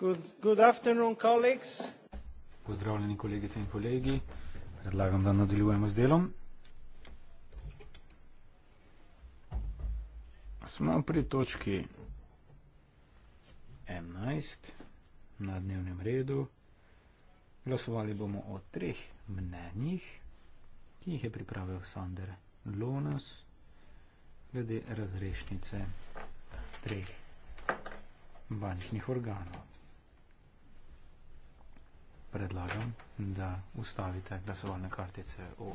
Good, good Pozdravljeni, kolegice in kolegi. Predlagam, da nadaljujemo z delom. Smo pri točki 11 na dnevnem redu. Glasovali bomo o treh mnenjih, ki jih je pripravil Sander Lonas glede razrešnice treh bančnih organov. Predlagam, da ustavite glasovalne kartice v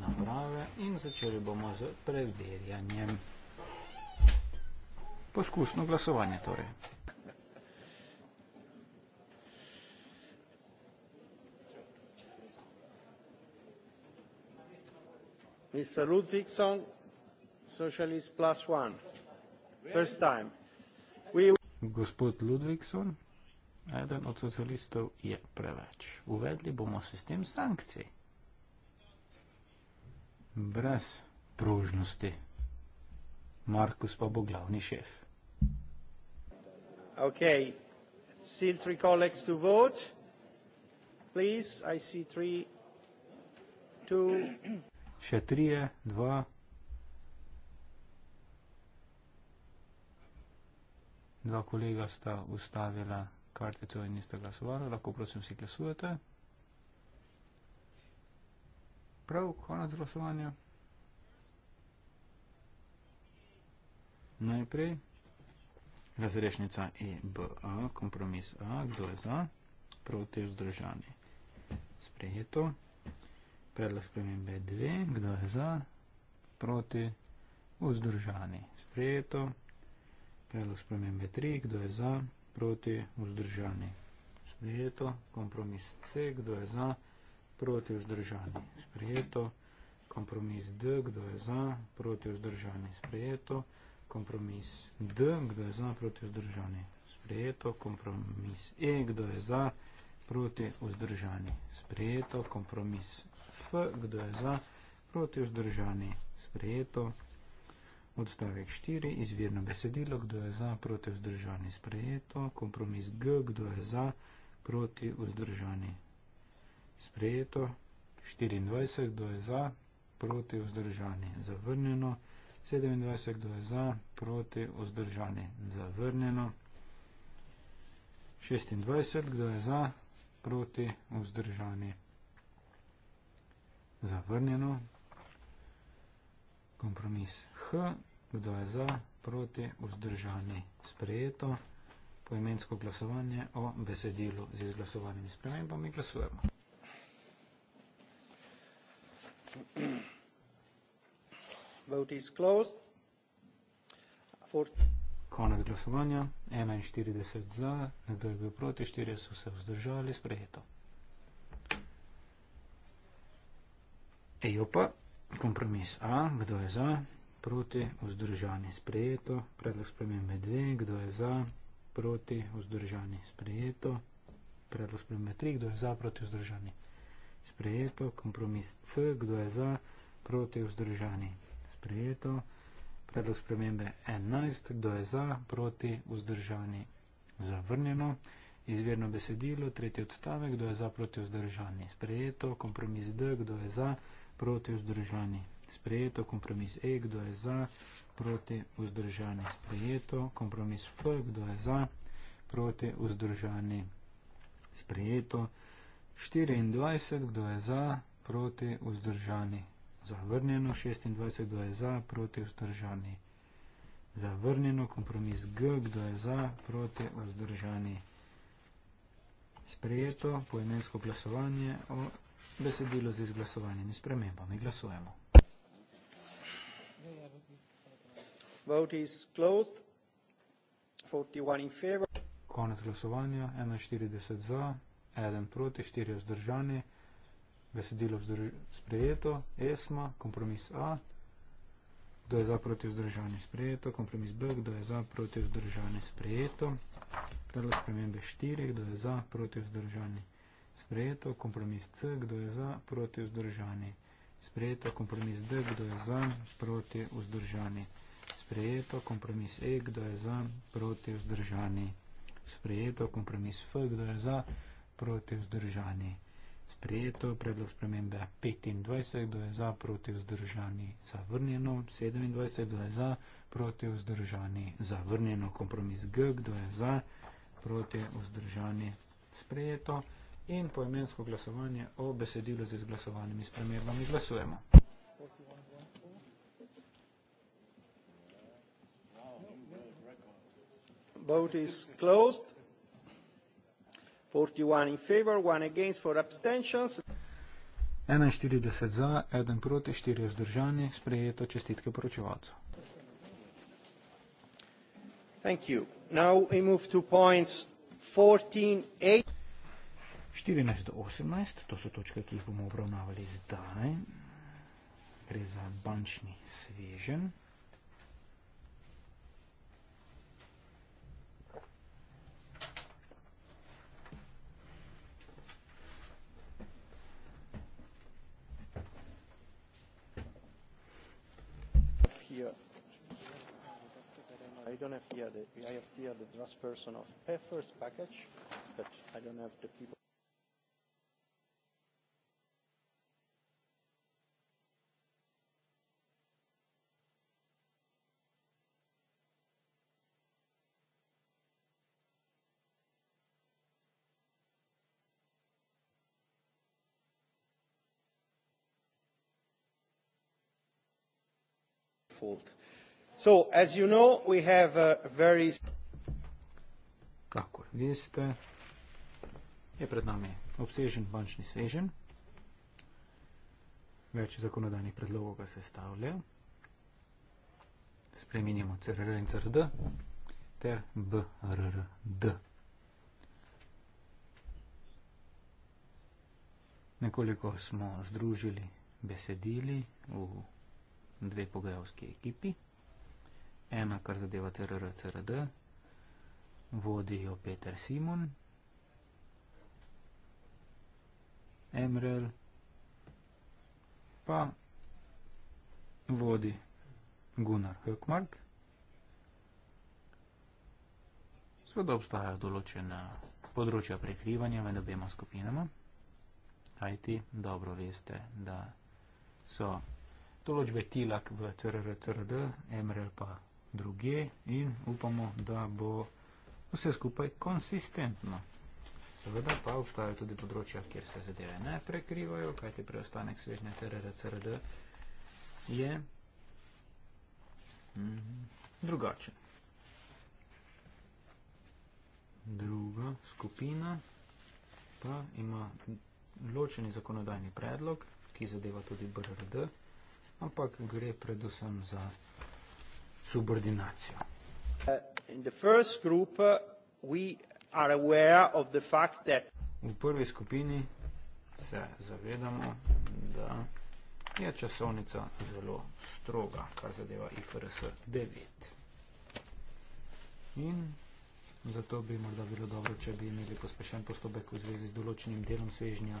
naprave in začeli bomo z preverjanjem. Poskusno glasovanje torej. Mr. Ludvigson, Socialist Plus One, first time. Gospod Ludvikson, eden od socialistov je preveč. Uvedli bomo sistem sankcij. Brez pružnosti. Markus pa bo glavni šef. Ok, still three colleagues to vote. Please, I see three, two. Še trije, dva. Dva kolega sta ustavila kartico in nista glasovala. Lahko prosim vsi glasujete. Prav, konec glasovanja. Najprej razrešnica EBA, kompromis A, kdo je za? Proti vzdržani. Sprejeto. Predlog spremembe 2, kdo je za? Proti vzdržani. Sprejeto. Sprejeto. Predlog spremembe 3. Kdo je za? Proti. Vzdržani. Sprijeto. Kompromis C. Kdo je za? Proti. Vzdržani. Sprijeto. Kompromis D. Kdo je za? Proti. Vzdržani. Sprijeto. Kompromis D. Kdo je za? Proti. Vzdržani. Sprijeto. Kompromis E. Kdo je za? Proti. Vzdržani. Sprijeto. Kompromis F. Kdo je za? Proti. Vzdržani. Sprijeto. Kompromis F. Kdo je za? Proti. Vzdržani. Sprijeto. Odstavek 4, izvirno besedilo, kdo je za, proti vzdržani sprejeto, kompromis G, kdo je za, proti vzdržani sprejeto, 24, kdo je za, proti vzdržani zavrnjeno, 27, kdo je za, proti vzdržani zavrnjeno, 26, kdo je za, proti vzdržani zavrnjeno, kompromis H, kdo je za, proti, vzdržani, sprejeto, poimensko glasovanje o besedilu z izglasovanimi spremembami glasujemo. Vote is closed. For... Konec glasovanja, 41 za, nekdo je bil proti, 4 so se vzdržali, sprejeto. Ejo pa kompromis A, kdo je za, proti, vzdržani, sprejeto, predlog spremembe 2, kdo je za, proti, vzdržani, sprejeto, predlog spremembe 3, kdo je za, proti, vzdržani, sprejeto, kompromis C, kdo je za, proti, vzdržani, sprejeto, predlog spremembe 11, kdo je za, proti, vzdržani, zavrnjeno, izvirno besedilo, tretji odstavek, kdo je za, proti, vzdržani, sprejeto, kompromis D, kdo je za, proti, vzdržani, sprejeto, proti vzdržani. Sprejeto kompromis E, kdo je za, proti vzdržani. Sprejeto kompromis F, kdo je za, proti vzdržani. Sprejeto 24, kdo je za, proti vzdržani. Zavrnjeno 26, kdo je za, proti vzdržani. Zavrnjeno kompromis G, kdo je za, proti vzdržani. Sprejeto poimensko glasovanje o besedilo z izglasovanimi spremembami. Glasujemo. Vote is closed. 41 in favor. Konec glasovanja. 41 za, 1 proti, 4 vzdržani. Besedilo sprejeto. ESMA, kompromis A. Kdo je za proti vzdržani sprejeto? Kompromis B. Kdo je za proti vzdržani sprejeto? Predlog spremembe 4. Kdo je za proti vzdržani Sprejeto kompromis C, kdo je za, proti vzdržani. Sprejeto kompromis D, kdo je za, proti vzdržani. Sprejeto kompromis E, kdo je za, proti vzdržani. Sprejeto kompromis F, kdo je za, proti vzdržani. Sprejeto predlog spremembe 25, kdo je za, proti vzdržani. Zavrnjeno 27, kdo je za, proti vzdržani. Zavrnjeno kompromis G, kdo je za, proti vzdržani. Sprejeto kompromis G, kdo je za, proti vzdržani in poemensko glasovanje o besedilu z izglasovanimi spremembami glasujemo. Vote is closed. 41 in favor, 1 against for abstentions. 41 za, 1 proti, 4 vzdržani, sprejeto čestitke poročevalcu. Thank you. Now we move to points 14, 8. 14 do 18, to so točke, ki jih bomo obravnavali zdaj, gre za bančni svežen. I don't have here the I have here the draft person of Peffer's package, but I don't have the people. unfold. So, as you know, we have a very. Kakor veste, je pred nami obsežen bančni svežen. Več zakonodajnih predlogov ga se stavlja. Spreminjamo CRR in CRD ter BRRD. Nekoliko smo združili besedili v dve pogajalski ekipi. Ena, kar zadeva CRR-CRD, vodi jo Peter Simon, Emrel pa vodi Gunnar Höckmark. Sveda obstajajo določena področja prekrivanja med obema skupinama. Kajti, dobro veste, da so določbe tilak v TRR-TRD, MRL pa druge in upamo, da bo vse skupaj konsistentno. Seveda pa obstajajo tudi področja, kjer se zadeve ne prekrivajo, kajti preostanek svežne TRR-TRD je mm, drugačen. Druga skupina pa ima ločeni zakonodajni predlog, ki zadeva tudi BRRD, ampak gre predvsem za subordinacijo. Uh, v prvi skupini se zavedamo, da je časovnica zelo stroga, kar zadeva IFRS 9. In zato bi morda bilo dobro, če bi imeli pospešen postopek v zvezi z določenim delom svežnja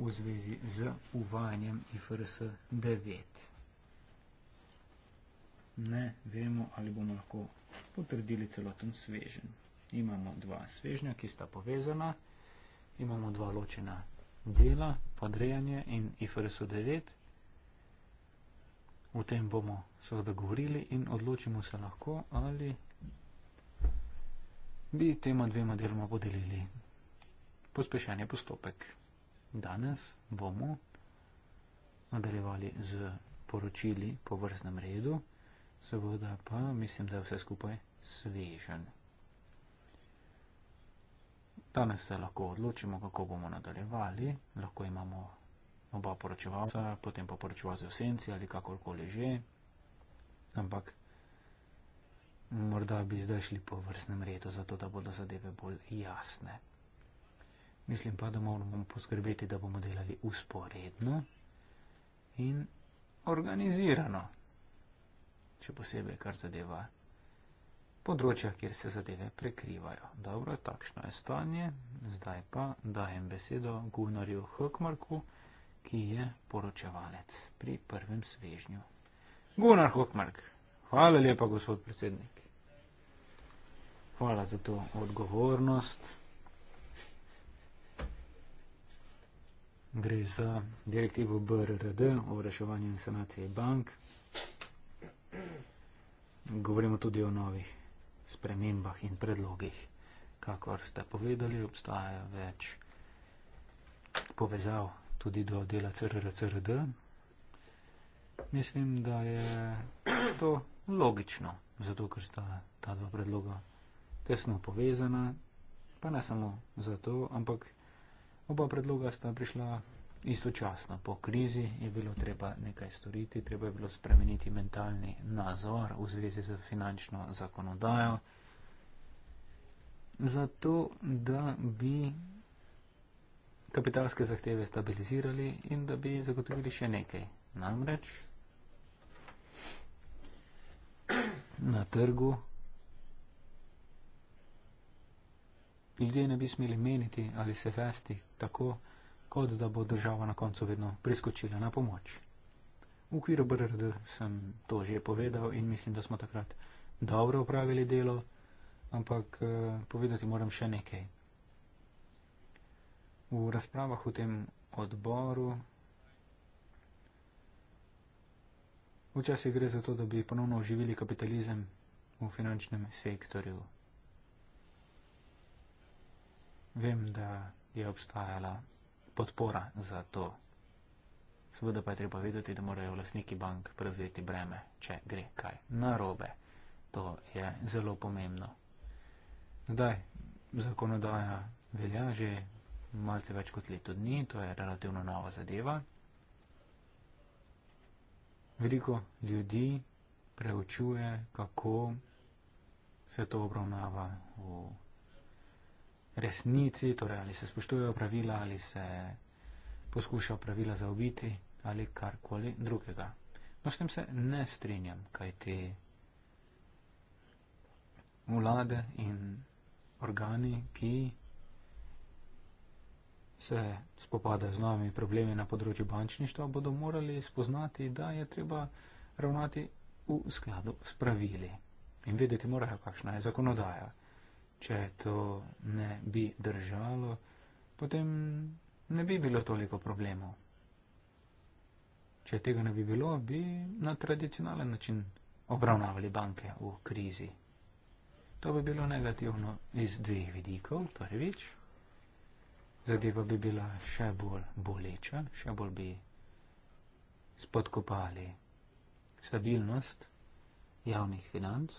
v zvezi z uvajanjem IFRS 9. Ne vemo, ali bomo lahko potrdili celoten svežen. Imamo dva svežnja, ki sta povezana, imamo dva ločena dela, podrejanje in IFRS 9. O tem bomo seveda govorili in odločimo se lahko, ali bi tema dvema deloma podelili pospešanje postopek. Danes bomo nadaljevali z poročili po vrstnem redu, seveda pa mislim, da je vse skupaj svežen. Danes se lahko odločimo, kako bomo nadaljevali. Lahko imamo oba poročevalca, potem pa poročevalce v senci ali kakorkoli že. Ampak morda bi zdaj šli po vrstnem redu, zato da bodo zadeve bolj jasne. Mislim pa, da moramo poskrbeti, da bomo delali usporedno in organizirano. Še posebej, kar zadeva področja, kjer se zadeve prekrivajo. Dobro, takšno je stanje. Zdaj pa dajem besedo Gunarju Hökmarku, ki je poročevalec pri prvem svežnju. Gunar Hökmark, hvala lepa, gospod predsednik. Hvala za to odgovornost. gre za direktivo BRRD o reševanju in sanaciji bank. Govorimo tudi o novih spremembah in predlogih. Kakor ste povedali, obstaja več povezav tudi do dela CRRCRD. Mislim, da je to logično, zato ker sta ta dva predloga tesno povezana, pa ne samo zato, ampak. Oba predloga sta prišla istočasno. Po krizi je bilo treba nekaj storiti, treba je bilo spremeniti mentalni nazor v zvezi z finančno zakonodajo, zato da bi kapitalske zahteve stabilizirali in da bi zagotovili še nekaj. Namreč na trgu ljudje ne bi smeli meniti ali se vesti tako, kot da bo država na koncu vedno priskočila na pomoč. V okviru BRD sem to že povedal in mislim, da smo takrat dobro upravili delo, ampak eh, povedati moram še nekaj. V razpravah v tem odboru včasih gre za to, da bi ponovno oživili kapitalizem v finančnem sektorju vem, da je obstajala podpora za to. Seveda pa je treba vedeti, da morajo vlasniki bank prevzeti breme, če gre kaj narobe. To je zelo pomembno. Zdaj, zakonodaja velja že malce več kot leto dni, to je relativno nova zadeva. Veliko ljudi preučuje, kako se to obravnava v resnici, torej ali se spoštujejo pravila, ali se poskušajo pravila zaobiti, ali karkoli drugega. No, s tem se ne strinjam, kaj ti vlade in organi, ki se spopadajo z novimi problemi na področju bančništva, bodo morali spoznati, da je treba ravnati v skladu s pravili. In vedeti morajo, kakšna je zakonodaja. Če to ne bi držalo, potem ne bi bilo toliko problemov. Če tega ne bi bilo, bi na tradicionalen način obravnavali banke v krizi. To bi bilo negativno iz dveh vidikov. Prvič, zadeva bi bila še bolj boleča, še bolj bi spodkopali stabilnost javnih financ,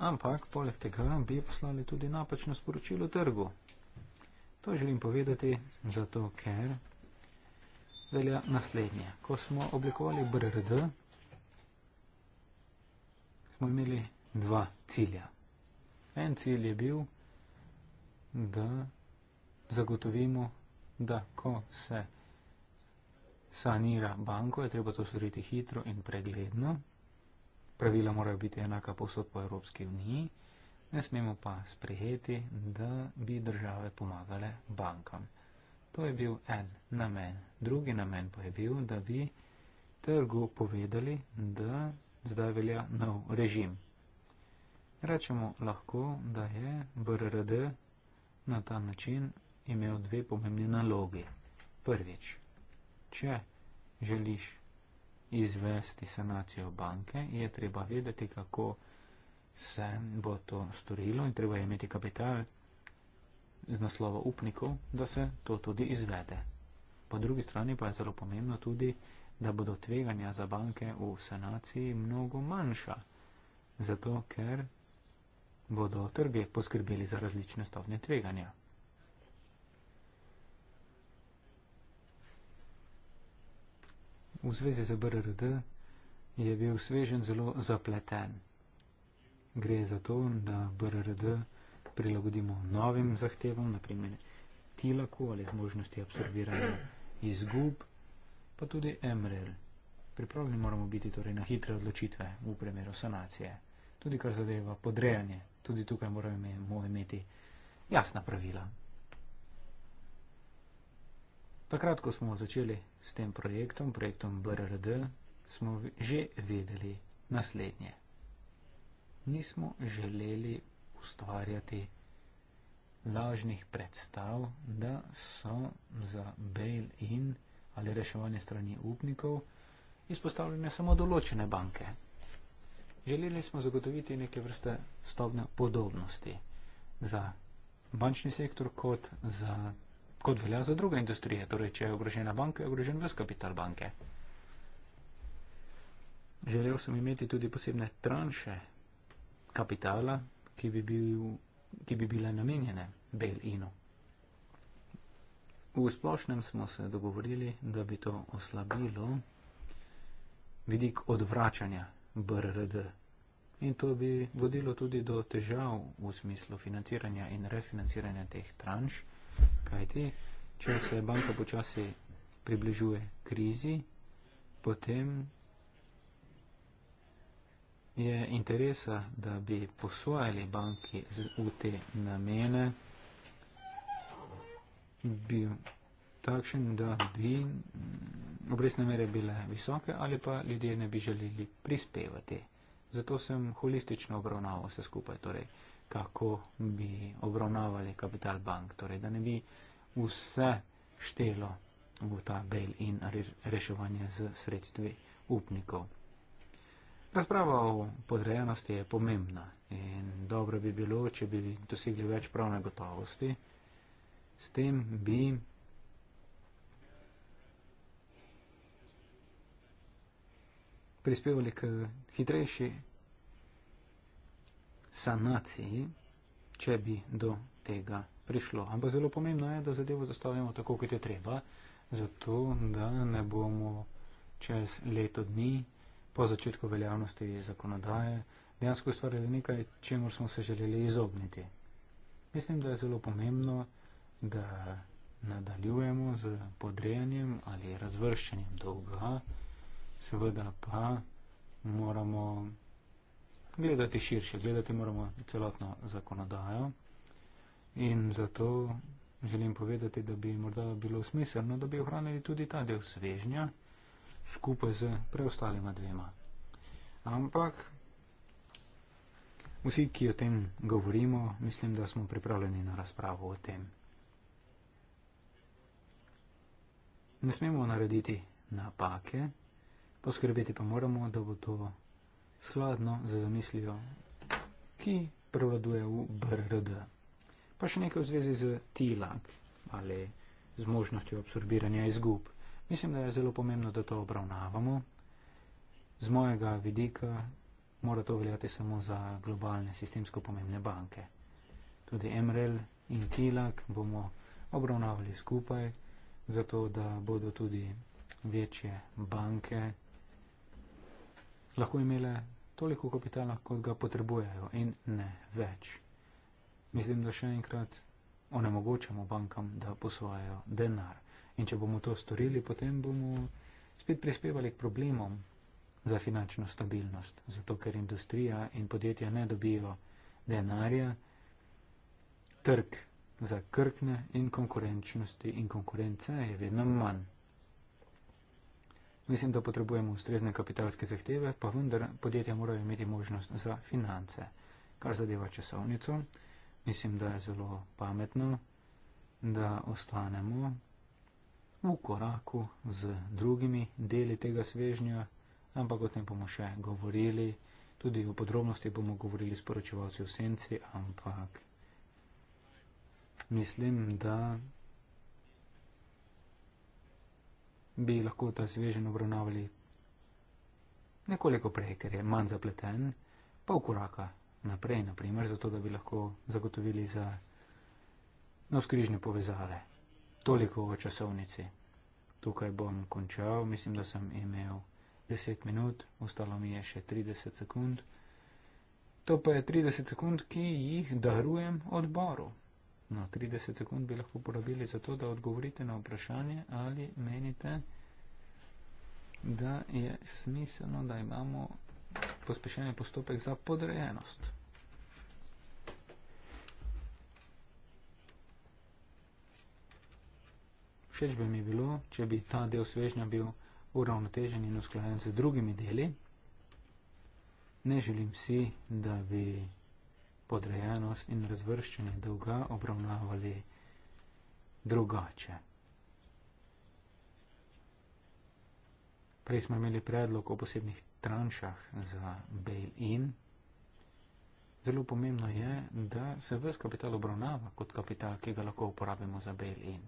ampak poleg tega bi poslali tudi napačno sporočilo trgu. To želim povedati zato, ker velja naslednje. Ko smo oblikovali BRRD, smo imeli dva cilja. En cilj je bil, da zagotovimo, da ko se sanira banko, je treba to storiti hitro in pregledno, pravila morajo biti enaka posod po Evropski uniji, ne smemo pa sprejeti, da bi države pomagale bankam. To je bil en namen. Drugi namen pa je bil, da bi trgu povedali, da zdaj velja nov režim. Rečemo lahko, da je BRRD na ta način imel dve pomembni nalogi. Prvič, če želiš izvesti sanacijo banke, je treba vedeti, kako se bo to storilo in treba je imeti kapital z naslova upnikov, da se to tudi izvede. Po drugi strani pa je zelo pomembno tudi, da bodo tveganja za banke v sanaciji mnogo manjša, zato ker bodo trge poskrbeli za različne stopnje tveganja. v zvezi z BRRD je bil svežen zelo zapleten. Gre za to, da BRRD prilagodimo novim zahtevam, naprimer TILAKU ali zmožnosti absorbiranja izgub, pa tudi MRL. Pripravljeni moramo biti torej na hitre odločitve v primeru sanacije. Tudi kar zadeva podrejanje, tudi tukaj moramo imeti jasna pravila. Takrat, ko smo začeli s tem projektom, projektom BRRD, smo že vedeli naslednje. Nismo želeli ustvarjati lažnih predstav, da so za bail-in ali reševanje strani upnikov izpostavljene samo določene banke. Želeli smo zagotoviti neke vrste stopne podobnosti za bančni sektor kot za kot velja za druge industrije. Torej, če je ogrožena banka, je ogrožen vse kapital banke. Želel sem imeti tudi posebne tranše kapitala, ki bi, bil, ki bi bile namenjene bail-inu. V splošnem smo se dogovorili, da bi to oslabilo vidik odvračanja BRRD in to bi vodilo tudi do težav v smislu financiranja in refinanciranja teh tranš. Kajti, če se banka počasi približuje krizi, potem je interesa, da bi posojali banki v te namene, bil takšen, da bi obresne mere bile visoke ali pa ljudje ne bi želeli prispevati. Zato sem holistično obravnaval vse skupaj. Torej, kako bi obravnavali kapital bank. Torej, da ne bi vse štelo v ta bail in reševanje z sredstvi upnikov. Razprava o podrejenosti je pomembna in dobro bi bilo, če bi dosegli več pravne gotovosti. S tem bi prispevali k hitrejšemu sanaciji, če bi do tega prišlo. Ampak zelo pomembno je, da zadevo zastavljamo tako, kot je treba, zato da ne bomo čez leto dni po začetku veljavnosti zakonodaje dejansko ustvarjali nekaj, čemu smo se želeli izogniti. Mislim, da je zelo pomembno, da nadaljujemo z podrejanjem ali razvrščanjem dolga, seveda pa moramo gledati širše, gledati moramo celotno zakonodajo. In zato želim povedati, da bi morda bilo smiselno, da bi ohranili tudi ta del svežnja skupaj z preostalima dvema. Ampak vsi, ki o tem govorimo, mislim, da smo pripravljeni na razpravo o tem. Ne smemo narediti napake, poskrbeti pa moramo, da bo to skladno z zamislijo, ki prevladuje v BRD. Pa še nekaj v zvezi z T-lag ali z možnostjo absorbiranja izgub. Mislim, da je zelo pomembno, da to obravnavamo. Z mojega vidika mora to veljati samo za globalne sistemsko pomembne banke. Tudi MRL in TILAK bomo obravnavali skupaj, zato da bodo tudi večje banke lahko imele toliko kapitala, kot ga potrebujejo in ne več. Mislim, da še enkrat onemogočamo bankam, da posvajajo denar. In če bomo to storili, potem bomo spet prispevali k problemom za finančno stabilnost, zato ker industrija in podjetja ne dobijo denarja, trg zakrkne in konkurenčnosti in konkurence je vedno manj. Mislim, da potrebujemo ustrezne kapitalske zahteve, pa vendar podjetja morajo imeti možnost za finance. Kar zadeva časovnico, mislim, da je zelo pametno, da ostanemo v koraku z drugimi deli tega svežnja, ampak o tem bomo še govorili. Tudi o podrobnosti bomo govorili s poročevalci v senci, ampak mislim, da bi lahko ta svežen obravnavali nekoliko prej, ker je manj zapleten, pa v koraka naprej, naprimer, zato da bi lahko zagotovili za navskrižne povezave. Toliko o časovnici. Tukaj bom končal, mislim, da sem imel 10 minut, ostalo mi je še 30 sekund. To pa je 30 sekund, ki jih darujem odboru. No, 30 sekund bi lahko porabili za to, da odgovorite na vprašanje, ali menite, da je smiselno, da imamo pospešenje postopek za podrejenost. Všeč bi mi bilo, če bi ta del svežnja bil uravnotežen in usklajen z drugimi deli. Ne želim si, da bi podrejenost in razvrščanje dolga obravnavali drugače. Prej smo imeli predlog o posebnih tranšah za bail-in. Zelo pomembno je, da se vse kapital obravnava kot kapital, ki ga lahko uporabimo za bail-in.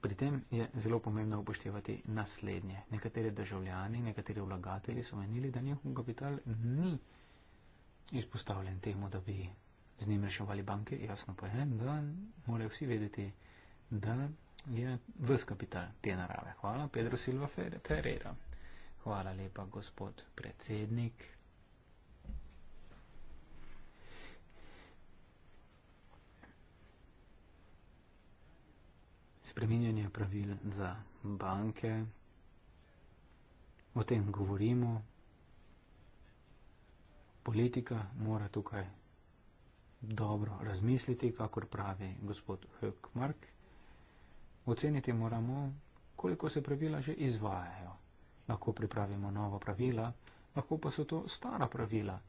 Pri tem je zelo pomembno upoštevati naslednje. Nekateri državljani, nekateri vlagatelji so menili, da njihov kapital ni izpostavljen temu, da bi z njim reševali banke. Jasno pa je, da morajo vsi vedeti, da je vse kapital te narave. Hvala, Pedro Silva Ferreira. Hvala lepa, gospod predsednik. spreminjanje pravil za banke, o tem govorimo. Politika mora tukaj dobro razmisliti, kakor pravi gospod Höckmark. Oceniti moramo, koliko se pravila že izvajajo. Lahko pripravimo nova pravila, lahko pa so to stara pravila.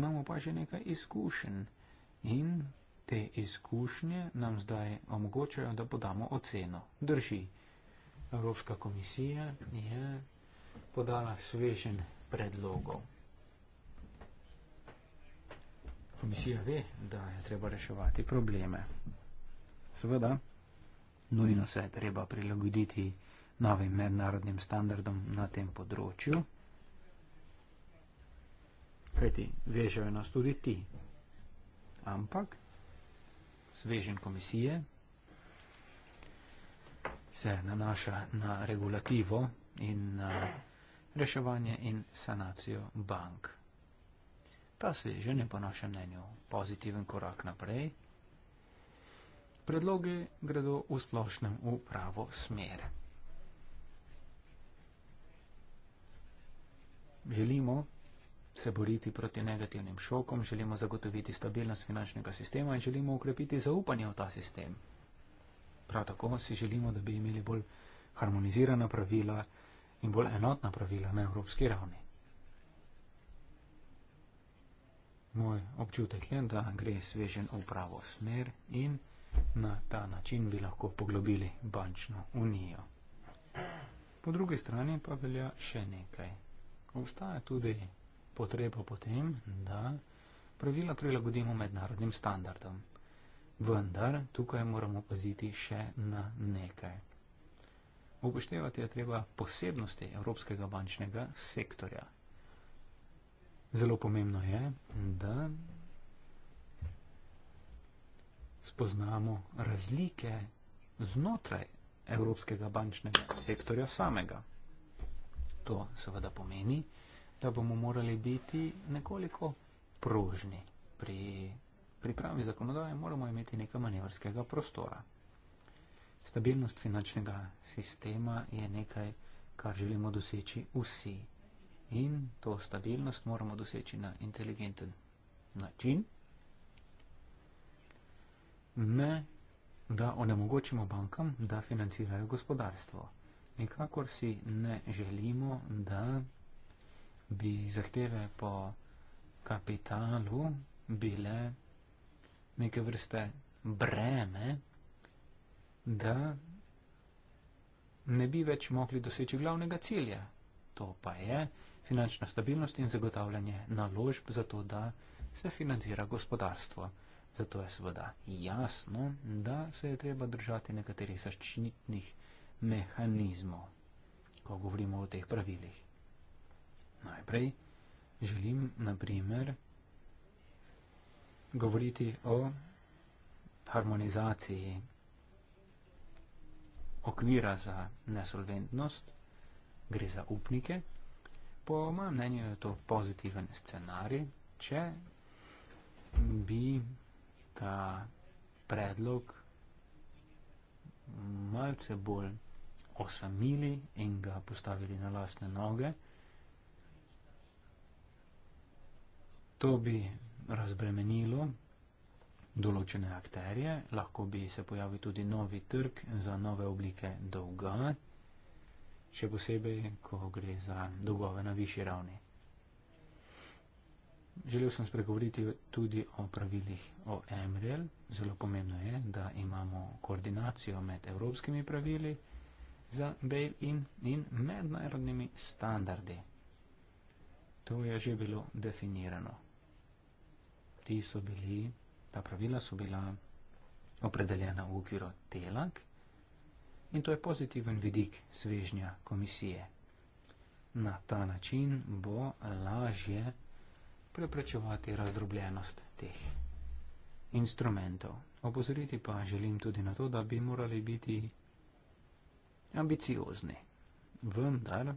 Imamo pa že nekaj izkušenj in Te izkušnje nam zdaj omogočajo, da podamo oceno. Drži, Evropska komisija je podala svežen predlogov. Komisija ve, da je treba reševati probleme. Seveda, nujno se je treba prilagoditi novim mednarodnim standardom na tem področju. Kajti, vežejo nas tudi ti. Ampak, svežen komisije se nanaša na regulativo in na eh, reševanje in sanacijo bank. Ta svežen je po našem mnenju pozitiven korak naprej. Predloge gredo v splošnem v pravo smer. Želimo, da se boriti proti negativnim šokom, želimo zagotoviti stabilnost finančnega sistema in želimo ukrepiti zaupanje v ta sistem. Prav tako si želimo, da bi imeli bolj harmonizirana pravila in bolj enotna pravila na evropski ravni. Moj občutek je, da gre svežen v pravo smer in na ta način bi lahko poglobili bančno unijo. Po drugi strani pa velja še nekaj. Obstaja tudi potrebo potem, da pravila prilagodimo mednarodnim standardom. Vendar tukaj moramo paziti še na nekaj. Upoštevati je treba posebnosti Evropskega bančnega sektorja. Zelo pomembno je, da spoznamo razlike znotraj Evropskega bančnega sektorja samega. To seveda pomeni, da bomo morali biti nekoliko pružni pri pripravi zakonodaje, moramo imeti nekaj manevrskega prostora. Stabilnost finančnega sistema je nekaj, kar želimo doseči vsi. In to stabilnost moramo doseči na inteligenten način, ne da onemogočimo bankam, da financirajo gospodarstvo. Nekakor si ne želimo, da bi zahteve po kapitalu bile neke vrste breme, da ne bi več mogli doseči glavnega cilja. To pa je finančna stabilnost in zagotavljanje naložb za to, da se financira gospodarstvo. Zato je seveda jasno, da se je treba držati nekaterih zaščitnih mehanizmov, ko govorimo o teh pravilih. Najprej želim, na primer, govoriti o harmonizaciji okvira za nesolventnost, gre za upnike. Po mojem mnenju je to pozitiven scenarij, če bi ta predlog malce bolj osamili in ga postavili na lastne noge, To bi razbremenilo določene akterje, lahko bi se pojavil tudi novi trg za nove oblike dolga, še posebej, ko gre za dolgove na višji ravni. Želel sem spregovoriti tudi o pravilih o MREL. Zelo pomembno je, da imamo koordinacijo med evropskimi pravili za bail-in in mednarodnimi standardi. To je že bilo definirano ti so bili, ta pravila so bila opredeljena v okviru telak in to je pozitiven vidik svežnja komisije. Na ta način bo lažje preprečevati razdrobljenost teh instrumentov. Opozoriti pa želim tudi na to, da bi morali biti ambiciozni. Vendar,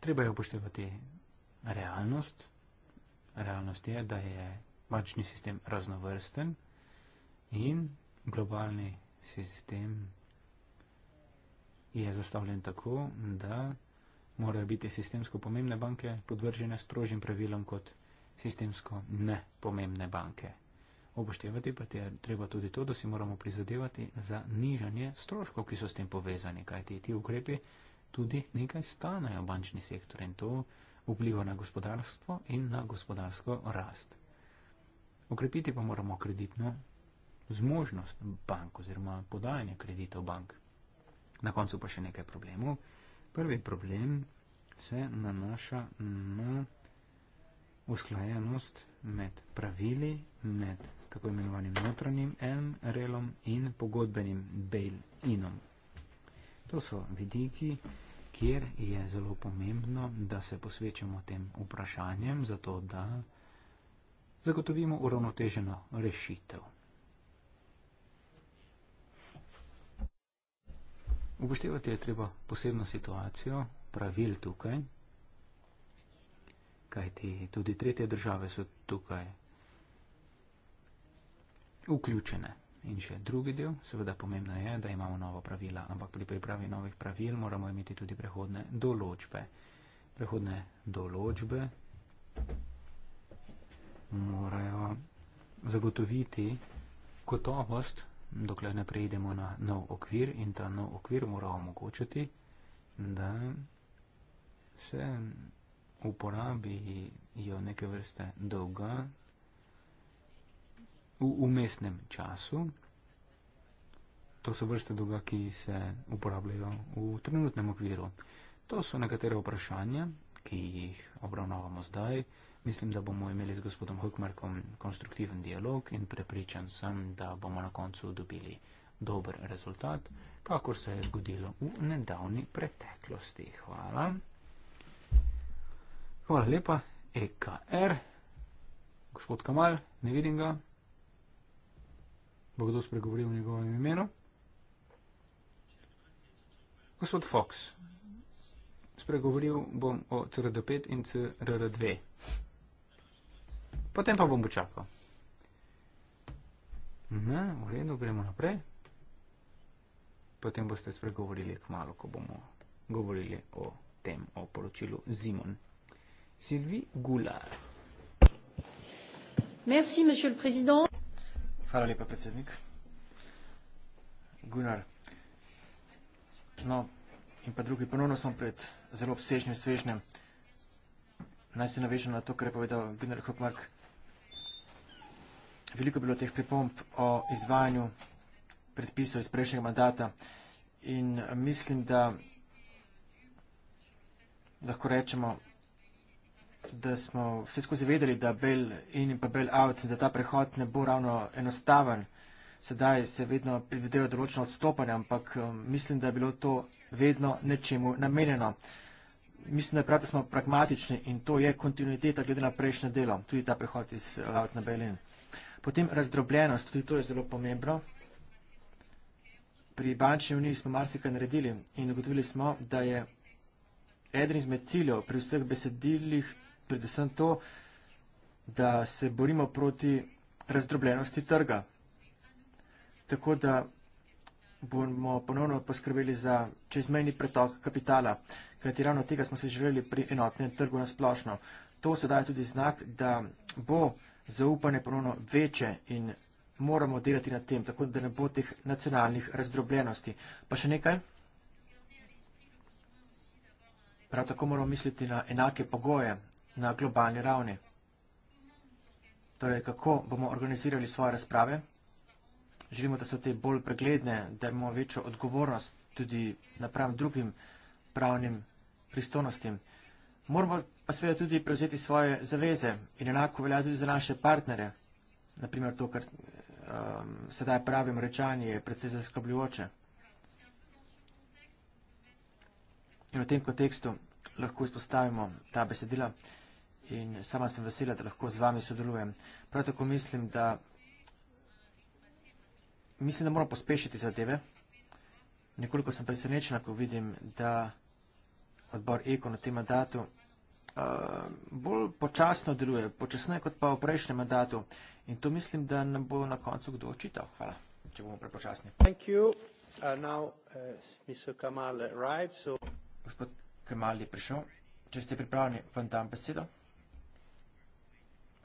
treba je upoštevati realnost. Realnost je, da je bančni sistem raznovrsten in globalni sistem je zastavljen tako, da morajo biti sistemsko pomembne banke podvržene strožjim pravilom kot sistemsko nepomembne banke. Obuštevati pa je treba tudi to, da si moramo prizadevati za nižanje stroškov, ki so s tem povezani, kajti ti ukrepi tudi nekaj stanejo bančni sektor in to vpliva na gospodarstvo in na gospodarsko rast. Okrepiti pa moramo kreditno zmožnost bank oziroma podajanje kreditov bank. Na koncu pa še nekaj problemov. Prvi problem se nanaša na usklajenost med pravili, med tako imenovanim notranjim MRL-om in pogodbenim bail-inom. To so vidiki, ki kjer je zelo pomembno, da se posvečamo tem vprašanjem, zato da zagotovimo uravnoteženo rešitev. Upoštevati je treba posebno situacijo, pravil tukaj, kajti tudi tretje države so tukaj vključene. In še drugi del, seveda pomembno je, da imamo novo pravila, ampak pri pripravi novih pravil moramo imeti tudi prehodne določbe. Prehodne določbe morajo zagotoviti gotovost, dokler ne prejdemo na nov okvir in ta nov okvir mora omogočiti, da se uporabijo neke vrste dolga, v umestnem času. To so vrste dolga, ki se uporabljajo v trenutnem okviru. To so nekatere vprašanja, ki jih obravnavamo zdaj. Mislim, da bomo imeli z gospodom Hukmerkom konstruktiven dialog in prepričan sem, da bomo na koncu dobili dober rezultat, kakor se je zgodilo v nedavni preteklosti. Hvala. Hvala lepa, EKR. Er. Gospod Kamal, ne vidim ga bo kdo spregovoril v njegovem imenu. Gospod Fox, spregovoril bom o CRD5 in CRD2. Potem pa bom počakal. Ne, v redu, gremo naprej. Potem boste spregovorili k malo, ko bomo govorili o tem, o poročilu Zimon. Silvi Gular. Merci, monsieur le président. Hvala lepa, predsednik. Gunnar. No, in pa drugi, ponovno smo pred zelo obsežnim svežnjem. Naj se navežem na to, kar je povedal Gunnar Hockmark. Veliko je bilo teh pripomb o izvajanju predpisov iz prejšnjega mandata in mislim, da lahko rečemo, da smo vse skozi vedeli, da bel in pa bel out, da ta prehod ne bo ravno enostaven. Sedaj se vedno predvidejo določeno odstopanje, ampak um, mislim, da je bilo to vedno nečemu namenjeno. Mislim, da pravi, da smo pragmatični in to je kontinuiteta glede na prejšnje delo, tudi ta prehod iz uh, out na bel in. Potem razdrobljenost, tudi to je zelo pomembno. Pri bančni uniji smo marsikaj naredili in ugotovili smo, da je eden izmed ciljev pri vseh besedilih predvsem to, da se borimo proti razdrobljenosti trga. Tako da bomo ponovno poskrbeli za čezmejni pretok kapitala, kajti ravno tega smo se želeli pri enotnem trgu nasplošno. To se daje tudi znak, da bo zaupanje ponovno večje in moramo delati na tem, tako da ne bo teh nacionalnih razdrobljenosti. Pa še nekaj? Prav tako moramo misliti na enake pogoje, na globalni ravni. Torej, kako bomo organizirali svoje razprave? Želimo, da so te bolj pregledne, da imamo večjo odgovornost tudi napram drugim pravnim pristojnostim. Moramo pa seveda tudi prevzeti svoje zaveze in enako velja tudi za naše partnere. Naprimer, to, kar um, sedaj pravim rečanje, je predvsej zaskrbljujoče. In v tem kontekstu lahko izpostavimo ta besedila in sama sem vesela, da lahko z vami sodelujem. Prav tako mislim, da mislim, da moramo pospešiti zadeve. Nekoliko sem presenečena, ko vidim, da odbor Ekon v tem mandatu uh, bolj počasno deluje, počasno je kot pa v prejšnjem mandatu in to mislim, da nam bo na koncu kdo očital. Hvala, če bomo prepočasni. Thank you. Uh, now, uh, Mr. Kamal arrived, so... Gospod Kemal je prišel. Če ste pripravljeni, vam dam besedo.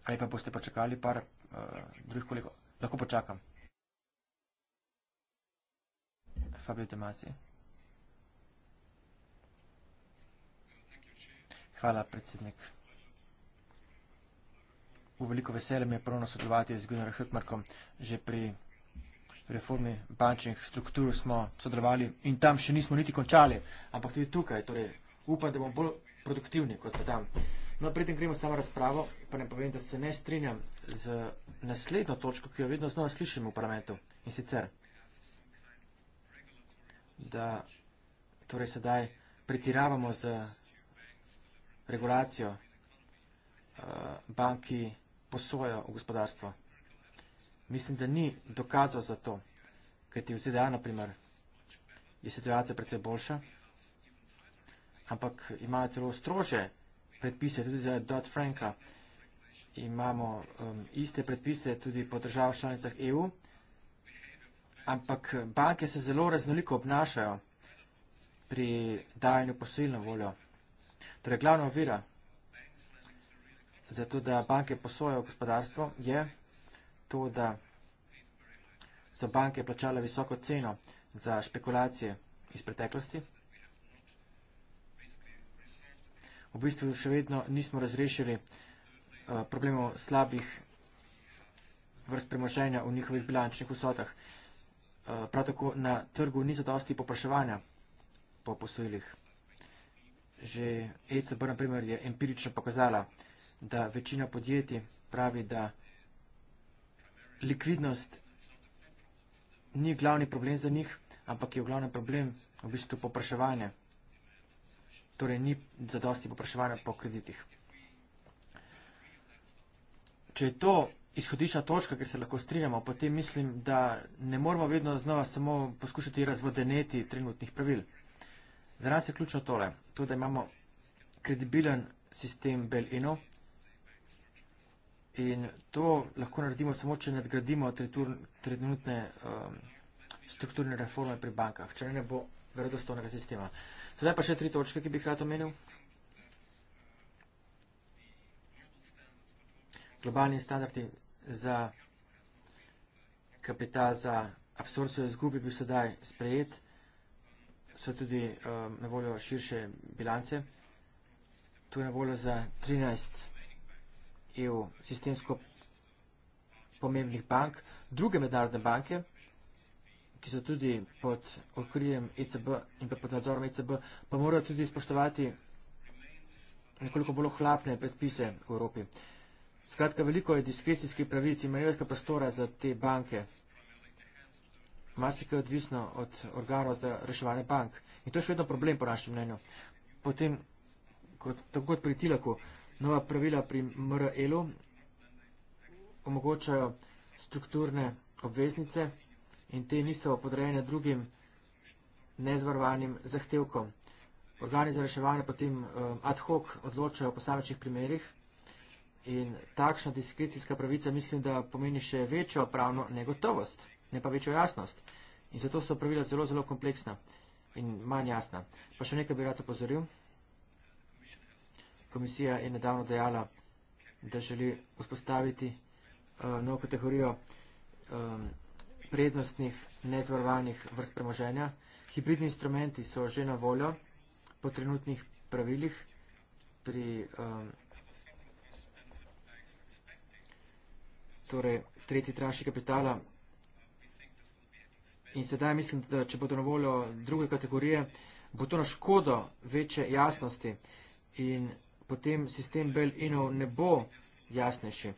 Ali pa boste počakali par uh, drugih kolegov. Lahko počakam. Fabio Demasi. Hvala, predsednik. V veliko veselje mi je prvno sodelovati z Gunnar Hökmarkom. Že pri reformi bančnih struktur smo sodelovali in tam še nismo niti končali, ampak tudi tukaj, torej upam, da bom bolj produktivni kot tam. No, predtem gremo samo razpravo, pa ne povem, da se ne strinjam z naslednjo točko, ki jo vedno znova slišim v parlamentu. In sicer, da torej sedaj pretiravamo z regulacijo uh, eh, banki posojo v gospodarstvo. Mislim, da ni dokazal za to, kajti v ZDA, naprimer, je situacija predvsej boljša ampak imajo celo strože predpise tudi za Dodd Franka. Imamo um, iste predpise tudi po državah članicah EU, ampak banke se zelo raznoliko obnašajo pri dajanju posojilno voljo. Torej, glavna ovira za to, da banke posojajo gospodarstvo, je to, da so banke plačale visoko ceno za špekulacije iz preteklosti v bistvu še vedno nismo razrešili eh, problemov slabih vrst premoženja v njihovih bilančnih vsotah. Eh, prav tako na trgu ni zadosti popraševanja po posojilih. Že ECB, na primer, je empirično pokazala, da večina podjetij pravi, da likvidnost ni glavni problem za njih, ampak je glavni problem v bistvu popraševanja torej ni zadosti popraševanja po kreditih. Če je to izhodišna točka, ker se lahko strinjamo, potem mislim, da ne moramo vedno znova samo poskušati razvodeneti trenutnih pravil. Za nas je ključno tole, to, da imamo kredibilen sistem Bell-Inov in to lahko naredimo samo, če nadgradimo trenutne um, strukturne reforme pri bankah, če ne bo verodostovnega sistema. Sedaj pa še tri točke, ki bi jih rad omenil. Globalni standardi za kapital za absorpcijo izgubi bil sedaj sprejet, so tudi um, na voljo širše bilance. Tu je na voljo za 13 EU sistemsko pomembnih bank, druge mednarodne banke, ki so tudi pod okriljem ECB in pa pod nadzorom ECB, pa morajo tudi spoštovati nekoliko bolj ohlapne predpise v Evropi. Skratka, veliko je diskrecijskih pravic in manjvelika prostora za te banke. Marsika je odvisno od organov za reševanje bank. In to je še vedno problem po našem mnenju. Potem, kot, tako kot pri Tilaku, nova pravila pri MRL-u omogočajo strukturne obveznice, in te niso podrejene drugim nezvarovanim zahtevkom. Organi za reševanje potem um, ad hoc odločajo o posamečnih primerih in takšna diskrecijska pravica mislim, da pomeni še večjo pravno negotovost, ne pa večjo jasnost. In zato so pravila zelo, zelo kompleksna in manj jasna. Pa še nekaj bi rad opozoril. Komisija je nedavno dejala, da želi vzpostaviti uh, novo kategorijo um, prednostnih nezvarovanih vrst premoženja. Hibridni instrumenti so že na voljo po trenutnih pravilih pri um, torej, tretji tranši kapitala. In sedaj mislim, da če bodo na voljo druge kategorije, bo to na škodo večje jasnosti in potem sistem Bell Inov ne bo jasnejši.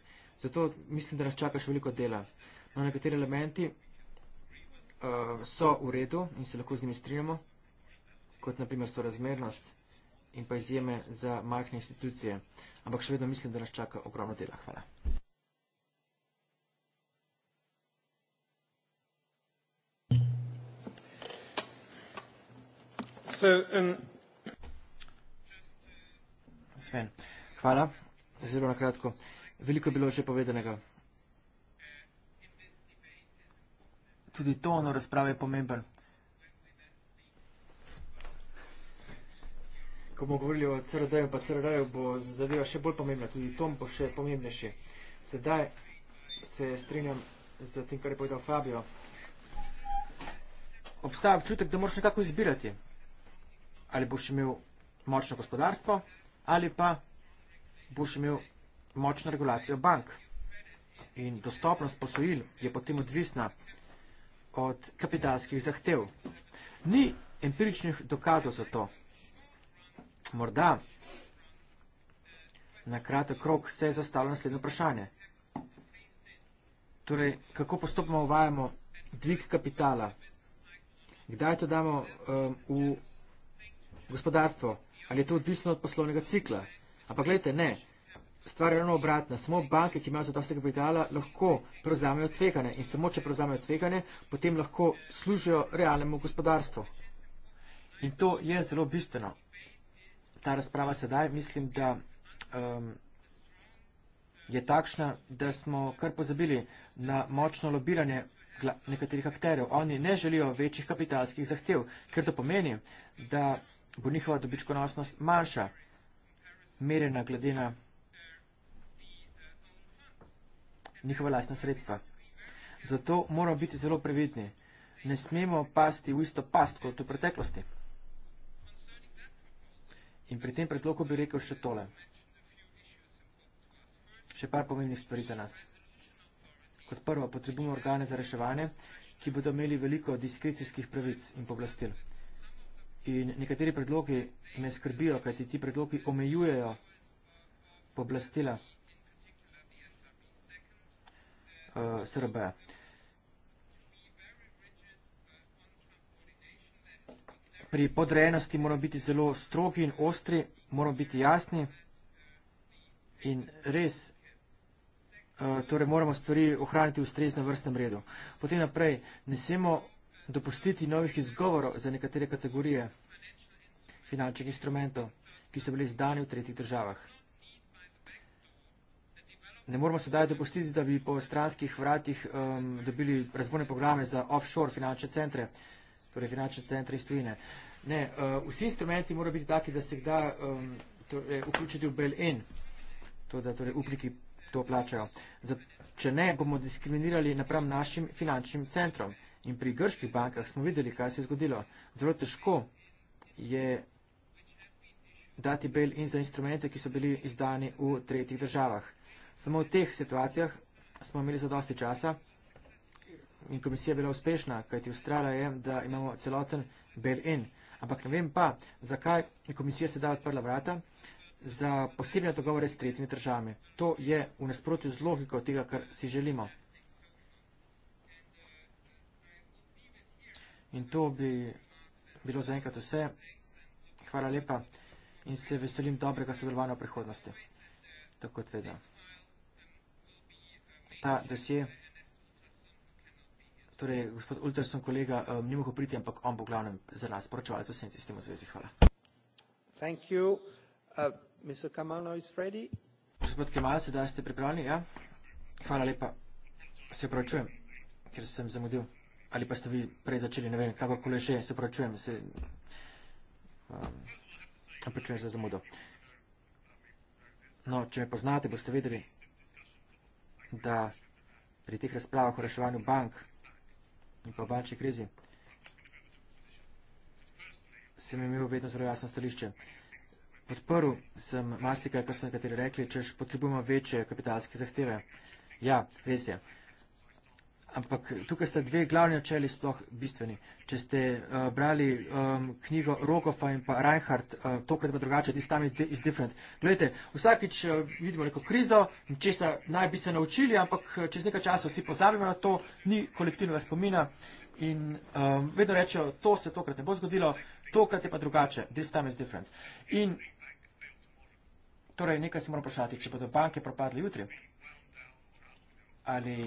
Zato mislim, da nas čaka še veliko dela. No, nekateri elementi uh, so v redu in se lahko z njimi strinjamo, kot naprimer so razmernost in pa izjeme za majhne institucije. Ampak še vedno mislim, da nas čaka ogromno dela. Hvala. So, um... Sven, hvala. Zelo na kratko. Veliko je bilo že povedanega. tudi ton no, razprave je pomemben. Ko bomo govorili o CRD-ju, pa CRD-ju bo zadeva še bolj pomembna, tudi ton bo še pomembnejši. Sedaj se strinjam z tem, kar je povedal Fabio. Obstaja občutek, da moraš nekako izbirati. Ali boš imel močno gospodarstvo, ali pa boš imel močno regulacijo bank. In dostopnost posojil je potem odvisna od kapitalskih zahtev. Ni empiričnih dokazov za to. Morda na kratek rok se je zastavilo naslednje vprašanje. Torej, kako postopoma uvajamo dvig kapitala? Kdaj to damo um, v gospodarstvo? Ali je to odvisno od poslovnega cikla? Ampak gledajte, ne stvar je ravno obratna. Samo banke, ki imajo zadosti kapitala, lahko prevzamejo tvegane in samo, če prevzamejo tvegane, potem lahko služijo realnemu gospodarstvu. In to je zelo bistveno. Ta razprava sedaj, mislim, da um, je takšna, da smo kar pozabili na močno lobiranje nekaterih akterjev. Oni ne želijo večjih kapitalskih zahtev, ker to pomeni, da bo njihova dobičkonosnost manjša, merjena glede na njihova lastna sredstva. Zato moramo biti zelo previdni. Ne smemo pasti v isto past kot v preteklosti. In pri tem predlogu bi rekel še tole. Še par pomembnih stvari za nas. Kot prvo, potrebujemo organe za reševanje, ki bodo imeli veliko diskrecijskih pravic in povlastil. In nekateri predlogi me skrbijo, kajti ti predlogi omejujejo povlastila СРБ. Eh, Pri podrejenosti moramo biti zelo strogi in ostri, moramo biti jasni in res eh, torej moramo stvari ohraniti v strezno vrstnem redu. Potem naprej ne smemo dopustiti novih izgovorov za nekatere kategorije finančnih instrumentov, ki so bili zdani v tretjih državah ne moramo sedaj dopustiti, da bi po stranskih vratih um, dobili razvojne programe za offshore finančne centre, torej finančne centre iz tujine. Ne, uh, vsi instrumenti morajo biti taki, da se jih da um, torej, vključiti v BLN, to da torej upniki to plačajo. Zato, če ne, bomo diskriminirali napram našim finančnim centrom. In pri grških bankah smo videli, kaj se je zgodilo. Zelo težko je dati bel in za instrumente, ki so bili izdani v tretjih državah. Samo v teh situacijah smo imeli za dosti časa in komisija je bila uspešna, kajti ustrala je, da imamo celoten bel-in. Ampak ne vem pa, zakaj je komisija sedaj odprla vrata za posebne dogovore s tretjimi državami. To je v nasprotju z logiko tega, kar si želimo. In to bi bilo zaenkrat vse. Hvala lepa in se veselim dobrega sodelovanja v prihodnosti. Tako kot vedno ta dosje. Torej, gospod Ultrason, kolega, um, ni mogel priti, ampak on bo glavnem za nas poročeval, to sem sistemu zvezi. Hvala. Thank you. Uh, Kamal now is ready. Gospod Kemal, sedaj ste pripravljeni, ja? Hvala lepa. Se opravičujem, ker sem zamudil. Ali pa ste vi prej začeli, ne vem, kakorkoli že, se opravičujem, se... Um, opravičujem za zamudo. No, če me poznate, boste vedeli, da pri teh razpravah o reševanju bank in pa bančni krizi sem imel vedno zelo jasno stališče. Podprl sem marsikaj, kar so nekateri rekli, če potrebujemo večje kapitalske zahteve. Ja, res je. Ampak eh, tukaj sta dve glavni načeli sploh bistveni. Če ste uh, brali um, knjigo Rogofa in pa Reinhardt, uh, tokrat pa drugače, this time is different. Gledajte, vsakič uh, vidimo neko krizo, česa naj bi se naučili, ampak čez nekaj časa vsi pozabimo na to, ni kolektivnega spomina in um, vedno rečejo, to se tokrat ne bo zgodilo, tokrat je pa drugače, this time is different. In torej nekaj se moramo vprašati, če bodo banke propadle jutri. Ali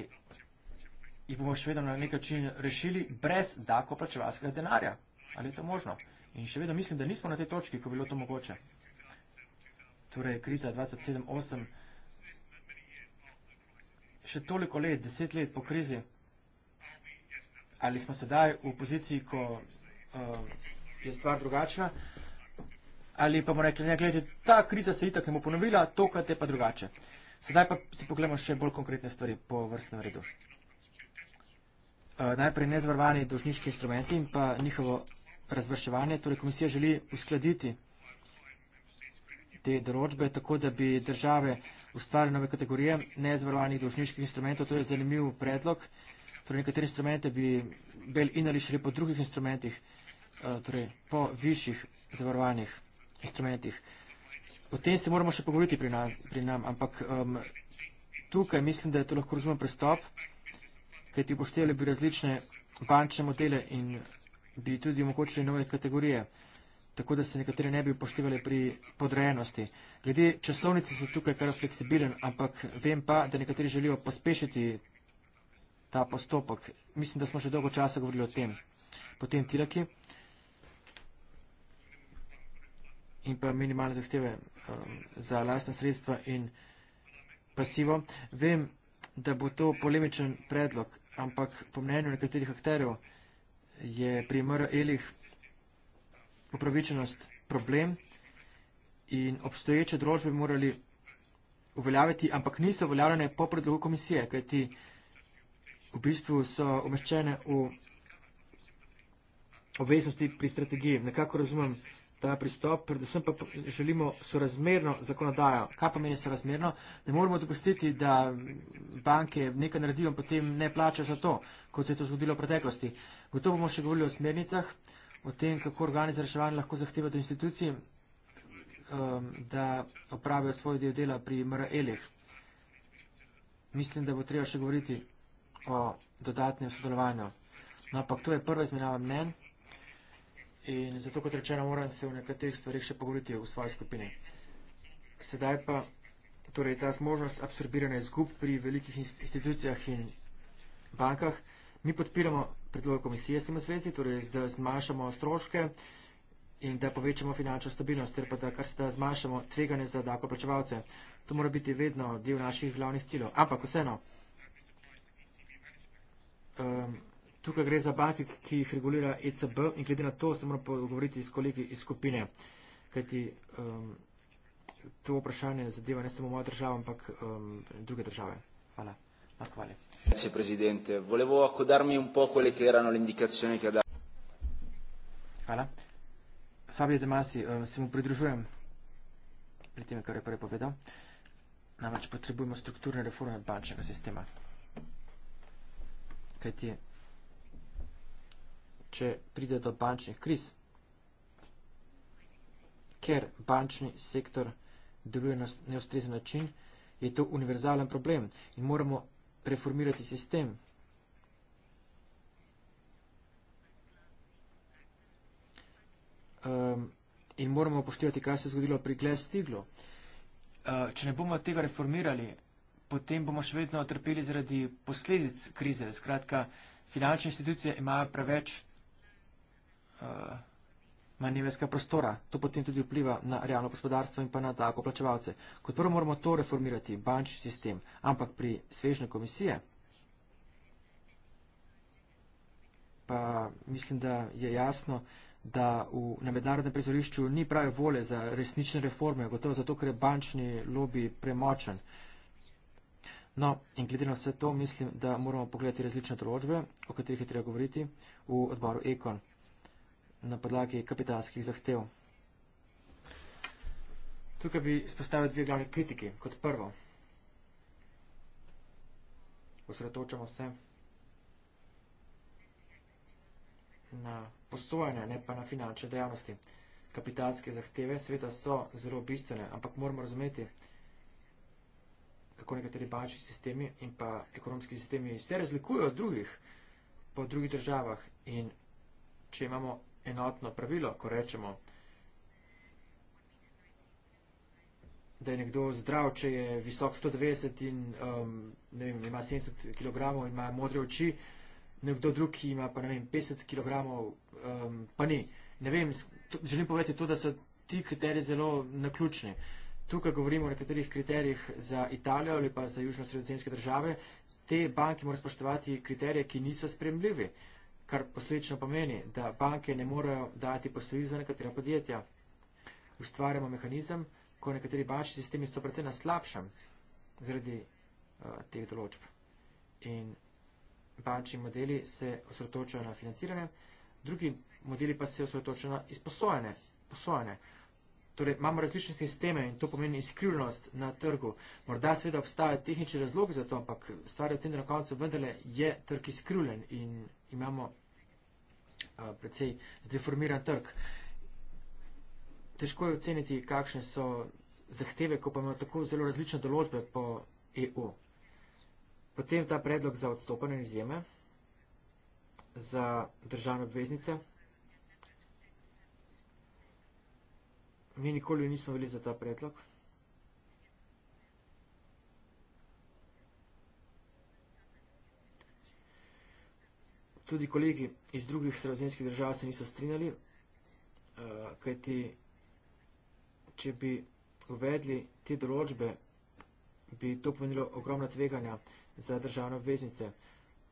jih bomo še vedno na nek način rešili brez dakoplačevalskega denarja. Ali je to možno? In še vedno mislim, da nismo na tej točki, ko bi bilo to mogoče. Torej, kriza 27-8, še toliko let, deset let po krizi, ali smo sedaj v poziciji, ko uh, je stvar drugačna, ali pa bomo rekli, ne, gledajte, ta kriza se itak ne bo ponovila, to, kar je pa drugače. Sedaj pa si pogledamo še bolj konkretne stvari po vrstnem redu. Eh, najprej nezvarvani dožniški instrumenti in pa njihovo razvrševanje. Torej, komisija želi uskladiti te določbe tako, da bi države ustvarjale nove kategorije nezvarvanih dožniških instrumentov. To je zanimiv predlog. Torej, nekatere instrumente bi bel in ali šli po drugih instrumentih, eh, torej po višjih zavarovanih instrumentih. O tem se moramo še pogovoriti pri, pri nam, ampak um, tukaj mislim, da je to lahko razumem prestop kaj ti poštevali bi različne bančne modele in bi tudi omogočili nove kategorije, tako da se nekatere ne bi poštevali pri podrejenosti. Glede časovnice se tukaj kar fleksibilen, ampak vem pa, da nekateri želijo pospešiti ta postopek. Mislim, da smo že dolgo časa govorili o tem. Potem tiraki in pa minimalne zahteve um, za lastne sredstva in pasivo. Vem, da bo to polemičen predlog, ampak po mnenju nekaterih akterjev je pri MR Elih upravičenost problem in obstoječe družbe morali uveljaviti, ampak niso uveljavljene po predlogu komisije, kajti v bistvu so umeščene v obveznosti pri strategiji. Nekako razumem, ta pristop, predvsem pa želimo sorazmerno zakonodajo. Kaj pomeni sorazmerno? Ne moremo dopustiti, da banke nekaj naredijo in potem ne plačajo za to, kot se je to zgodilo v preteklosti. Gotovo bomo še govorili o smernicah, o tem, kako organi za reševanje lahko zahtevajo institucij, um, da opravijo svoje del dela pri MRL-ih. Mislim, da bo treba še govoriti o dodatnem sodelovanju. No, ampak to je prva izmenjava mnen in zato, kot rečeno, moram se v nekaterih stvarih še pogovoriti v svoji skupini. Sedaj pa torej, ta možnost absorbiranja izgub pri velikih institucijah in bankah. Mi podpiramo predlog komisije s tem v zvezi, torej, da zmanjšamo stroške in da povečamo finančno stabilnost, ter pa da kar se da zmanjšamo tveganje za davkoplačevalce. To mora biti vedno del naših glavnih ciljev. Ampak vseeno. Um, Tukaj gre za banke, ki jih regulira ECB in glede na to se moram pogovoriti s kolegi iz skupine, kajti um, to vprašanje zadeva ne samo mojo državo, ampak um, druge države. Hvala. Ah, hvala. Grazie, presidente. Volevo accodarmi un po' quelle che erano le indicazioni che ha dato. Hvala. Fabio De Masi, uh, se mu pridružujem pri tem, kar je prej povedal, namreč potrebujemo strukturne reforme bančnega sistema. Kajti če pride do bančnih kriz. Ker bančni sektor deluje na neustrezen način, je to univerzalen problem in moramo reformirati sistem. Um, in moramo upoštevati, kaj se je zgodilo pri Glass Steaglu. Uh, če ne bomo tega reformirali, potem bomo še vedno trpeli zaradi posledic krize. Skratka, finančne institucije imajo preveč Eh, manjevenskega prostora. To potem tudi vpliva na realno gospodarstvo in pa na tako plačevalce. Kot prvo moramo to reformirati, bančni sistem, ampak pri svežne komisije. Pa mislim, da je jasno, da v, na mednarodnem prizorišču ni prave vole za resnične reforme, gotovo zato, ker je bančni lobby premočen. No, in glede na vse to, mislim, da moramo pogledati različne določbe, o katerih je treba govoriti v odboru Ekon na podlagi kapitalskih zahtev. Tukaj bi spostavil dve glavne kritiki. Kot prvo, osredotočamo se na posojanje, ne pa na finančne dejavnosti. Kapitalske zahteve sveta so zelo bistvene, ampak moramo razumeti, kako nekateri bančni sistemi in pa ekonomski sistemi se razlikujejo od drugih po drugih državah in če imamo enotno pravilo, ko rečemo, da je nekdo zdrav, če je visok 190 in um, ne vem, ima 70 kg in ima modre oči, nekdo drug, ki ima pa ne vem, 50 kg, um, pa ni. Ne vem, to, želim povedati to, da so ti kriteriji zelo naključni. Tukaj govorimo o nekaterih kriterijih za Italijo ali pa za južno-sredozemske države. Te banke morajo spoštovati kriterije, ki niso spremljivi. Uh, kar posledično pomeni, da banke ne morejo dati posojil za nekatera podjetja. Ustvarjamo mehanizem, ko nekateri bančni sistemi so predvsem na slabšem zaradi uh, teh določb. In bančni modeli se osredotočajo na financiranje, drugi modeli pa se osredotočajo na izposojene. Posojene. Torej, imamo različne sisteme in to pomeni izkrivljenost na trgu. Morda seveda obstaja tehnični razlog za to, ampak stvar je v tem, da na koncu vendarle je trg izkrivljen in imamo precej zdeformiran trg. Težko je oceniti, kakšne so zahteve, ko pa imajo tako zelo različne določbe po EU. Potem ta predlog za odstopanje izjeme za državne obveznice. Mi nikoli nismo bili za ta predlog. tudi kolegi iz drugih sredozemskih držav se niso strinjali, eh, kajti če bi uvedli te določbe, bi to pomenilo ogromna tveganja za državne obveznice.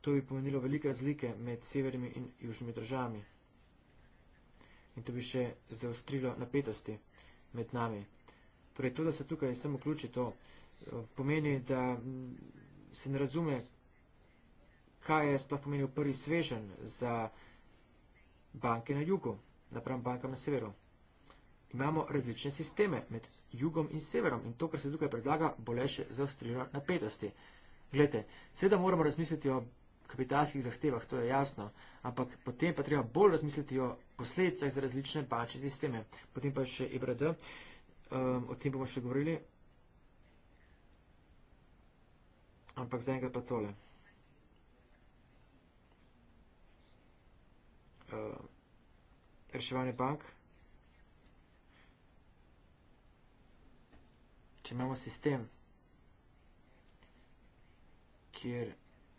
To bi pomenilo velike razlike med severnimi in južnimi državami. In to bi še zaostrilo napetosti med nami. Torej, to, da se tukaj sem vključi to, eh, pomeni, da mm, se ne razume, kaj je sploh pomenil prvi svežen za banke na jugu, napram bankam na severu. Imamo različne sisteme med jugom in severom in to, kar se tukaj predlaga, bo le še zaostrilo napetosti. Glede, seveda moramo razmisliti o kapitalskih zahtevah, to je jasno, ampak potem pa treba bolj razmisliti o posledicah za različne bančne sisteme. Potem pa še EBRD, um, o tem bomo še govorili, ampak zaenkrat pa tole. Eh, reševanje bank. Če imamo sistem, kjer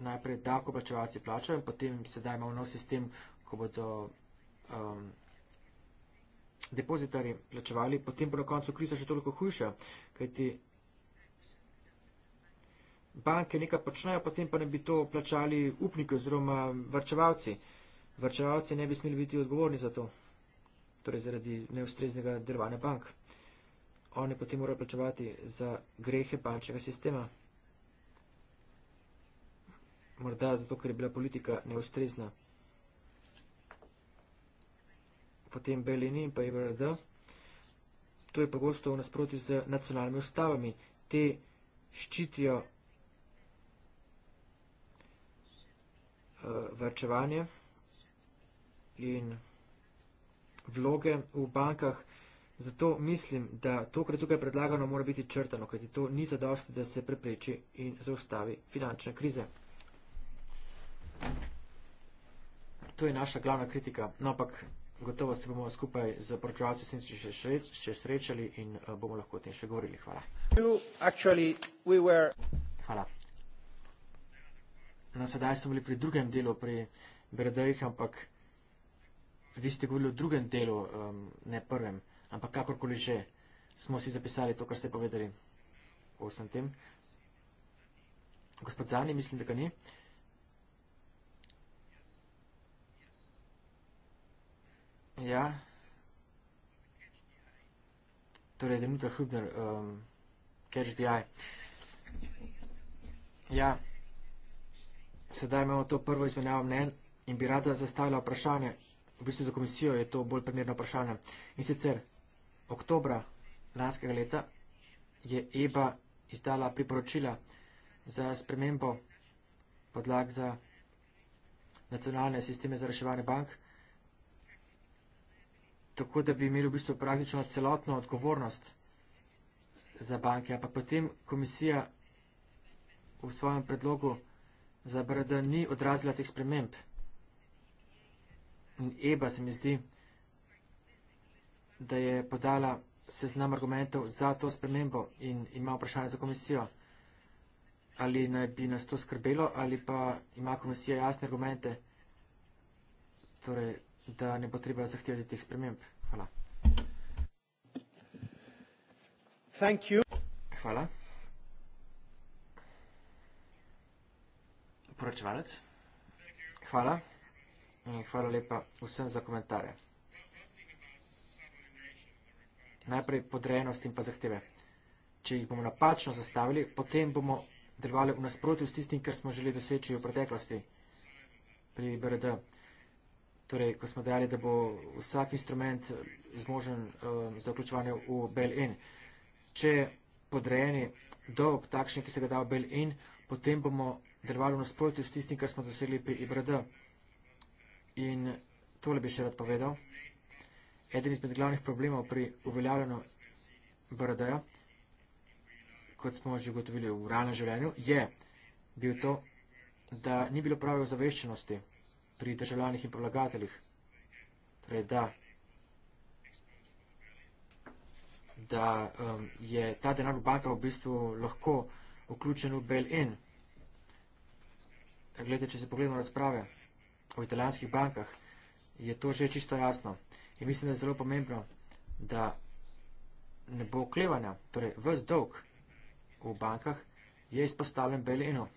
najprej dako plačevalci plačajo in potem sedaj imamo nov sistem, ko bodo um, depozitari plačevali, potem bo na koncu kriza še toliko hujša, kajti banke nekaj počnejo, potem pa ne bi to plačali upniki oziroma vrčevalci. Uh, vrčevalci ne bi smeli biti odgovorni za to, torej zaradi neustreznega delovanja bank. Oni potem morajo plačevati za grehe bančnega sistema. Morda zato, ker je bila politika neustrezna. Potem Belini in pa IBRD. E to je pogosto v nasprotju z nacionalnimi ustavami. Te ščitijo uh, eh, vrčevanje in vloge v bankah. Zato mislim, da to, kar je tukaj predlagano, mora biti črtano, kajti to ni zadosti, da se prepreči in zaustavi finančne krize. To je naša glavna kritika. No, ampak gotovo se bomo skupaj z portugalci vsem še, še srečali in eh, bomo lahko o tem še govorili. Hvala. Hvala. No, sedaj smo bili pri drugem delu, pri Beredejih, ampak. Vi ste govorili o drugem delu, um, ne prvem, ampak kakorkoli že smo si zapisali to, kar ste povedali o vsem tem. Gospod Zani, mislim, da ga ni. Ja. Torej, Denuta Hübner, um, Catch the Eye. Ja, sedaj imamo to prvo izmenjavo mnen in bi rada zastavila vprašanje v bistvu za komisijo je to bolj primerno vprašanje. In sicer, oktobra lanskega leta je EBA izdala priporočila za spremembo podlag za nacionalne sisteme za reševanje bank, tako da bi imeli v bistvu praktično celotno odgovornost za banke, ampak potem komisija v svojem predlogu za BRD ni odrazila teh sprememb. In Eba se mi zdi, da je podala seznam argumentov za to spremembo in ima vprašanje za komisijo. Ali naj bi nas to skrbelo ali pa ima komisija jasne argumente, torej, da ne bo treba zahtevati teh sprememb. Hvala. Thank you. Hvala. Poročevalec. Hvala in hvala lepa vsem za komentare. Najprej podrejenost in pa zahteve. Če jih bomo napačno zastavili, potem bomo delovali v nasprotju s tistim, kar smo želeli doseči v preteklosti pri BRD. Torej, ko smo dejali, da bo vsak instrument zmožen uh, za vključevanje v BLN. Če je podrejeni dolg takšen, ki se ga da v BLN, potem bomo delovali v nasprotju s tistim, kar smo dosegli pri IBRD. In tole bi še rad povedal. Eden izmed glavnih problemov pri uveljavljanju BRD-ja, kot smo že ugotovili v realnem življenju, je bil to, da ni bilo prave ozaveščenosti pri državljanih in prolagateljih. Torej, da, da um, je ta denar v banka v bistvu lahko vključen v bail-in. Glede, če se pogledamo razprave, v italijanskih bankah, je to že čisto jasno. In mislim, da je zelo pomembno, da ne bo oklevanja. Torej, vse dolg v bankah je izpostavljen belino.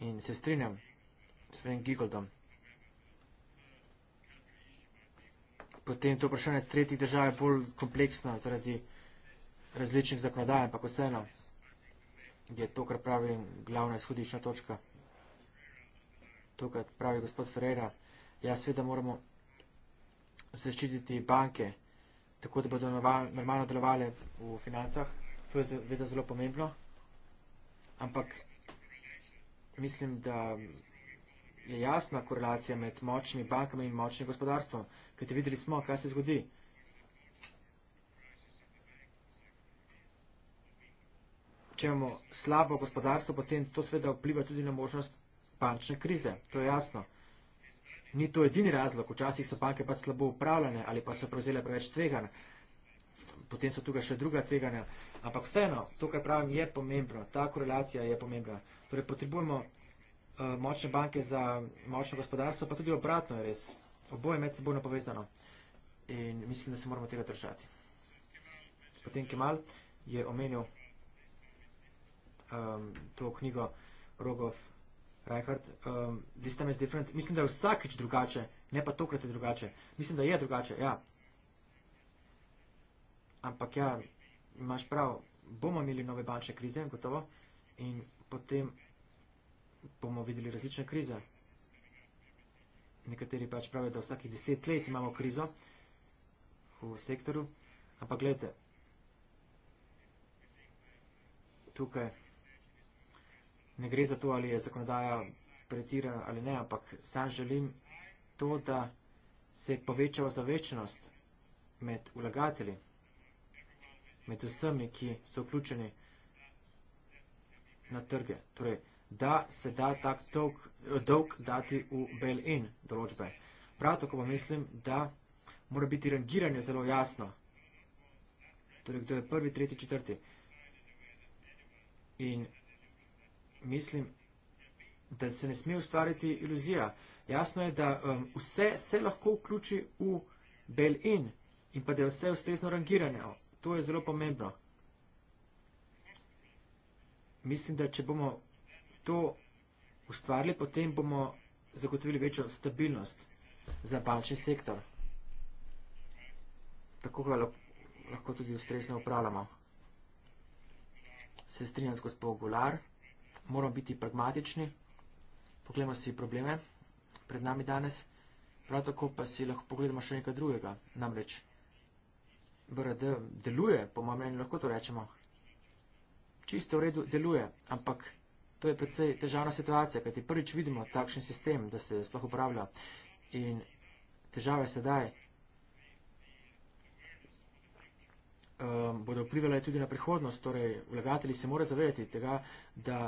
In se strinjam s svojim Gigoldom. Potem to vprašanje tretjih držav je bolj kompleksno zaradi različnih zakonodaj, ampak vseeno je to, kar pravim, glavna izhodišna točka to, kar pravi gospod Ferreira, ja, seveda moramo zaščititi banke, tako da bodo normalno delovali v financah. To je veda zelo pomembno, ampak mislim, da je jasna korelacija med močnimi bankami in močnim gospodarstvom, kaj te videli smo, kaj se zgodi. Če imamo slabo gospodarstvo, potem to sveda vpliva tudi na možnost bančne krize, to je jasno. Ni to edini razlog, včasih so banke pač slabo upravljene ali pa so prevzele preveč tveganj, potem so tukaj še druga tveganja, ampak vseeno, to, kar pravim, je pomembno, ta korelacija je pomembna. Torej, potrebujemo uh, močne banke za močno gospodarstvo, pa tudi obratno je res, oboje med sebojno povezano in mislim, da se moramo tega držati. Potem Kemal je omenil um, to knjigo Rogov Reinhardt, um, this time is different. Mislim, da je vsakič drugače, ne pa tokrat je drugače. Mislim, da je drugače, ja. Ampak ja, imaš prav, bomo imeli nove bančne krize, gotovo, in potem bomo videli različne krize. Nekateri pač pravijo, da vsakih deset let imamo krizo v sektoru, ampak gledajte, tukaj ne gre za to, ali je zakonodaja pretirana ali ne, ampak sam želim to, da se je povečala zavečnost med vlagatelji, med vsemi, ki so vključeni na trge. Torej, da se da tak dolg, dolg dati v bail-in določbe. Prav tako pa mislim, da mora biti rangiranje zelo jasno. Torej, kdo je prvi, tretji, četrti. In mislim, da se ne sme ustvariti iluzija. Jasno je, da um, vse se lahko vključi v bel-in in pa da je vse ustrezno rangirano. To je zelo pomembno. Mislim, da če bomo to ustvarili, potem bomo zagotovili večjo stabilnost za bančni sektor. Tako ga lahko tudi ustrezno upravljamo. Se strinjam s gospodom Gular moramo biti pragmatični, pogledamo si probleme pred nami danes, prav tako pa si lahko pogledamo še nekaj drugega. Namreč BRD deluje, po mojem mnenju lahko to rečemo. Čisto v redu deluje, ampak to je predvsej težavna situacija, kajti prvič vidimo takšen sistem, da se sploh upravlja. In težave sedaj um, bodo vplivali tudi na prihodnost, torej vlagatelji se morajo zavedati tega, da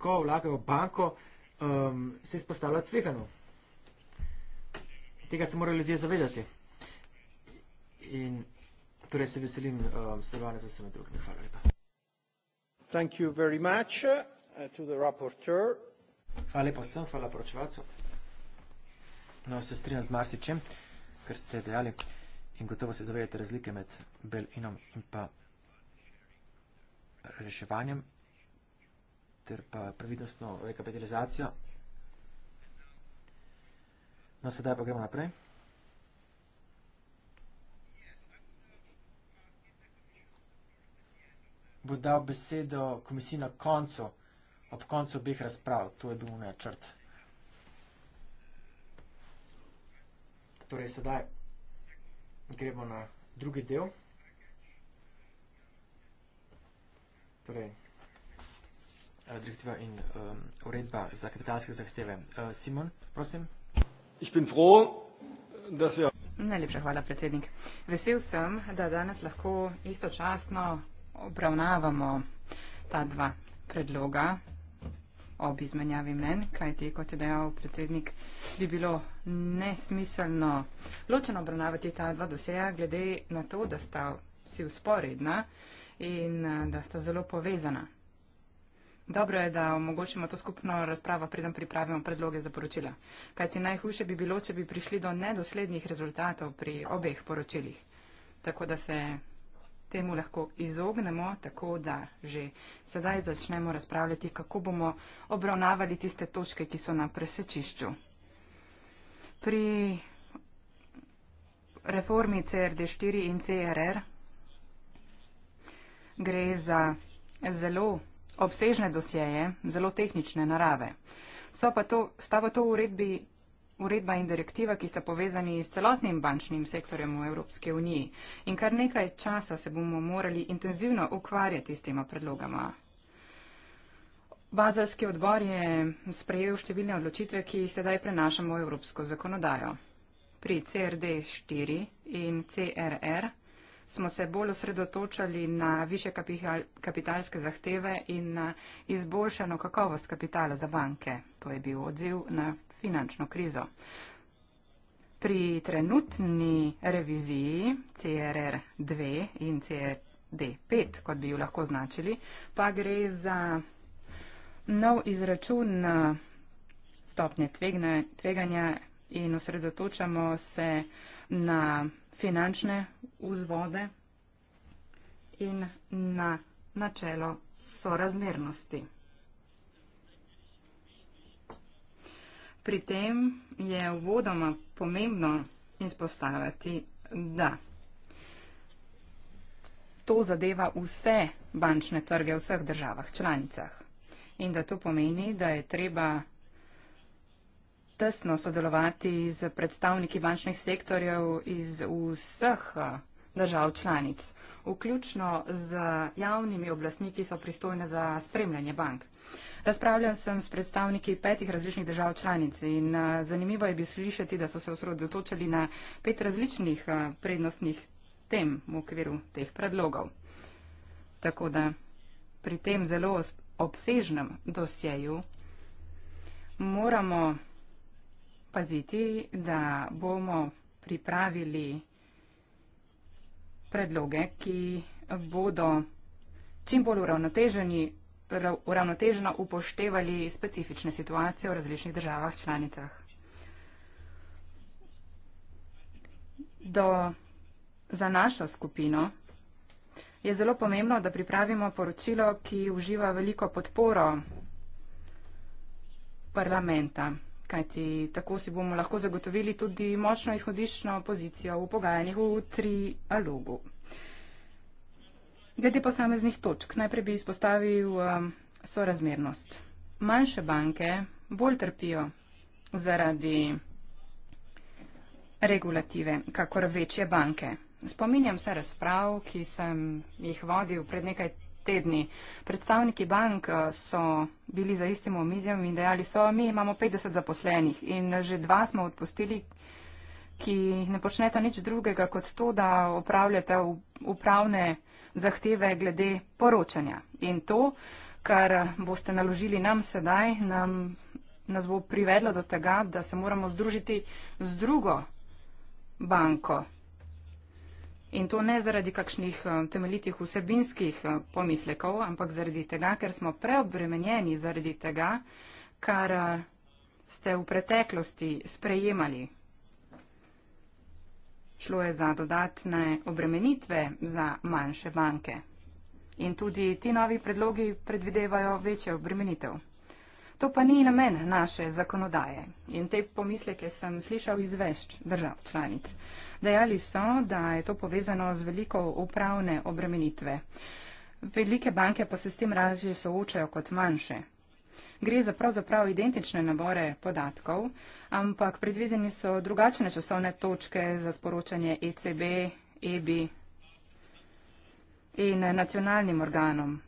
ko vlagajo banko, um, se izpostavlja tvegano. Tega se morajo ljudje zavedati. In torej se veselim um, sodelovanja z vsemi drugimi. Hvala lepa. Thank you very much uh, to the rapporteur. Hvala lepa vsem, hvala poročevalcu. No, se strinjam z marsičem, kar ste dejali in gotovo se zavedate razlike med Belinom in pa reševanjem ter pa previdnostno rekapitalizacijo. No, sedaj pa gremo naprej. Bo dal besedo komisij na koncu, ob koncu bih razprav, to je bil načrt. Torej, sedaj gremo na drugi del. Torej, Eh, direktiva in eh, uredba za kapitalske zahteve. Eh, Simon, prosim. Ich bin froh, da sve... Najlepša hvala, predsednik. Vesel sem, da danes lahko istočasno obravnavamo ta dva predloga ob izmenjavi mnen, kajti, kot je dejal predsednik, bi bilo nesmiselno ločeno obravnavati ta dva doseja, glede na to, da sta vsi usporedna in da sta zelo povezana. Dobro je, da omogočimo to skupno razpravo, preden pripravimo predloge za poročila. Kaj ti najhujše bi bilo, če bi prišli do nedoslednjih rezultatov pri obeh poročilih. Tako da se temu lahko izognemo, tako da že sedaj začnemo razpravljati, kako bomo obravnavali tiste točke, ki so na presečišču. Pri reformi CRD4 in CRR gre za zelo obsežne dosjeje, zelo tehnične narave. So pa to, sta pa to uredbi, uredba in direktiva, ki sta povezani s celotnim bančnim sektorjem v Evropske uniji. In kar nekaj časa se bomo morali intenzivno ukvarjati s tema predlogama. Bazelski odbor je sprejel številne odločitve, ki jih sedaj prenašamo v evropsko zakonodajo. Pri CRD 4 in CRR smo se bolj osredotočali na više kapitalske zahteve in na izboljšano kakovost kapitala za banke. To je bil odziv na finančno krizo. Pri trenutni reviziji CRR 2 in CRD 5, kot bi jo lahko značili, pa gre za nov izračun stopnje tveganja in osredotočamo se na finančne vzvode in na načelo sorazmernosti. Pri tem je uvodoma pomembno izpostaviti, da to zadeva vse bančne trge v vseh državah članicah in da to pomeni, da je treba tesno sodelovati z predstavniki bančnih sektorjev iz vseh držav članic, vključno z javnimi oblastmi, ki so pristojne za spremljanje bank. Razpravljal sem s predstavniki petih različnih držav članic in zanimivo je bi slišati, da so se osredotočili na pet različnih prednostnih tem v okviru teh predlogov. Tako da pri tem zelo obsežnem dosjeju moramo paziti, da bomo pripravili predloge, ki bodo čim bolj uravnoteženi, uravnoteženo upoštevali specifične situacije v različnih državah članicah. Do, za našo skupino je zelo pomembno, da pripravimo poročilo, ki uživa veliko podporo parlamenta kajti tako si bomo lahko zagotovili tudi močno izhodiščno pozicijo v pogajanjih v trialogu. Glede posameznih točk, najprej bi izpostavil um, sorazmernost. Manjše banke bolj trpijo zaradi regulative, kakor večje banke. Spominjam se razprav, ki sem jih vodil pred nekaj tedni. Predstavniki bank eh, so bili za istim omizjem in dejali so, mi imamo 50 zaposlenih in že dva smo odpustili, ki ne počnete nič drugega kot to, da upravljate upravne zahteve glede poročanja. In to, kar boste naložili nam sedaj, nam, nas bo privedlo do tega, da se moramo združiti z drugo banko. In to ne zaradi kakšnih eh, temeljitih vsebinskih eh, pomislekov, ampak zaradi tega, ker smo preobremenjeni zaradi tega, kar eh, ste v preteklosti sprejemali. Šlo je za dodatne obremenitve za manjše banke. In tudi ti novi predlogi predvidevajo večje obremenitev. To pa ni namen naše zakonodaje. In te pomisleke sem slišal iz več držav članic. Dejali so, da je to povezano z veliko upravne obremenitve. Velike banke pa se s tem razje soočajo kot manjše. Gre za pravzaprav identične nabore podatkov, ampak predvideni so drugačne časovne točke za sporočanje ECB, EBI in nacionalnim organom.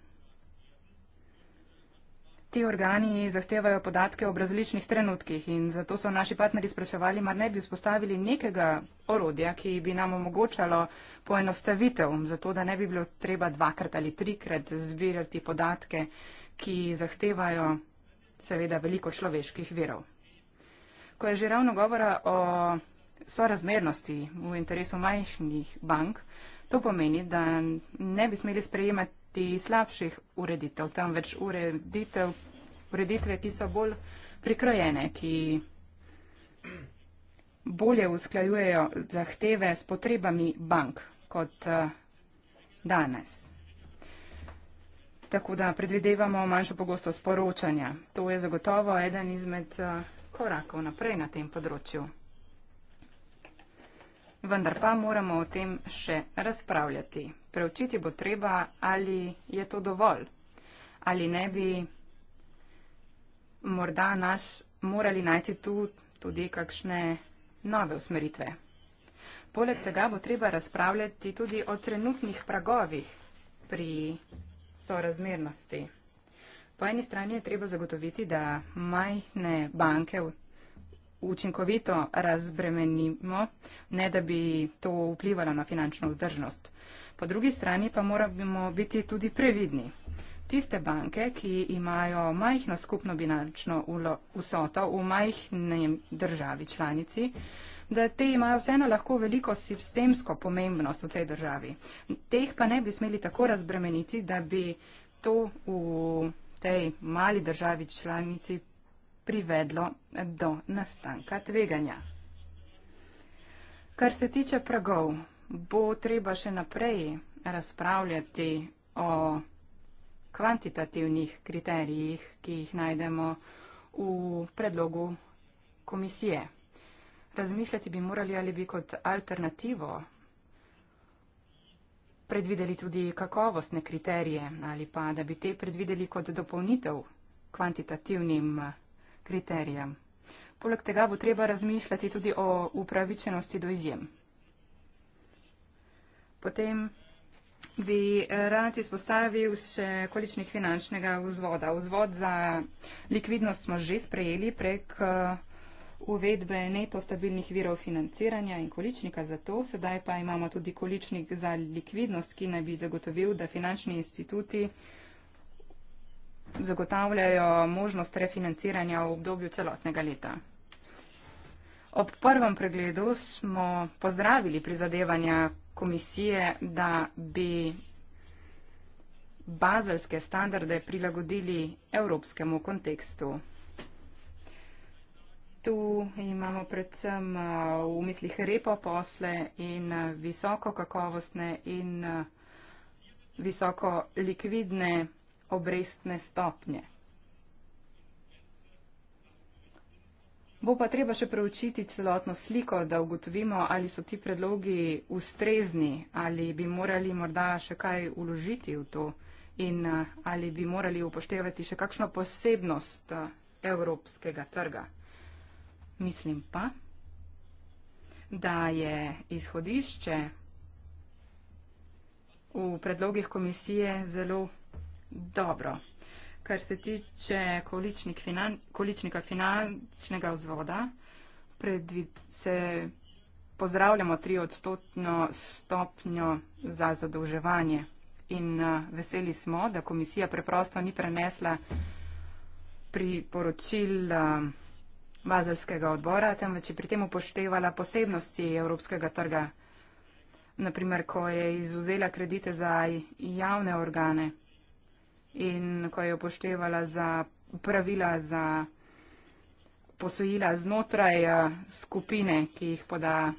Ti organi zahtevajo podatke ob različnih trenutkih in zato so naši partnerji spraševali, mar ne bi vzpostavili nekega orodja, ki bi nam omogočalo poenostavitev, zato da ne bi bilo treba dvakrat ali trikrat zbirati podatke, ki zahtevajo seveda veliko človeških virov. Ko je že ravno govora o sorazmernosti v interesu majhnih bank, to pomeni, da ne bi smeli sprejemati ti slabših ureditev, temveč ureditev, ureditve, ki so bolj prikrojene, ki bolje usklajujejo zahteve s potrebami bank kot eh, danes. Tako da predvidevamo manjšo pogosto sporočanja. To je zagotovo eden izmed eh, korakov naprej na tem področju vendar pa moramo o tem še razpravljati. Preučiti bo treba, ali je to dovolj, ali ne bi morda naš morali najti tu tudi kakšne nove usmeritve. Poleg tega bo treba razpravljati tudi o trenutnih pragovih pri sorazmernosti. Po eni strani je treba zagotoviti, da majhne banke v učinkovito razbremenimo, ne da bi to vplivalo na finančno vzdržnost. Po drugi strani pa moramo biti tudi previdni. Tiste banke, ki imajo majhno skupno bilančno vsoto v majhnem državi članici, da te imajo vseeno lahko veliko sistemsko pomembnost v tej državi. Teh pa ne bi smeli tako razbremeniti, da bi to v tej mali državi članici privedlo do nastanka tveganja. Kar se tiče pragov, bo treba še naprej razpravljati o kvantitativnih kriterijih, ki jih najdemo v predlogu komisije. Razmišljati bi morali ali bi kot alternativo predvideli tudi kakovostne kriterije ali pa da bi te predvideli kot dopolnitev kvantitativnim kriterijem kriterijem. Poleg tega bo treba razmišljati tudi o upravičenosti do izjem. Potem bi rad izpostavil še količnik finančnega vzvoda. Vzvod za likvidnost smo že sprejeli prek uh, uvedbe neto stabilnih virov financiranja in količnika za to. Sedaj pa imamo tudi količnik za likvidnost, ki naj bi zagotovil, da finančni instituti zagotavljajo možnost refinanciranja v obdobju celotnega leta. Ob prvem pregledu smo pozdravili prizadevanja komisije, da bi bazelske standarde prilagodili evropskemu kontekstu. Tu imamo predvsem eh, v mislih repo posle in eh, visoko kakovostne in eh, visoko likvidne obrestne stopnje. Bo pa treba še preučiti celotno sliko, da ugotovimo, ali so ti predlogi ustrezni, ali bi morali morda še kaj uložiti v to in eh, ali bi morali upoštevati še kakšno posebnost eh, evropskega trga. Mislim pa, da je izhodišče v predlogih komisije zelo Dobro. Kar se tiče količnik finan, količnika finančnega vzvoda, predvid, se pozdravljamo tri odstotno stopnjo za zadolževanje in uh, veseli smo, da komisija preprosto ni prenesla priporočil uh, bazelskega odbora, temveč je pri tem upoštevala posebnosti evropskega trga. Naprimer, ko je izuzela kredite za javne organe in ko je upoštevala za pravila za posojila znotraj eh, skupine, ki jih, poda,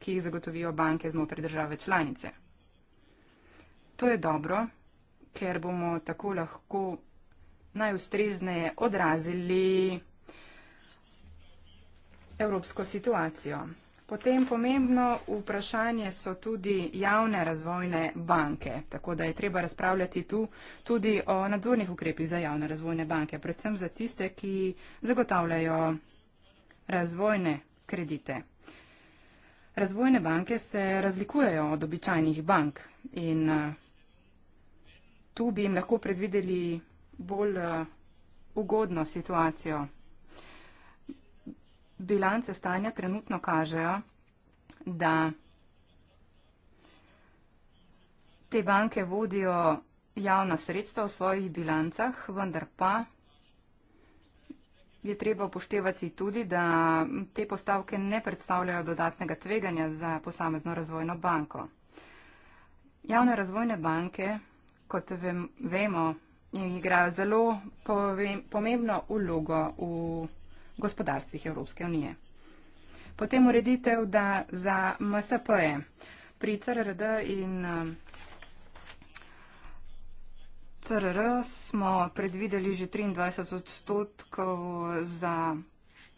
ki jih zagotovijo banke znotraj države članice. To je dobro, ker bomo tako lahko najustrezneje odrazili evropsko situacijo. Potem pomembno vprašanje so tudi javne razvojne banke, tako da je treba razpravljati tu tudi o nadzornih ukrepih za javne razvojne banke, predvsem za tiste, ki zagotavljajo razvojne kredite. Razvojne banke se razlikujejo od običajnih bank in tu bi jim lahko predvideli bolj ugodno situacijo bilance stanja trenutno kažejo, da te banke vodijo javna sredstva v svojih bilancah, vendar pa je treba upoštevati tudi, da te postavke ne predstavljajo dodatnega tveganja za posamezno razvojno banko. Javne razvojne banke, kot vem, vemo, igrajo zelo pove, pomembno ulogo v gospodarstvih Evropske unije. Potem ureditev, da za MSP-je pri CRRD in um, CRR smo predvideli že 23 odstotkov za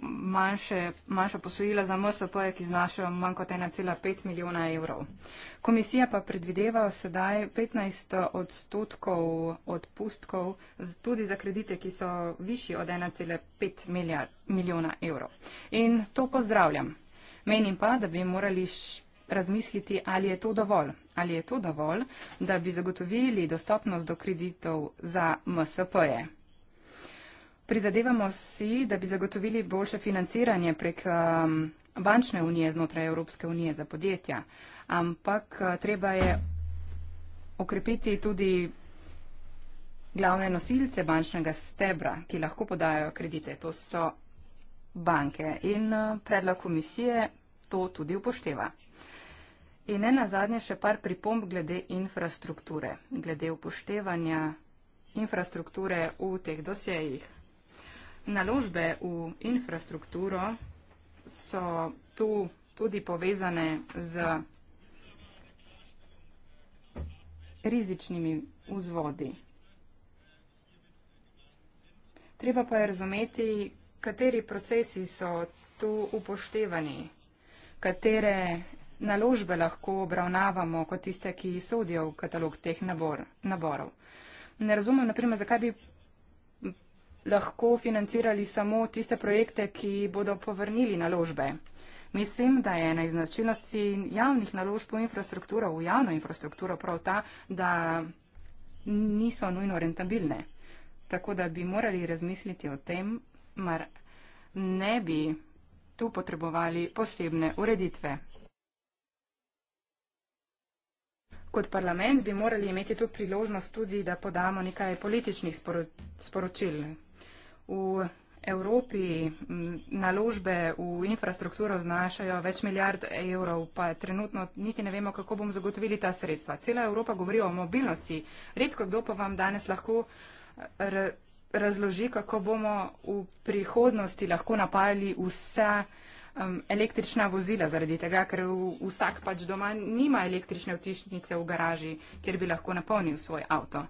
manjše, manjša posojila za MSP-je, ki znašajo manj kot 1,5 milijona evrov. Komisija pa predvideva sedaj 15 odstotkov odpustkov tudi za kredite, ki so višji od 1,5 milijard, milijona evrov. In to pozdravljam. Menim pa, da bi morali razmisliti, ali je to dovolj. Ali je to dovolj, da bi zagotovili dostopnost do kreditov za MSP-je. Prizadevamo si, da bi zagotovili boljše financiranje prek um, bančne unije znotraj Evropske unije za podjetja, ampak uh, treba je okrepiti tudi glavne nosilce bančnega stebra, ki lahko podajo kredite. To so banke in uh, predlog komisije to tudi upošteva. In ena zadnja še par pripomb glede infrastrukture, glede upoštevanja infrastrukture v teh dosjejih naložbe v infrastrukturo so tu tudi povezane z rizičnimi vzvodi. Treba pa je razumeti, kateri procesi so tu upoštevani, katere naložbe lahko obravnavamo kot tiste, ki sodijo v katalog teh nabor, naborov. Ne razumem, naprimer, zakaj bi lahko financirali samo tiste projekte, ki bodo povrnili naložbe. Mislim, da je ena iz značilnosti javnih naložb v infrastrukturo, v javno infrastrukturo prav ta, da niso nujno rentabilne. Tako da bi morali razmisliti o tem, mar ne bi tu potrebovali posebne ureditve. Kot parlament bi morali imeti tu priložnost tudi, da podamo nekaj političnih sporočil v Evropi naložbe v infrastrukturo znašajo več milijard evrov, pa trenutno niti ne vemo, kako bomo zagotovili ta sredstva. Cela Evropa govori o mobilnosti. Redko kdo pa vam danes lahko razloži, kako bomo v prihodnosti lahko napajali vsa električna vozila zaradi tega, ker vsak pač doma nima električne vtišnice v garaži, kjer bi lahko napolnil svoj avto.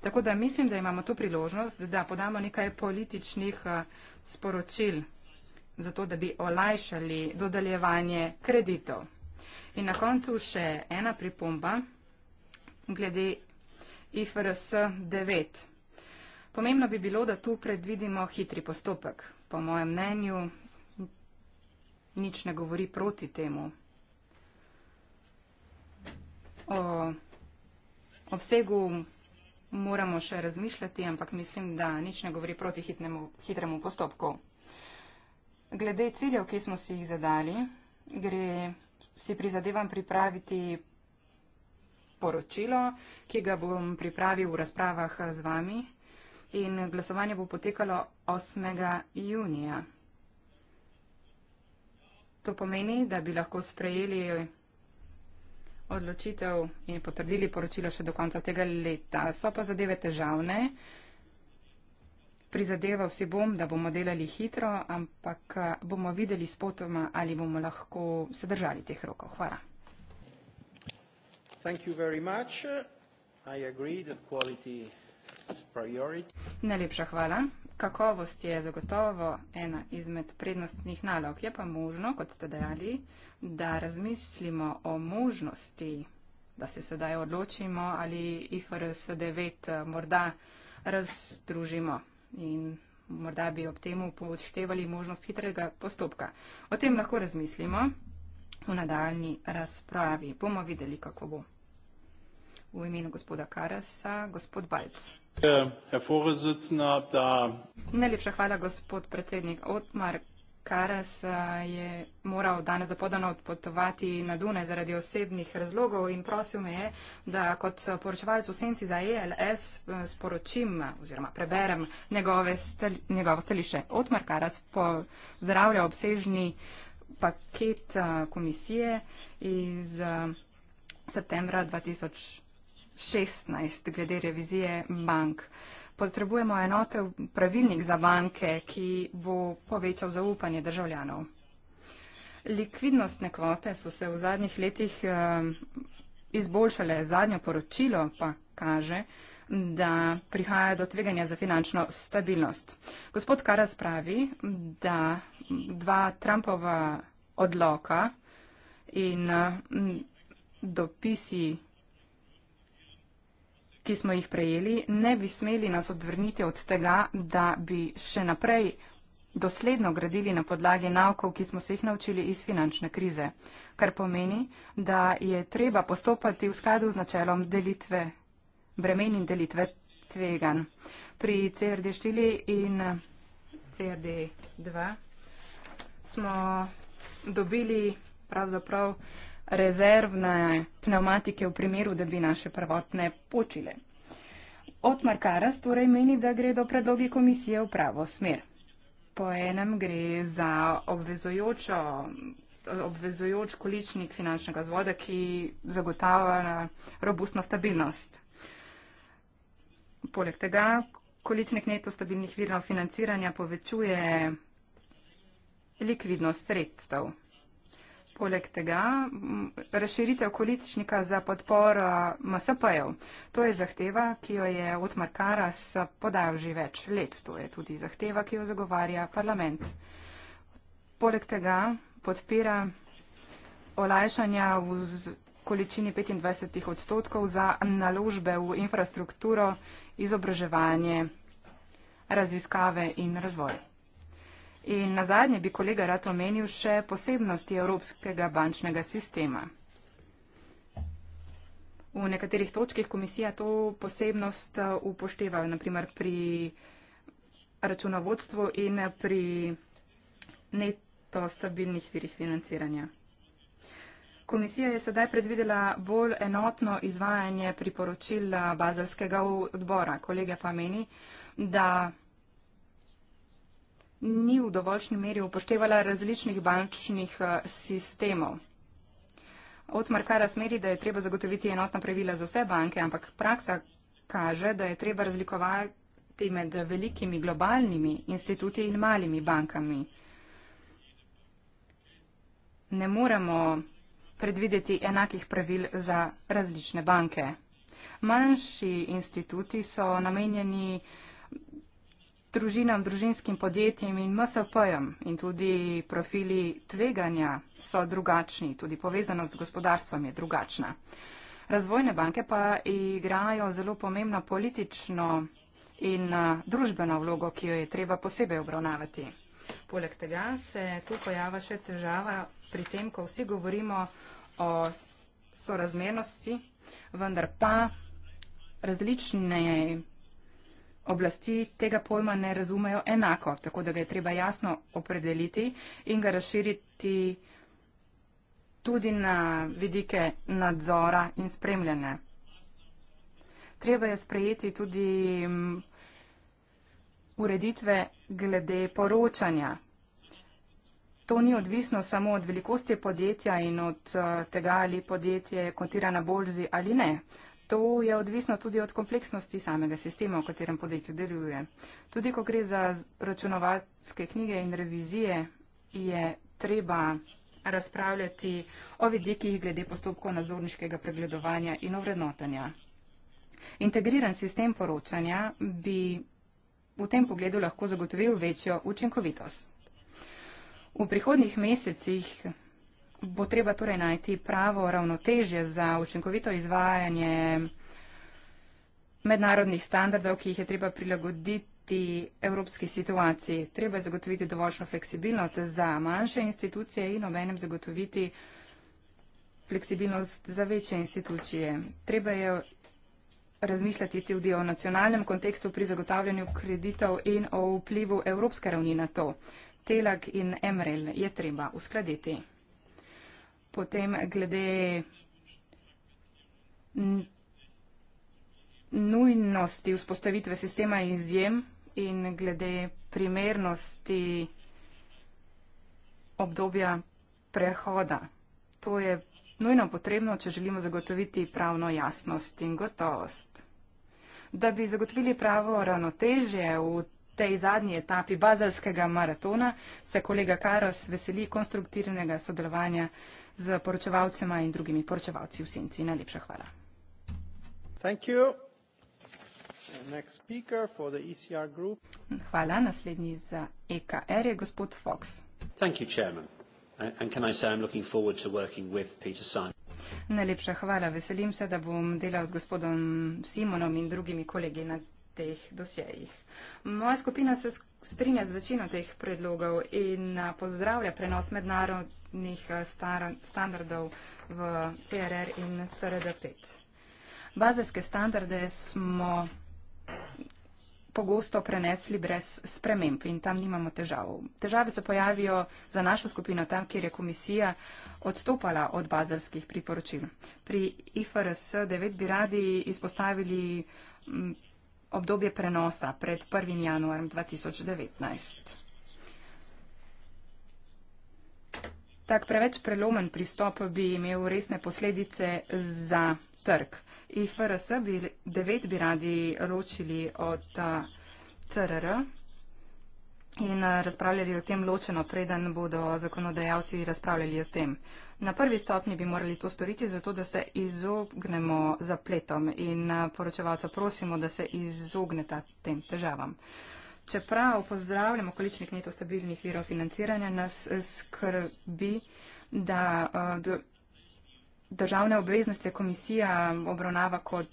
Tako da mislim, da imamo tu priložnost, da podamo nekaj političnih eh, sporočil za to, da bi olajšali dodeljevanje kreditov. In na koncu še ena pripomba glede IFRS 9. Pomembno bi bilo, da tu predvidimo hitri postopek. Po mojem mnenju nič ne govori proti temu. O obsegu moramo še razmišljati, ampak mislim, da nič ne govori proti hitnemu, hitremu postopku. Glede ciljev, ki smo si jih zadali, gre, si prizadevam pripraviti poročilo, ki ga bom pripravil v razpravah z vami in glasovanje bo potekalo 8. junija. To pomeni, da bi lahko sprejeli odločitev in potrdili poročilo še do konca tega leta. So pa zadeve težavne. Prizadeval si bom, da bomo delali hitro, ampak eh, bomo videli spotoma, ali bomo lahko se držali teh rokov. Hvala. Najlepša hvala. Kakovost je zagotovo ena izmed prednostnih nalog. Je pa možno, kot ste dejali, da razmislimo o možnosti, da se sedaj odločimo ali IFRS 9 eh, morda razdružimo in morda bi ob temu poštevali možnost hitrega postopka. O tem lahko razmislimo v nadaljni razpravi. Bomo videli, kako bo. V imenu gospoda Karasa, gospod Balc. Najlepša hvala, gospod predsednik. Otmar Karas eh, je moral danes do podano odpotovati na Dune zaradi osebnih razlogov in prosil me je, da kot poročevalec v senci za ELS eh, sporočim oziroma preberem njegove stali, njegovo stališče. Otmar Karas pozdravlja obsežni paket eh, komisije iz septembra 2020. 16 glede revizije bank. Potrebujemo enote pravilnik za banke, ki bo povečal zaupanje državljanov. Likvidnostne kvote so se v zadnjih letih eh, izboljšale. Zadnje poročilo pa kaže, da prihaja do tveganja za finančno stabilnost. Gospod Karas pravi, da dva Trumpova odloka in mm, dopisi ki smo jih prejeli, ne bi smeli nas odvrniti od tega, da bi še naprej dosledno gradili na podlagi naukov, ki smo se jih naučili iz finančne krize, kar pomeni, da je treba postopati v skladu z načelom delitve bremen in delitve tvegan. Pri CRD4 in CRD2 smo dobili pravzaprav rezervne pneumatike v primeru, da bi naše prvotne počile. Otmar Karas torej meni, da gre do predlogi komisije v pravo smer. Po enem gre za obvezujočo obvezujoč količnik finančnega zvoda, ki zagotava robustno stabilnost. Poleg tega, količnik neto stabilnih virov financiranja povečuje likvidnost sredstev. Poleg tega razširitev količnika za podporo MSP-jev. To je zahteva, ki jo je Otmar Karas podajal že več let. To je tudi zahteva, ki jo zagovarja parlament. Poleg tega podpira olajšanja v količini 25 odstotkov za naložbe v infrastrukturo, izobraževanje, raziskave in razvoj. In na zadnje bi kolega rad omenil še posebnosti evropskega bančnega sistema. V nekaterih točkih komisija to posebnost uh, upošteva, naprimer pri računovodstvu in pri neto stabilnih virih financiranja. Komisija je sedaj predvidela bolj enotno izvajanje priporočila uh, bazarskega odbora. Kolega pa meni, da ni v dovoljšni meri upoštevala različnih bančnih eh, sistemov. Otmar Karas meri, da je treba zagotoviti enotna pravila za vse banke, ampak praksa kaže, da je treba razlikovati med velikimi globalnimi instituti in malimi bankami. Ne moremo predvideti enakih pravil za različne banke. Manjši instituti so namenjeni uh, družinam, družinskim podjetjem in MSP-jem in tudi profili tveganja so drugačni, tudi povezanost z gospodarstvom je drugačna. Razvojne banke pa igrajo zelo pomembno politično in družbeno vlogo, ki jo je treba posebej obravnavati. Poleg tega se tu pojava še težava pri tem, ko vsi govorimo o sorazmernosti, vendar pa različne oblasti tega pojma ne razumejo enako, tako da ga je treba jasno opredeliti in ga razširiti tudi na vidike nadzora in spremljanja. Treba je sprejeti tudi ureditve glede poročanja. To ni odvisno samo od velikosti podjetja in od eh, tega, ali podjetje kotira na borzi ali ne. To je odvisno tudi od kompleksnosti samega sistema, v katerem podjetju deluje. Tudi, ko gre za računovatske knjige in revizije, je treba razpravljati o vidikih glede postopkov nadzorniškega pregledovanja in ovrednotanja. Integriran sistem poročanja bi v tem pogledu lahko zagotovil večjo učinkovitost. V prihodnjih mesecih bo treba torej najti pravo ravnotežje za učinkovito izvajanje mednarodnih standardov, ki jih je treba prilagoditi evropski situaciji. Treba je zagotoviti dovoljšno fleksibilnost za manjše institucije in obenem zagotoviti fleksibilnost za večje institucije. Treba je razmišljati tudi o nacionalnem kontekstu pri zagotavljanju kreditov in o vplivu evropske ravni na to. Telak in Emrel je treba uskladiti. Potem glede nujnosti vzpostavitve sistema izjem in glede primernosti obdobja prehoda. To je nujno potrebno, če želimo zagotoviti pravno jasnost in gotovost. Da bi zagotovili pravo ravnotežje v tej zadnji etapi bazalskega maratona, se kolega Karos veseli konstruktivnega sodelovanja z poročevalcema in drugimi poročevalci v senci. Najlepša hvala. Thank you. Next speaker for the ECR group. Hvala. Naslednji za EKR je gospod Fox. Thank you, chairman. And can I say I'm looking forward to working with Peter Simon. Najlepša hvala. Veselim se, da bom delal z gospodom Simonom in drugimi kolegi na teh dosjejih. Moja skupina se strinja z večino teh predlogov in pozdravlja prenos mednarodnih standardov v CRR in CRD5. Bazelske standarde smo pogosto prenesli brez sprememb in tam nimamo težav. Težave se pojavijo za našo skupino tam, kjer je komisija odstopala od bazelskih priporočil. Pri IFRS 9 bi radi izpostavili obdobje prenosa pred 1. januarjem 2019. Tak preveč prelomen pristop bi imel resne posledice za trg. IFRS bi devet bi radi ločili od TRR, in eh, razpravljali o tem ločeno, preden bodo zakonodajalci razpravljali o tem. Na prvi stopni bi morali to storiti, zato da se izognemo zapletom in eh, poročevalca prosimo, da se izogneta tem težavam. Čeprav pozdravljamo količnik neto stabilnih virov financiranja, nas eh, skrbi, da državne obveznosti komisija obravnava kot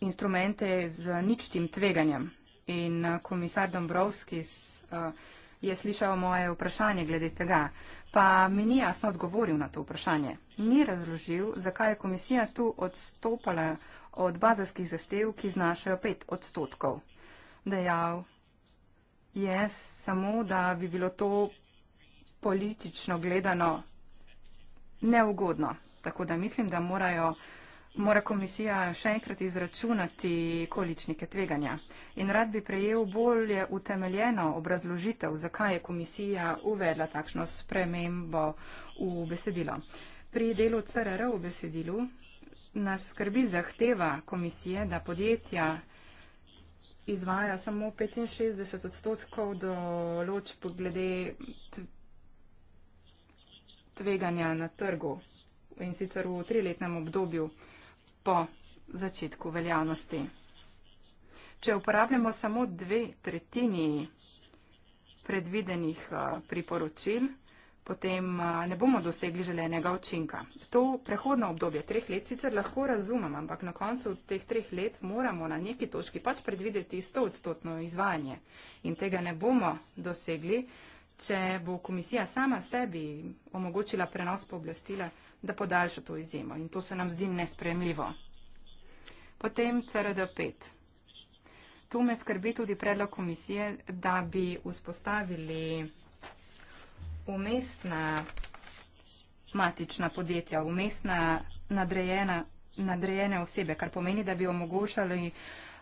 instrumente z ničtim tveganjem. In eh, komisar Dombrovskis eh, je slišal moje vprašanje glede tega, pa mi ni jasno odgovoril na to vprašanje. Ni razložil, zakaj je komisija tu odstopala od bazarskih zastev, ki znašajo 5 odstotkov. Dejal je samo, da bi bilo to politično gledano neugodno. Tako da mislim, da morajo mora komisija še enkrat izračunati količnike tveganja. In rad bi prejel bolje utemeljeno obrazložitev, zakaj je komisija uvedla takšno spremembo v besedilo. Pri delu CRR v besedilu nas skrbi zahteva komisije, da podjetja izvaja samo 65 odstotkov določb glede tveganja na trgu in sicer v triletnem obdobju po začetku veljavnosti. Če uporabljamo samo dve tretjini predvidenih eh, priporočil, potem eh, ne bomo dosegli želenega učinka. To prehodno obdobje treh let sicer lahko razumem, ampak na koncu teh treh let moramo na neki točki pač predvideti stoodstotno izvajanje. In tega ne bomo dosegli, če bo komisija sama sebi omogočila prenos pooblastila. Po da podaljša to izjemo in to se nam zdi nespremljivo. Potem CRD5. Tu me skrbi tudi predlog komisije, da bi vzpostavili umestna matična podjetja, umestna nadrejena, nadrejene osebe, kar pomeni, da bi omogočali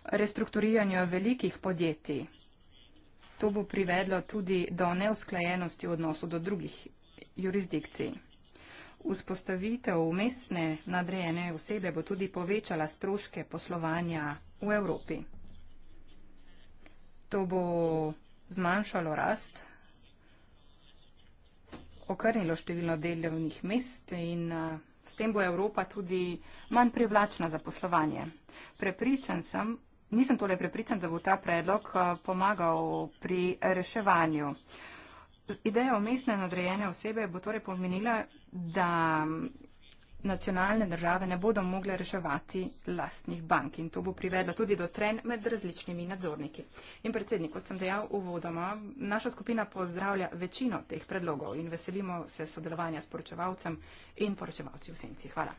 restrukturiranje velikih podjetij. To bo privedlo tudi do neusklajenosti v odnosu do drugih jurisdikcij. Vzpostavitev umestne nadrejene osebe bo tudi povečala stroške poslovanja v Evropi. To bo zmanjšalo rast, okrnilo število delovnih mest in s tem bo Evropa tudi manj privlačna za poslovanje. Prepričan sem, nisem tole prepričan, da bo ta predlog pomagal pri reševanju. Ideja mestne nadrejene osebe bo torej pomenila, da nacionalne države ne bodo mogle reševati lastnih bank in to bo privedlo tudi do tren med različnimi nadzorniki. In predsednik, kot sem dejal uvodoma, naša skupina pozdravlja večino teh predlogov in veselimo se sodelovanja s poročevalcem in poročevalci v senci. Hvala.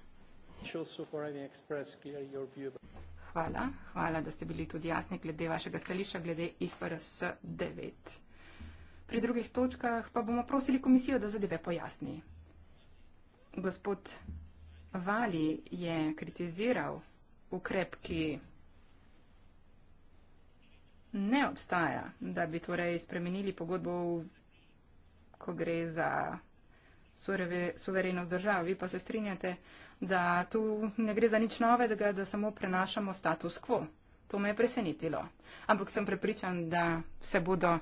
Hvala, hvala, da ste bili tudi jasni glede vašega stališča, glede IFRS 9. Pri drugih točkah pa bomo prosili komisijo, da zadeve pojasni. Gospod Vali je kritiziral ukrep, ki ne obstaja, da bi torej spremenili pogodbo, ko gre za suverenost držav. Vi pa se strinjate, da tu ne gre za nič novega, da samo prenašamo status quo. To me je presenetilo. Ampak sem prepričan, da se bodo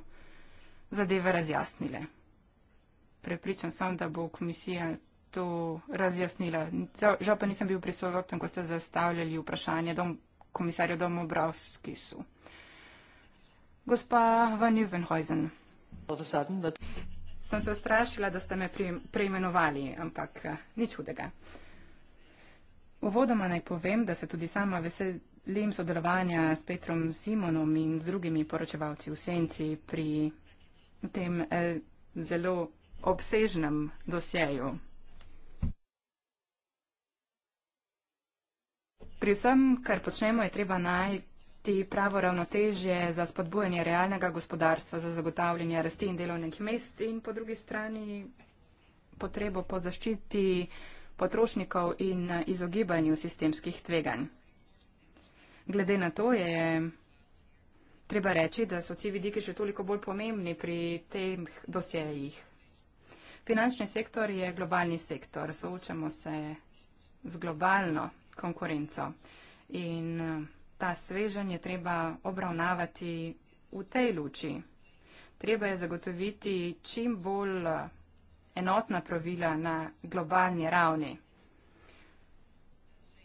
zadeve razjasnile. Prepričan sem, da bo komisija to razjasnila. Žal pa nisem bil prisoten, ko ste zastavljali vprašanje dom, komisarju Domobrovskisu. Gospa Van Juvenhuizen. Sem se ustrašila, da ste me preimenovali, ampak eh, nič hudega. Uvodoma naj povem, da se tudi sama veselim sodelovanja s Petrom Simonom in z drugimi poročevalci v Senci pri v tem eh, zelo obsežnem dosjeju. Pri vsem, kar počnemo, je treba najti pravo ravnotežje za spodbujanje realnega gospodarstva, za zagotavljanje rasti in delovnih mest in po drugi strani potrebo po zaščiti potrošnikov in eh, izogibanju sistemskih tveganj. Glede na to je treba reči, da so ti vidiki še toliko bolj pomembni pri teh dosjejih. Finančni sektor je globalni sektor, soočamo se z globalno konkurenco in ta svežen je treba obravnavati v tej luči. Treba je zagotoviti čim bolj enotna pravila na globalni ravni.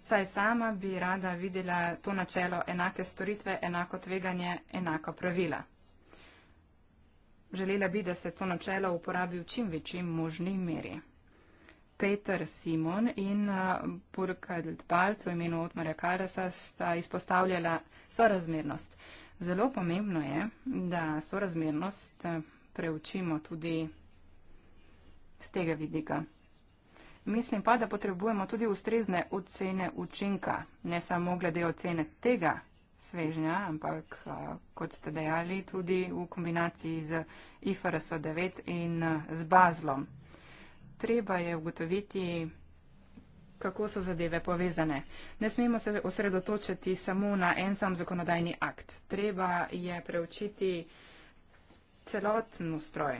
Saj sama bi rada videla to načelo enake storitve, enako tveganje, enako pravila. Želela bi, da se to načelo uporabi v čim večji možni meri. Peter Simon in uh, Burkhard Balc v imenu Otmara Karasa sta izpostavljala sorazmernost. Zelo pomembno je, da sorazmernost uh, preučimo tudi z tega vidika. Mislim pa, da potrebujemo tudi ustrezne ocene učinka, ne samo glede ocene tega svežnja, ampak kot ste dejali, tudi v kombinaciji z IFRS 9 in z bazlom. Treba je ugotoviti, kako so zadeve povezane. Ne smemo se osredotočiti samo na en sam zakonodajni akt. Treba je preučiti celoten ustroj,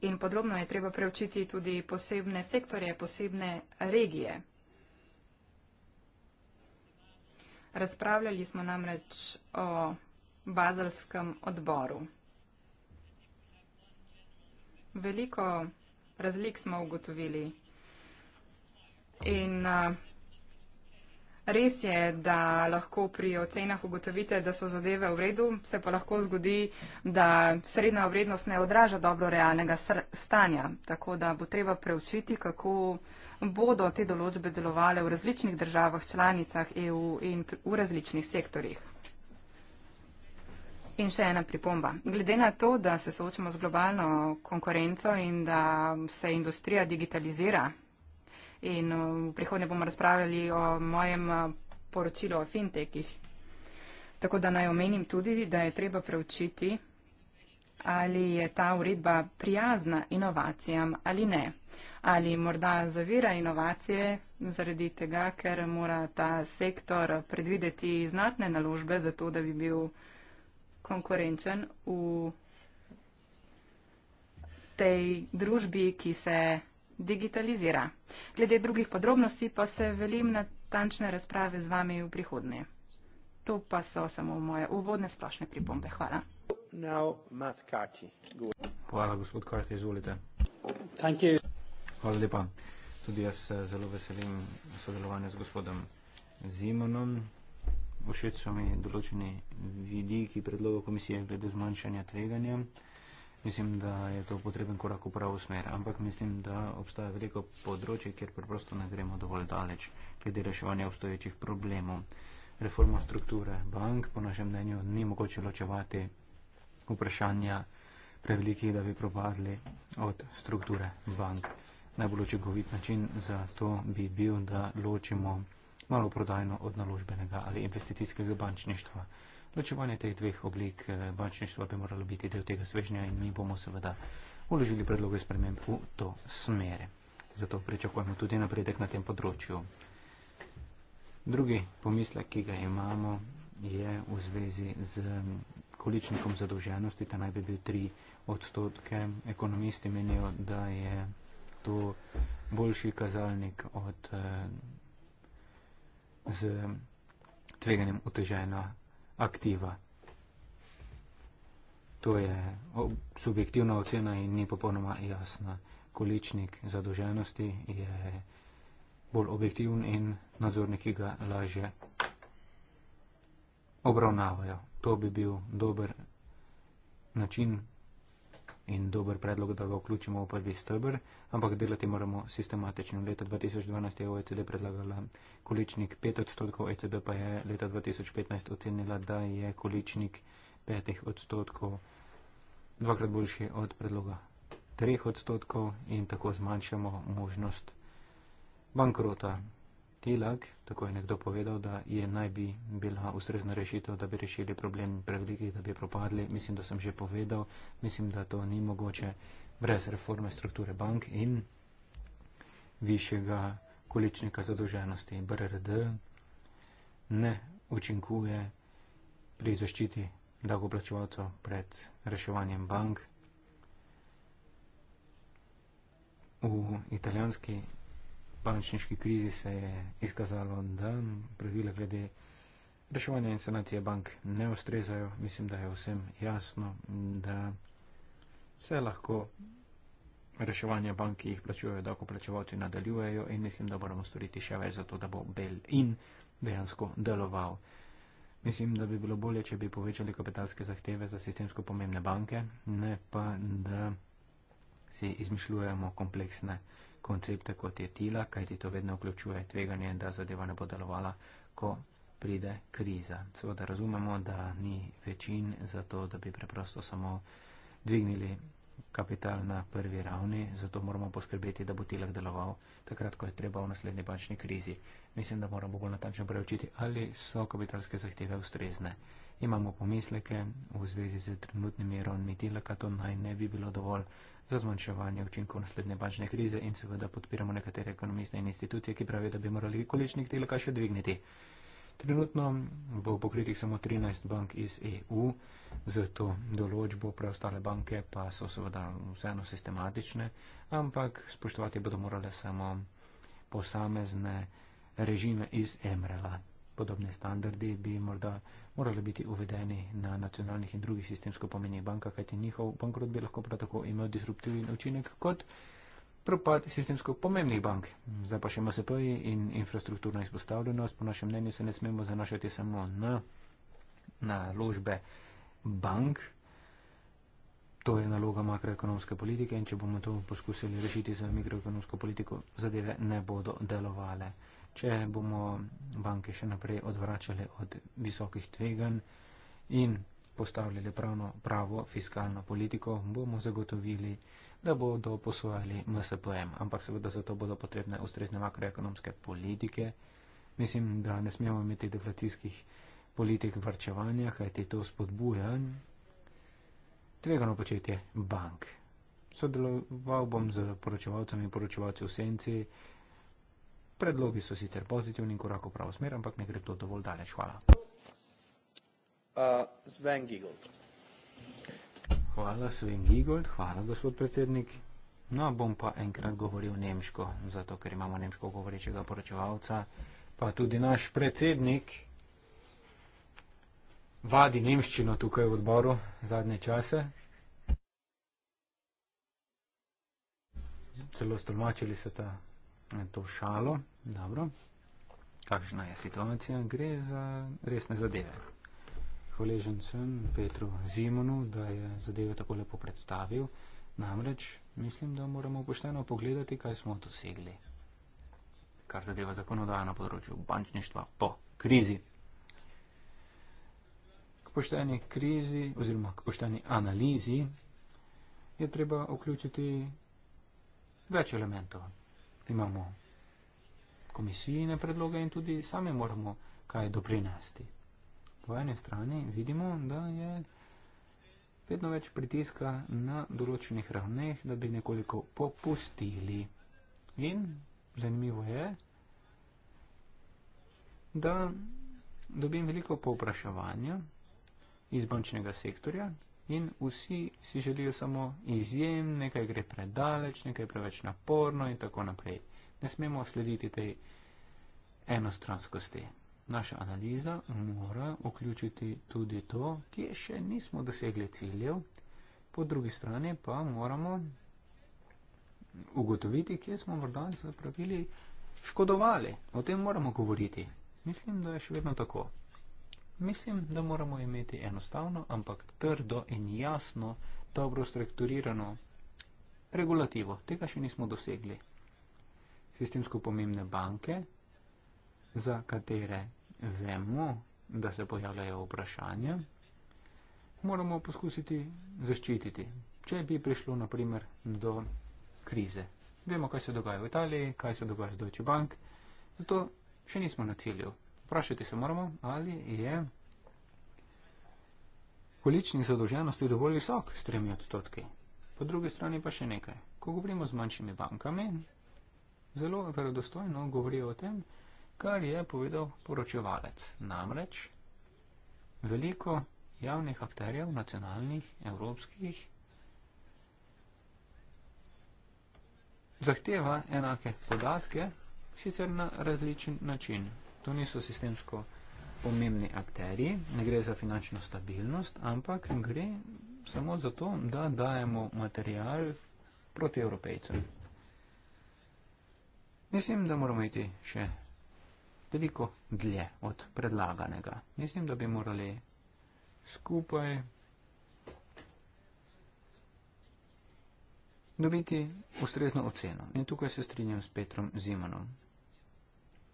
in podrobno je treba preučiti tudi posebne sektorje, posebne regije. Razpravljali smo namreč o bazalskem odboru. Veliko razlik smo ugotovili in uh, Res je, da lahko pri ocenah ugotovite, da so zadeve v redu, se pa lahko zgodi, da srednja vrednost ne odraža dobro realnega stanja. Tako da bo treba preučiti, kako bodo te določbe delovale v različnih državah, članicah EU in v različnih sektorjih. In še ena pripomba. Glede na to, da se soočamo z globalno konkurenco in da se industrija digitalizira, in eh, v prihodnje bomo razpravljali o mojem eh, poročilu o fintekih. Tako da naj omenim tudi, da je treba preučiti, ali je ta uredba prijazna inovacijam ali ne. Ali morda zavira inovacije zaradi tega, ker mora ta sektor predvideti znatne naložbe za to, da bi bil konkurenčen v tej družbi, ki se digitalizira. Glede drugih podrobnosti pa se velim na tančne razprave z vami v prihodnje. To pa so samo moje uvodne splošne pripombe. Hvala. Hvala, gospod Karti, izvolite. Hvala lepa. Tudi jaz se zelo veselim sodelovanja z gospodom Zimonom. Všeč so mi določeni vidiki predlogov komisije glede zmanjšanja tveganja mislim, da je to potreben korak v pravo smer. Ampak mislim, da obstaja veliko področje, kjer preprosto ne gremo dovolj daleč, glede reševanja obstoječih problemov. Reforma strukture bank, po našem mnenju, ni mogoče ločevati vprašanja prevelikih, da bi propadli od strukture bank. Najbolj očekovit način za to bi bil, da ločimo malo prodajno od naložbenega ali investicijskega bančništva. Ločevanje teh dveh oblik eh, bančništva bi moralo biti del tega svežnja in mi bomo seveda uložili predloge sprememb v to smere. Zato pričakujemo tudi napredek na tem področju. Drugi pomislek, ki ga imamo, je v zvezi z količnikom zadolženosti, ta naj bi bil 3 odstotke. Ekonomisti menijo, da je to boljši kazalnik od eh, z tveganjem oteženja aktiva. To je subjektivna ocena in ni popolnoma jasna. Količnik zadolženosti je bolj objektivn in nadzorniki ga lažje obravnavajo. To bi bil dober način in dober predlog, da ga vključimo v prvi stebr, ampak delati moramo sistematično. Leta 2012 je OECD predlagala količnik 5 odstotkov, ECB pa je leta 2015 ocenila, da je količnik 5 odstotkov dvakrat boljši od predloga 3 odstotkov in tako zmanjšamo možnost bankrota. Tilak, tako je nekdo povedal, da je naj bi bila ustrezna rešitev, da bi rešili problem prevelikih, da bi propadli. Mislim, da sem že povedal, mislim, da to ni mogoče brez reforme strukture bank in višjega količnika zadolženosti. BRD ne učinkuje pri zaščiti dagoplačevalcev pred reševanjem bank. V italijanski bančniški krizi se je izkazalo, da pravila glede reševanja in sanacije bank ne ustrezajo. Mislim, da je vsem jasno, da se lahko reševanje bank, ki jih plačujejo, da okoplačevalci nadaljujejo in mislim, da moramo storiti še več za to, da bo bel in dejansko deloval. Mislim, da bi bilo bolje, če bi povečali kapitalske zahteve za sistemsko pomembne banke, ne pa, da si izmišljujemo kompleksne koncepte, kot je tila, kajti to vedno vključuje tveganje, da zadeva ne bo delovala, ko pride kriza. Seveda razumemo, da ni večin za to, da bi preprosto samo dvignili kapital na prvi ravni, zato moramo poskrbeti, da bo tilak deloval takrat, ko je treba v naslednji bančni krizi. Mislim, da moramo bolj natančno preučiti, ali so kapitalske zahteve ustrezne. Imamo pomisleke v zvezi z trenutnimi ravnmi dela, kar to naj ne bi bilo dovolj za zmanjševanje učinkov naslednje bančne krize in seveda podpiramo nekatere ekonomiste in institucije, ki pravijo, da bi morali količnik dela kar še dvigniti. Trenutno bo pokritih samo 13 bank iz EU, zato določbo preostale banke pa so seveda vseeno sistematične, ampak spoštovati bodo morale samo posamezne režime iz Emrela. Podobne standardi bi morda morali biti uvedeni na nacionalnih in drugih sistemsko pomenjenih bankah, kajti njihov bankrot bi lahko prav tako imel disruptivni učinek kot propad sistemsko pomembnih bank. Zdaj pa še MSP-ji in infrastrukturna izpostavljenost. Po našem mnenju se ne smemo zanašati samo na naložbe bank. To je naloga makroekonomske politike in če bomo to poskusili rešiti za mikroekonomsko politiko, zadeve ne bodo delovale če bomo banke še naprej odvračale od visokih tvegan in postavljale pravno, pravo fiskalno politiko, bomo zagotovili, da bodo posvojali MSPM. Ampak seveda za to bodo potrebne ustrezne makroekonomske politike. Mislim, da ne smemo imeti deflacijskih politik vrčevanja, kajti to spodbuja tvegano početje bank. Sodeloval bom z poročevalcem in poročevalci v senci, Predlogi so sicer pozitivni in korak v pravo smer, ampak ne gre to dovolj daleč. Hvala. Sven Gigold. Hvala, Sven Gigold. Hvala, gospod predsednik. No, bom pa enkrat govoril nemško, zato ker imamo nemško govorečega poročevalca, pa tudi naš predsednik vadi nemščino tukaj v odboru zadnje čase. Celo stolmačili se ta to šalo. Dobro. Kakšna je situacija? Gre za resne zadeve. Hvaležen sem Petru Zimonu, da je zadeve tako lepo predstavil. Namreč mislim, da moramo pošteno pogledati, kaj smo dosegli. Kar zadeva zakonodajo na področju bančništva po krizi. K pošteni krizi oziroma k pošteni analizi je treba vključiti več elementov imamo komisijne predloge in tudi sami moramo kaj doprinesti. Po eni strani vidimo, da je vedno več pritiska na določenih ravneh, da bi nekoliko popustili. In zanimivo je, da dobim veliko povpraševanja iz bančnega sektorja, in vsi si želijo samo izjem, nekaj gre predaleč, nekaj preveč naporno in tako naprej. Ne smemo slediti tej enostranskosti. Naša analiza mora vključiti tudi to, kje še nismo dosegli ciljev, po drugi strani pa moramo ugotoviti, kje smo morda zapravili škodovali. O tem moramo govoriti. Mislim, da je še vedno tako. Mislim, da moramo imeti enostavno, ampak trdo in jasno, dobro strukturirano regulativo. Tega še nismo dosegli. Sistemsko pomembne banke, za katere vemo, da se pojavljajo vprašanja, moramo poskusiti zaščititi. Če bi prišlo naprimer do krize. Vemo, kaj se dogaja v Italiji, kaj se dogaja z Deutsche Bank, zato še nismo na cilju. Vprašati se moramo, ali je količnik zadolženosti dovolj visok s tremi odstotki. Po drugi strani pa še nekaj. Ko govorimo z manjšimi bankami, zelo verodostojno govorijo o tem, kar je povedal poročevalec. Namreč veliko javnih akterjev, nacionalnih, evropskih, zahteva enake podatke, sicer na različen način to niso sistemsko pomembni akteri, ne gre za finančno stabilnost, ampak gre samo za to, da dajemo material proti evropejcem. Mislim, da moramo iti še veliko dlje od predlaganega. Mislim, da bi morali skupaj dobiti ustrezno oceno. In tukaj se strinjam s Petrom Zimanom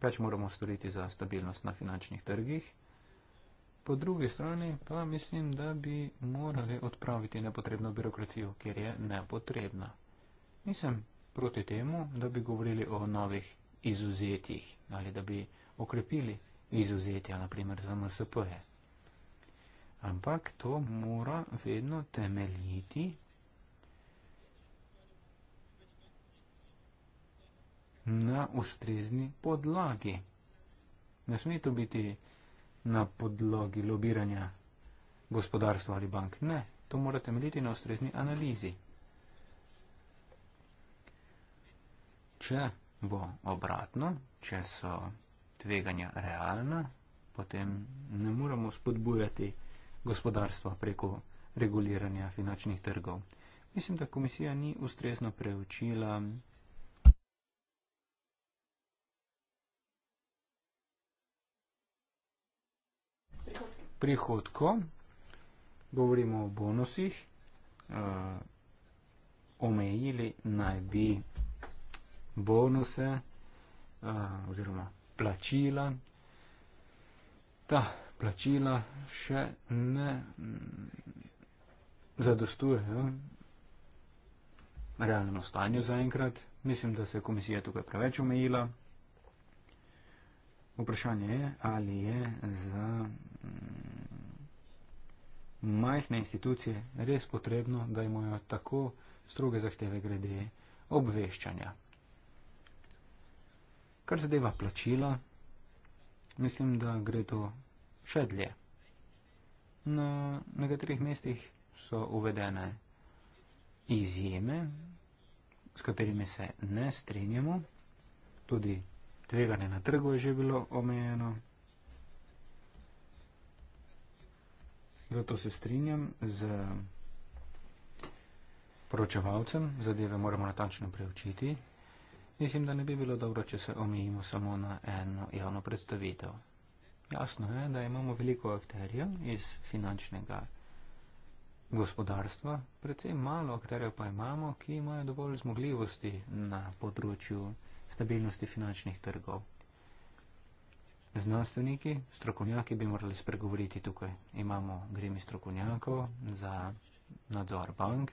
več moramo storiti za stabilnost na finančnih trgih. Po drugi strani pa mislim, da bi morali odpraviti nepotrebno birokracijo, ker je nepotrebna. Nisem proti temu, da bi govorili o novih izuzetjih ali da bi okrepili izuzetja, naprimer za MSP-je. Ampak to mora vedno temeljiti na ustrezni podlagi. Ne sme to biti na podlagi lobiranja gospodarstva ali bank. Ne, to morate meliti na ustrezni analizi. Če bo obratno, če so tveganja realna, potem ne moramo spodbujati gospodarstva preko reguliranja finančnih trgov. Mislim, da komisija ni ustrezno preučila prihodkov, govorimo o bonusih, uh, omejili naj bi bonuse uh, oziroma plačila. Ta plačila še ne mm, zadostujejo realnemu stanju zaenkrat. Mislim, da se je komisija tukaj preveč omejila. Vprašanje je, ali je za majhne institucije res potrebno, da imajo tako stroge zahteve glede obveščanja. Kar zadeva plačila, mislim, da gre to še dlje. Na nekaterih mestih so uvedene izjeme, s katerimi se ne strinjamo, tudi tveganje na trgu je že bilo omejeno. Zato se strinjam z poročevalcem, zadeve moramo natančno preučiti. Mislim, da ne bi bilo dobro, če se omejimo samo na eno javno predstavitev. Jasno je, da imamo veliko akterjev iz finančnega gospodarstva, predvsem malo akterjev pa imamo, ki imajo dovolj zmogljivosti na področju stabilnosti finančnih trgov znanstveniki, strokovnjaki bi morali spregovoriti tukaj. Imamo gremi strokovnjakov za nadzor bank.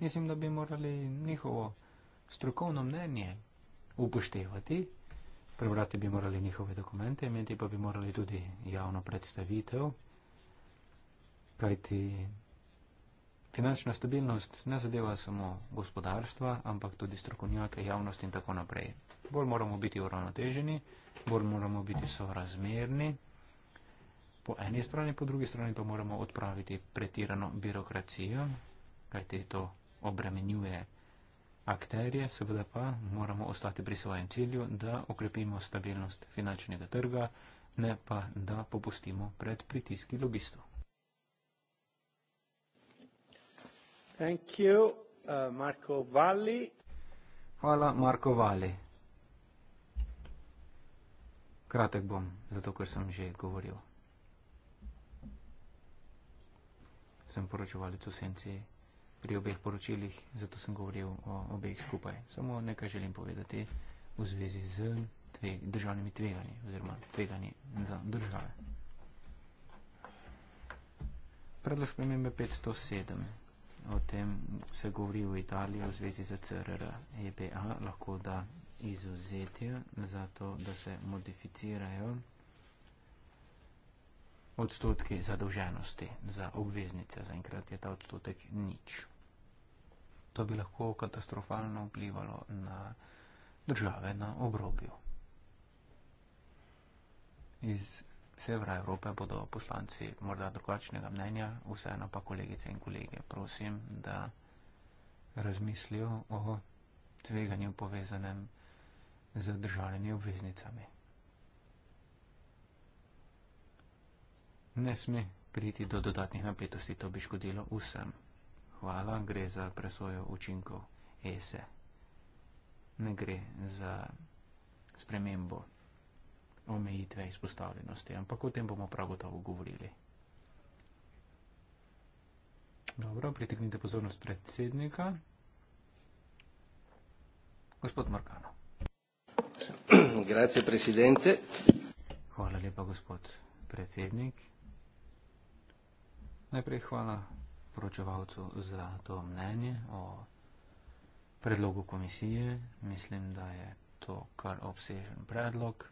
Mislim, da bi morali njihovo strokovno mnenje upoštevati, prebrati bi morali njihove dokumente, imeti pa bi morali tudi javno predstavitev, kajti Finančna stabilnost ne zadeva samo gospodarstva, ampak tudi strokovnjake, javnost in tako naprej. Bolj moramo biti uravnoteženi, bolj moramo biti sorazmerni, po eni strani, po drugi strani pa moramo odpraviti pretirano birokracijo, kajti to obremenjuje akterje, seveda pa moramo ostati pri svojem cilju, da okrepimo stabilnost finančnega trga, ne pa da popustimo pred pritiski lobistov. Thank you, uh, Marco Valli. Hvala, Marko Vali. Kratek bom, zato ker sem že govoril. Sem poročeval v senci pri obeh poročilih, zato sem govoril o obeh skupaj. Samo nekaj želim povedati v zvezi z tveg državnimi tveganji oziroma tveganji za države. Predlog spremembe 507 o tem se govori v Italiji v zvezi z CRR EPA, lahko da izuzetje, zato da se modificirajo odstotki zadolženosti za obveznice. Zaenkrat je ta odstotek nič. To bi lahko katastrofalno vplivalo na države na obrobju. Iz severa Evrope bodo poslanci morda drugačnega mnenja, vseeno pa kolegice in kolege prosim, da razmislijo o tveganju povezanem z državnimi obveznicami. Ne sme priti do dodatnih napetosti, to bi škodilo vsem. Hvala, gre za presojo učinkov ESE. E. Ne gre za spremembo omejitve izpostavljenosti, ampak o tem bomo prav gotovo govorili. Dobro, pritegnite pozornost predsednika. Gospod Markano. Grazie, presidente. Hvala lepa, gospod predsednik. Najprej hvala poročevalcu za to mnenje o predlogu komisije. Mislim, da je to kar obsežen predlog.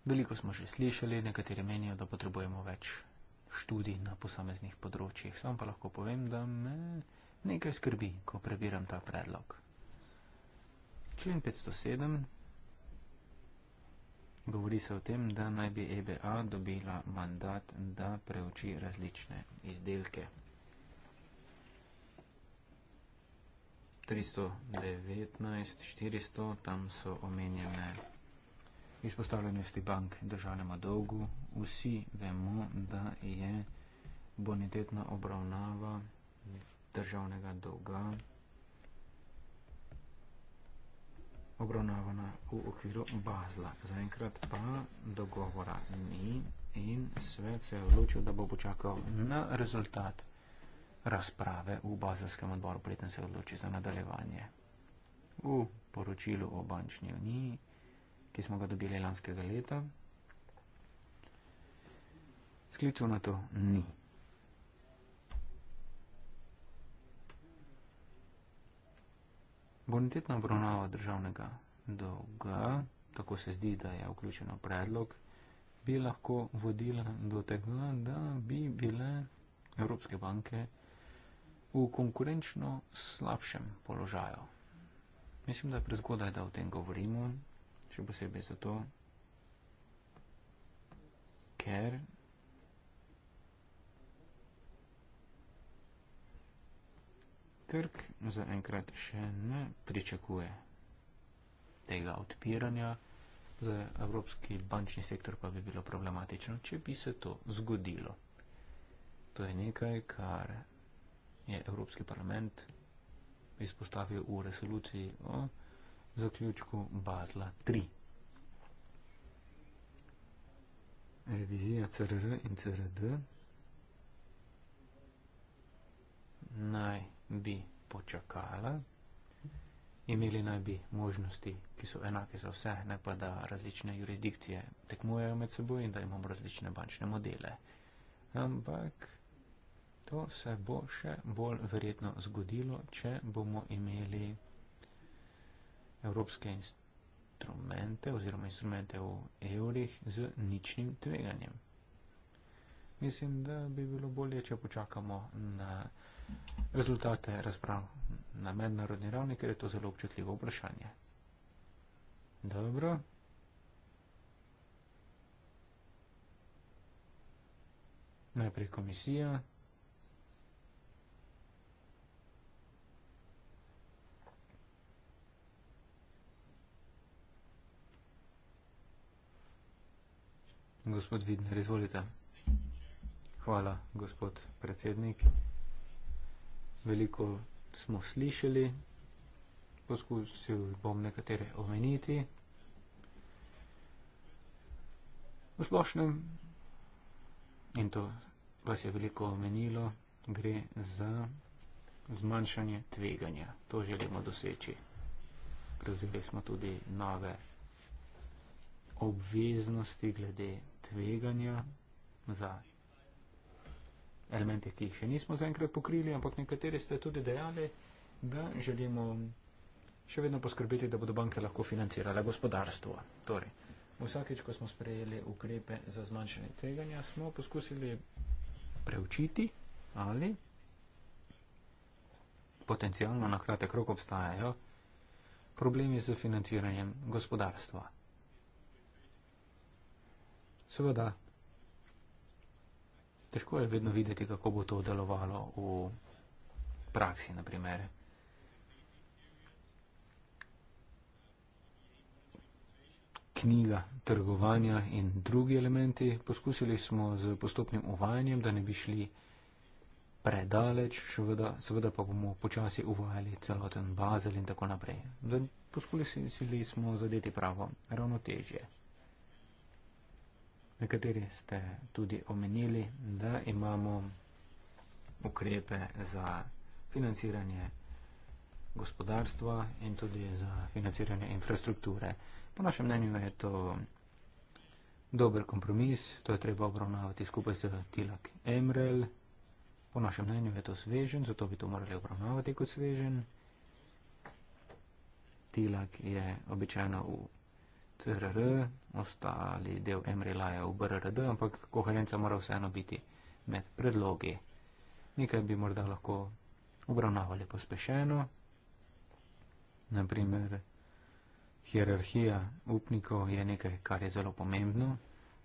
Veliko smo že slišali, nekateri menijo, da potrebujemo več študij na posameznih področjih. Sam pa lahko povem, da me nekaj skrbi, ko prebiram ta predlog. Člen 507 govori se o tem, da naj bi EBA dobila mandat, da preuči različne izdelke. 319, 400, tam so omenjene izpostavljenosti bank državnemu dolgu. Vsi vemo, da je bonitetna obravnava državnega dolga obravnavana v okviru bazla. Zaenkrat pa dogovora ni in svet se je odločil, da bo počakal na rezultat razprave v bazelskem odboru, preden se odloči za nadaljevanje. V poročilu o bančni uniji ki smo ga dobili lanskega leta. Sklicu na to ni. Bonitetna obravnava državnega dolga, tako se zdi, da je vključeno predlog, bi lahko vodila do tega, da bi bile Evropske banke v konkurenčno slabšem položaju. Mislim, da je prezgodaj, da o tem govorimo, še posebej zato, ker trg zaenkrat še ne pričakuje tega odpiranja, za evropski bančni sektor pa bi bilo problematično, če bi se to zgodilo. To je nekaj, kar je Evropski parlament izpostavil v resoluciji o resoluciji zaključku Basla 3. Revizija CRR in CRD naj bi počakala, imeli naj bi možnosti, ki so enake za vse, ne pa da različne jurisdikcije tekmujejo med seboj in da imamo različne bančne modele. Ampak to se bo še bolj verjetno zgodilo, če bomo imeli evropske instrumente oziroma instrumente v evrih z ničnim tveganjem. Mislim, da bi bilo bolje, če počakamo na rezultate razprav na mednarodni ravni, ker je to zelo občutljivo vprašanje. Dobro. Najprej komisija. Gospod Vidner, izvolite. Hvala, gospod predsednik. Veliko smo slišali, poskusil bom nekatere omeniti. V splošnem, in to vas je veliko omenilo, gre za zmanjšanje tveganja. To želimo doseči. Prevzeli smo tudi nove obveznosti glede tveganja za elemente, ki jih še nismo zaenkrat pokrili, ampak nekateri ste tudi dejali, da želimo še vedno poskrbeti, da bodo banke lahko financirale gospodarstvo. Torej, vsakeč, ko smo sprejeli ukrepe za zmanjšanje tveganja, smo poskusili preučiti, ali potencijalno na kratek rok obstajajo problemi z financiranjem gospodarstva. Seveda, težko je vedno videti, kako bo to delovalo v praksi, naprimer. Knjiga, trgovanja in drugi elementi. Poskusili smo z postopnim uvajanjem, da ne bi šli predaleč, seveda, seveda pa bomo počasi uvajali celoten bazel in tako naprej. Poskusili smo zadeti pravo ravnotežje na kateri ste tudi omenili, da imamo ukrepe za financiranje gospodarstva in tudi za financiranje infrastrukture. Po našem mnenju je to dober kompromis, to je treba obravnavati skupaj z Tilak Emrel. Po našem mnenju je to svežen, zato bi to morali obravnavati kot svežen. Tilak je običajno v CRR, ostali del MRLA-ja v BRRD, ampak koherenca mora vseeno biti med predlogi. Nekaj bi morda lahko obravnavali pospešeno, naprimer hierarhija upnikov je nekaj, kar je zelo pomembno.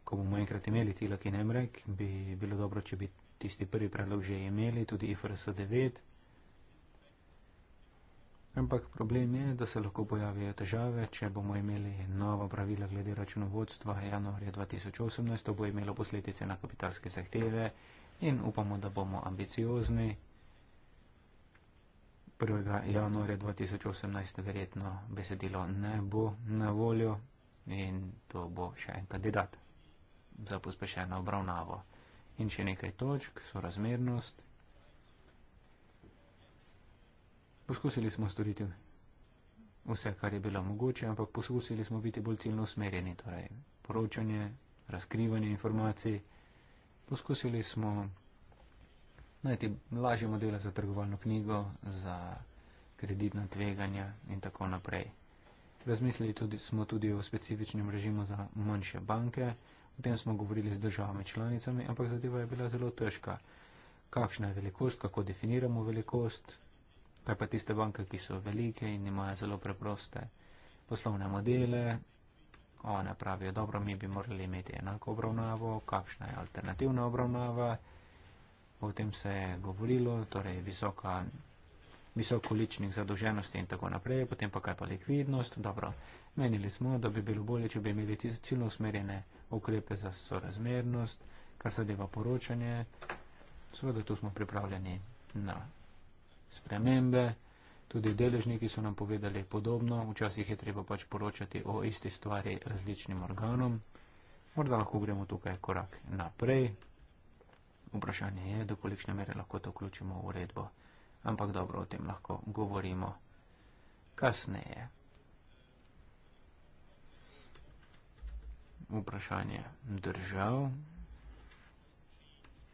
Ko bomo enkrat imeli tilak in MREK, bi bilo dobro, če bi tisti prvi predlog že imeli, tudi IFRS 9. Ampak problem je, da se lahko pojavijo težave, če bomo imeli nova pravila glede računovodstva januarja 2018, to bo imelo posledice na kapitalske zahteve in upamo, da bomo ambiciozni. 1. januarja 2018 verjetno besedilo ne bo na voljo in to bo še en kandidat za pospešeno obravnavo. In še nekaj točk, sorazmernost, Poskusili smo storiti vse, kar je bilo mogoče, ampak poskusili smo biti bolj ciljno usmerjeni, torej poročanje, razkrivanje informacij. Poskusili smo najti lažje modele za trgovalno knjigo, za kreditna tveganja in tako naprej. Razmislili tudi, smo tudi o specifičnem režimu za manjše banke, o tem smo govorili z državami članicami, ampak zadeva je bila zelo težka. Kakšna je velikost, kako definiramo velikost, To je pa tiste banke, ki so velike in imajo zelo preproste poslovne modele. One pravijo, dobro, mi bi morali imeti enako obravnavo, kakšna je alternativna obravnava. O tem se je govorilo, torej visoka, visoko ličnih zadolženosti in tako naprej, potem pa kaj pa likvidnost. Dobro, menili smo, da bi bilo bolje, če bi imeli ciljno usmerjene ukrepe za sorazmernost, kar zadeva poročanje. Seveda tu smo pripravljeni na spremembe. Tudi deležniki so nam povedali podobno, včasih je treba pač poročati o isti stvari različnim organom. Morda lahko gremo tukaj korak naprej. Vprašanje je, do kolikšne mere lahko to vključimo v uredbo, ampak dobro, o tem lahko govorimo kasneje. Vprašanje držav.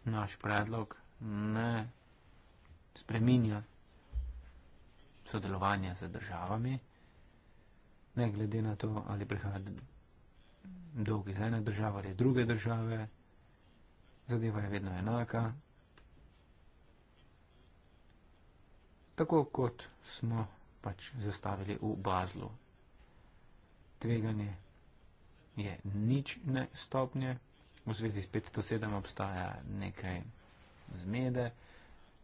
Naš predlog ne spreminja sodelovanja z državami, ne glede na to, ali prihaja dolg iz ene države ali druge države, zadeva je vedno enaka. Tako kot smo pač zastavili v bazlu. Tveganje je nične stopnje, v zvezi s 507 obstaja nekaj zmede.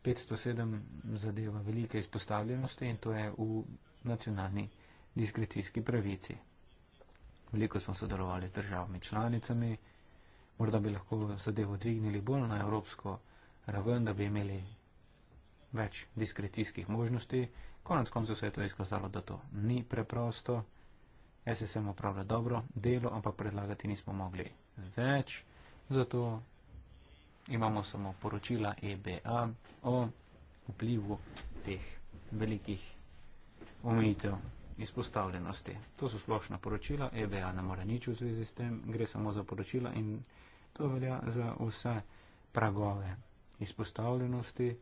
507 zadeva velike izpostavljenosti in to je v nacionalni diskrecijski pravici. Veliko smo sodelovali z državami članicami, morda bi lahko zadevo dvignili bolj na evropsko raven, da bi imeli več diskrecijskih možnosti. Konec koncev se je to izkazalo, da to ni preprosto. SSM opravlja dobro delo, ampak predlagati nismo mogli več, zato imamo samo poročila EBA o vplivu teh velikih omejitev izpostavljenosti. To so splošna poročila, EBA ne more nič v zvezi s tem, gre samo za poročila in to velja za vse pragove izpostavljenosti,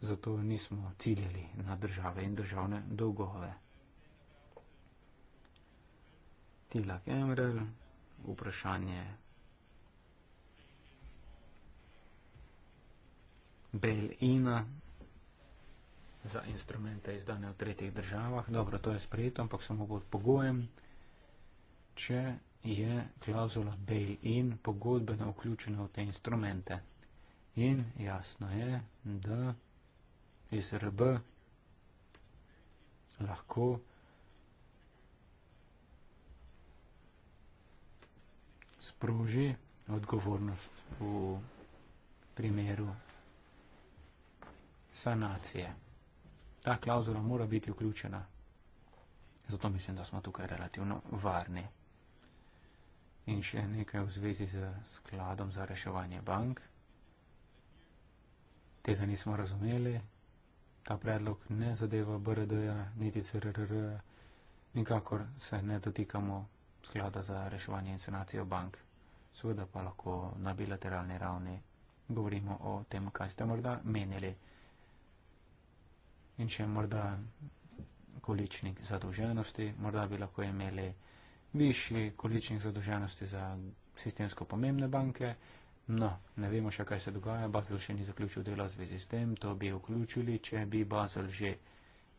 zato nismo ciljali na države in državne dolgove. Tilak Emrel, vprašanje Bail-ina za instrumente izdane v tretjih državah. Dobro, to je sprejeto, ampak samo pod pogojem, če je klauzula Bail-in pogodbeno vključena v te instrumente. In jasno je, da SRB lahko sproži odgovornost v primeru sanacije. Ta klauzula mora biti vključena. Zato mislim, da smo tukaj relativno varni. In še nekaj v zvezi z skladom za reševanje bank. Tega nismo razumeli. Ta predlog ne zadeva BRD-ja, niti CRR, nikakor se ne dotikamo sklada za reševanje in sanacijo bank. Seveda pa lahko na bilateralni ravni govorimo o tem, kaj ste morda menili in če je morda količnik zadolženosti, morda bi lahko imeli višji količnik zadolženosti za sistemsko pomembne banke. No, ne vemo še, kaj se dogaja. Basel še ni zaključil dela v zvezi s tem. To bi vključili, če bi Basel že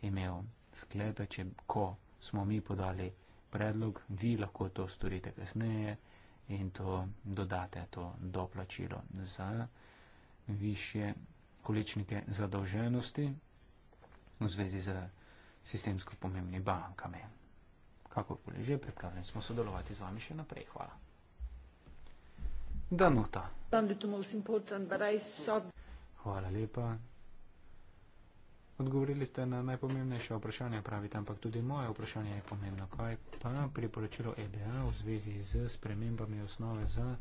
imel sklepe, če ko smo mi podali predlog, vi lahko to storite kasneje in to dodate, to doplačilo za višje količnike zadolženosti v zvezi z sistemsko pomembnimi bankami. Kakorkoli že, pripravljeni smo sodelovati z vami še naprej. Hvala. Danuta. Hvala lepa. Odgovorili ste na najpomembnejše vprašanje, pravite, ampak tudi moje vprašanje je pomembno. Kaj pa priporočilo EBA v zvezi z spremembami osnove za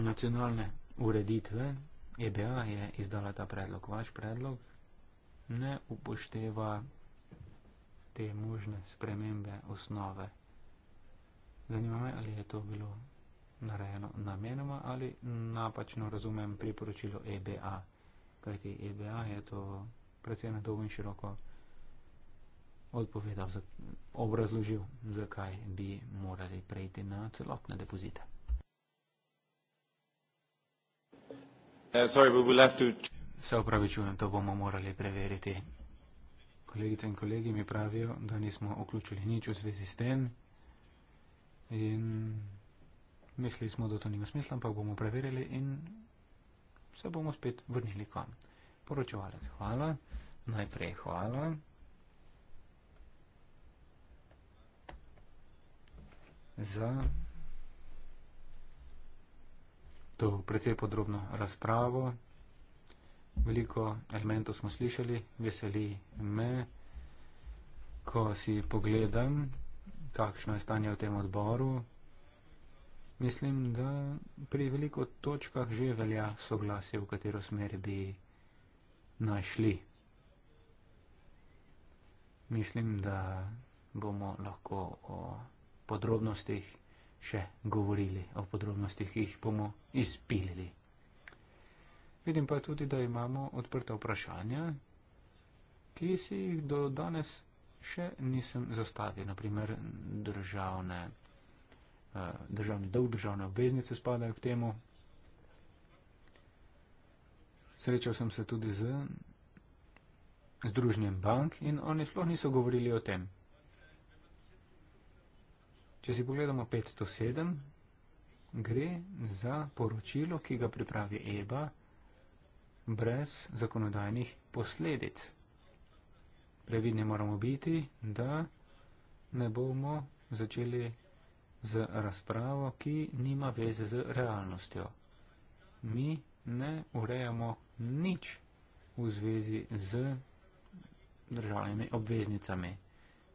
nacionalne ureditve EBA je izdala ta predlog. Vaš predlog ne upošteva te možne spremembe osnove. Zanima me, ali je to bilo narejeno namenoma ali napačno razumem priporočilo EBA, kajti EBA je to predvsej na dolgo in široko odpovedal, obrazložil, zakaj bi morali prejti na celotne depozite. Uh, se opravičujem, to bomo morali preveriti. Kolegice in kolegi mi pravijo, da nismo vključili nič v zvezi s tem in mislili smo, da to nima smisla, ampak bomo preverili in se bomo spet vrnili k vam. Poročevalec, hvala. Najprej hvala. Za to precej podrobno razpravo. Veliko elementov smo slišali, veseli me, ko si pogledam, kakšno je stanje v tem odboru. Mislim, da pri veliko točkah že velja soglasje, v katero smer bi našli. Mislim, da bomo lahko o podrobnostih še govorili o podrobnostih, ki jih bomo izpilili. Vidim pa tudi, da imamo odprta vprašanja, ki si jih do danes še nisem zastavil. Naprimer, državne, eh, državni dolg, državne obveznice spadajo k temu. Srečal sem se tudi z Združenjem bank in oni sploh niso govorili o tem. Če si pogledamo 507, gre za poročilo, ki ga pripravi EBA brez zakonodajnih posledic. Previdni moramo biti, da ne bomo začeli z razpravo, ki nima veze z realnostjo. Mi ne urejamo nič v zvezi z državnimi obveznicami.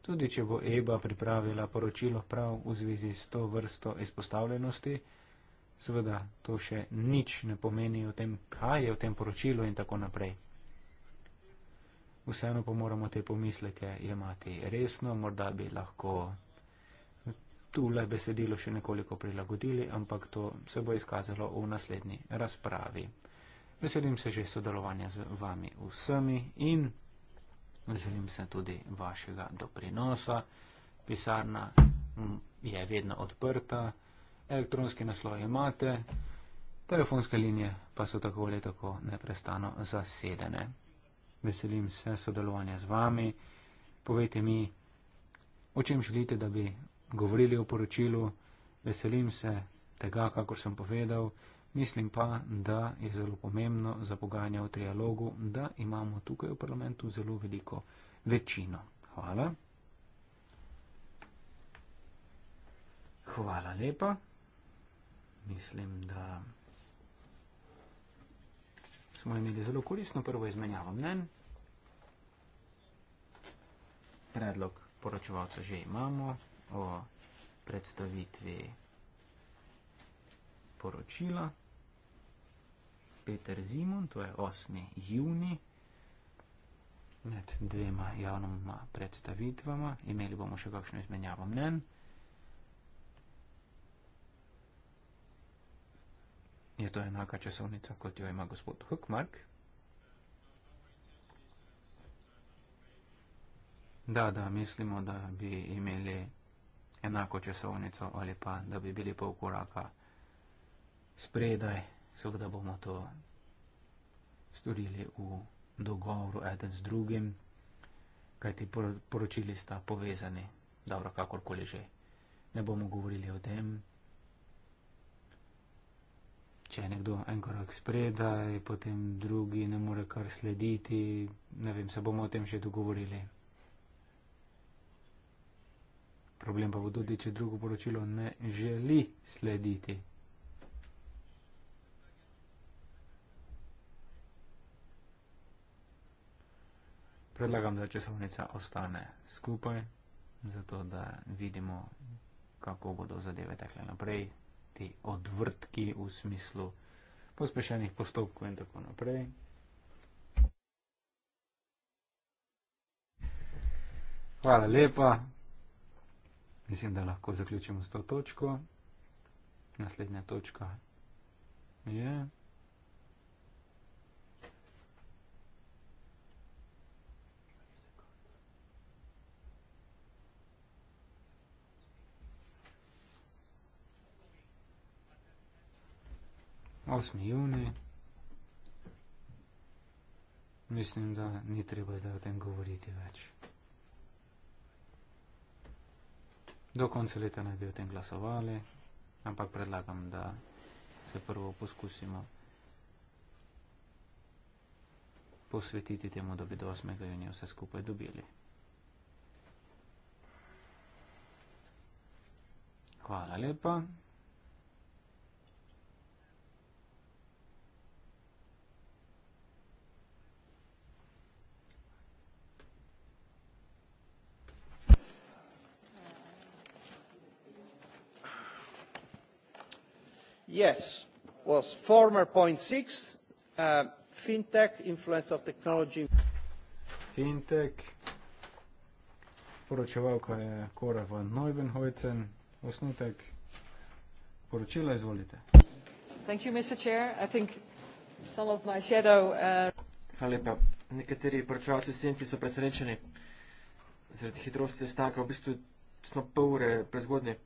Tudi če bo EBA pripravila poročilo prav v zvezi s to vrsto izpostavljenosti, seveda to še nič ne pomeni o tem, kaj je v tem poročilu in tako naprej. Vseeno pa moramo te pomisleke imati resno, morda bi lahko tule besedilo še nekoliko prilagodili, ampak to se bo izkazalo v naslednji razpravi. Veselim se že sodelovanja z vami vsemi in veselim se tudi vašega doprinosa. Pisarna mm, je vedno odprta, elektronski naslov imate, telefonske linije pa so tako ali tako neprestano zasedene. Veselim se sodelovanja z vami. Povejte mi, o čem želite, da bi govorili o poročilu. Veselim se tega, kakor sem povedal. Mislim pa, da je zelo pomembno za pogajanja v trialogu, da imamo tukaj v parlamentu zelo veliko večino. Hvala. Hvala lepa. Mislim, da smo imeli zelo koristno prvo izmenjavo mnen. Predlog poročevalca že imamo o predstavitvi poročila. Peter Zimon, to je 8. juni, med dvema javnoma predstavitvama. Imeli bomo še kakšno izmenjavo mnen. Je to enaka časovnica, kot jo ima gospod Hukmark? Da, da, mislimo, da bi imeli enako časovnico ali pa da bi bili pol koraka spredaj seveda bomo to storili v dogovoru eden z drugim, kajti poročili sta povezani, dobro, kakorkoli že. Ne bomo govorili o tem. Če je nekdo en korak spredaj, potem drugi ne more kar slediti, ne vem, se bomo o tem še dogovorili. Problem pa bo tudi, če drugo poročilo ne želi slediti. predlagam, da časovnica ostane skupaj, zato da vidimo, kako bodo zadeve tekle naprej, ti odvrtki v smislu pospešenih postopkov in tako naprej. Hvala lepa. Mislim, da lahko zaključimo s to točko. Naslednja točka je. Yeah. 8. juni. Mislim, da ni treba zdaj o tem govoriti več. Do konca leta naj bi o tem glasovali, ampak predlagam, da se prvo poskusimo posvetiti temu, da bi do 8. junija vse skupaj dobili. Hvala lepa. yes was former point six uh, fintech influence of technology fintech poročevalka je Kora van Neubenhuizen, osnutek poročila, izvolite. Thank you, Mr. Chair. I think some of my shadow... Uh... lepa. Nekateri poročevalci senci so presrečeni zaradi hitrosti sestanka. V bistvu smo pol ure prezgodnje,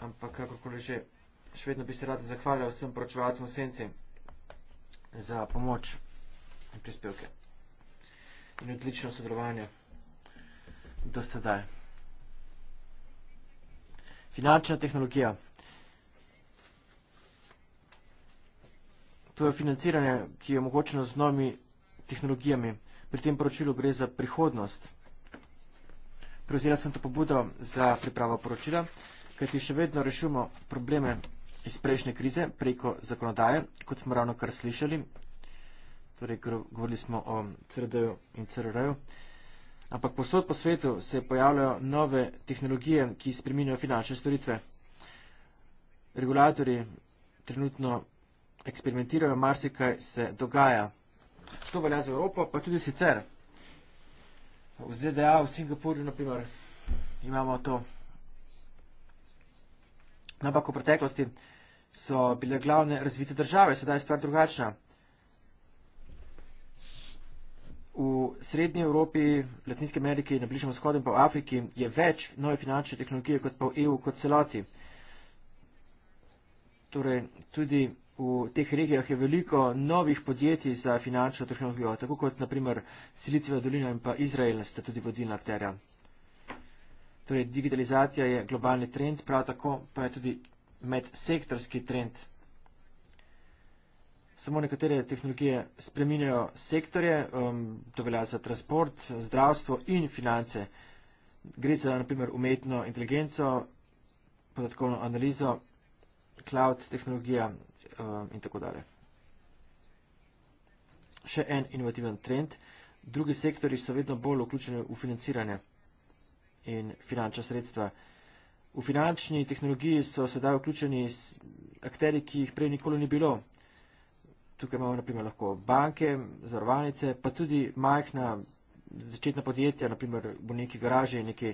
ampak kakorkoli že še vedno bi se rad zahvalil vsem poročevalcem v Senci za pomoč in prispevke in odlično sodelovanje do sedaj. Finančna tehnologija. To je financiranje, ki je omogočeno z novimi tehnologijami. Pri tem poročilu gre za prihodnost. Prevzela sem to pobudo za pripravo poročila, kajti še vedno rešimo probleme, iz prejšnje krize preko zakonodaje, kot smo ravno kar slišali. Torej, govorili smo o CRD-ju in CRR-ju. Ampak posod po svetu se pojavljajo nove tehnologije, ki spreminjajo finančne storitve. Regulatori trenutno eksperimentirajo, marsikaj se dogaja. To velja za Evropo, pa tudi sicer. V ZDA, v Singapurju, naprimer, imamo to. No, ampak v preteklosti so bile glavne razvite države, sedaj je stvar drugačna. V Srednji Evropi, Latinske Amerike, na Bližnjem vzhodu in pa v Afriki je več nove finančne tehnologije kot pa v EU kot celoti. Torej, tudi v teh regijah je veliko novih podjetij za finančno tehnologijo, tako kot naprimer Silicijeva dolina in pa Izrael sta tudi vodilna akterja. Torej, digitalizacija je globalni trend, prav tako pa je tudi medsektorski trend. Samo nekatere tehnologije spreminjajo sektorje, um, to velja za transport, zdravstvo in finance. Gre za naprimer umetno inteligenco, podatkovno analizo, cloud tehnologija um, in tako dalje. Še en inovativen trend. Drugi sektori so vedno bolj vključeni v financiranje in finančna sredstva vsega. V finančni tehnologiji so sedaj vključeni akteri, ki jih prej nikoli ni bilo. Tukaj imamo naprimer lahko banke, zarovanice, pa tudi majhna začetna podjetja, naprimer v neki garaži neki,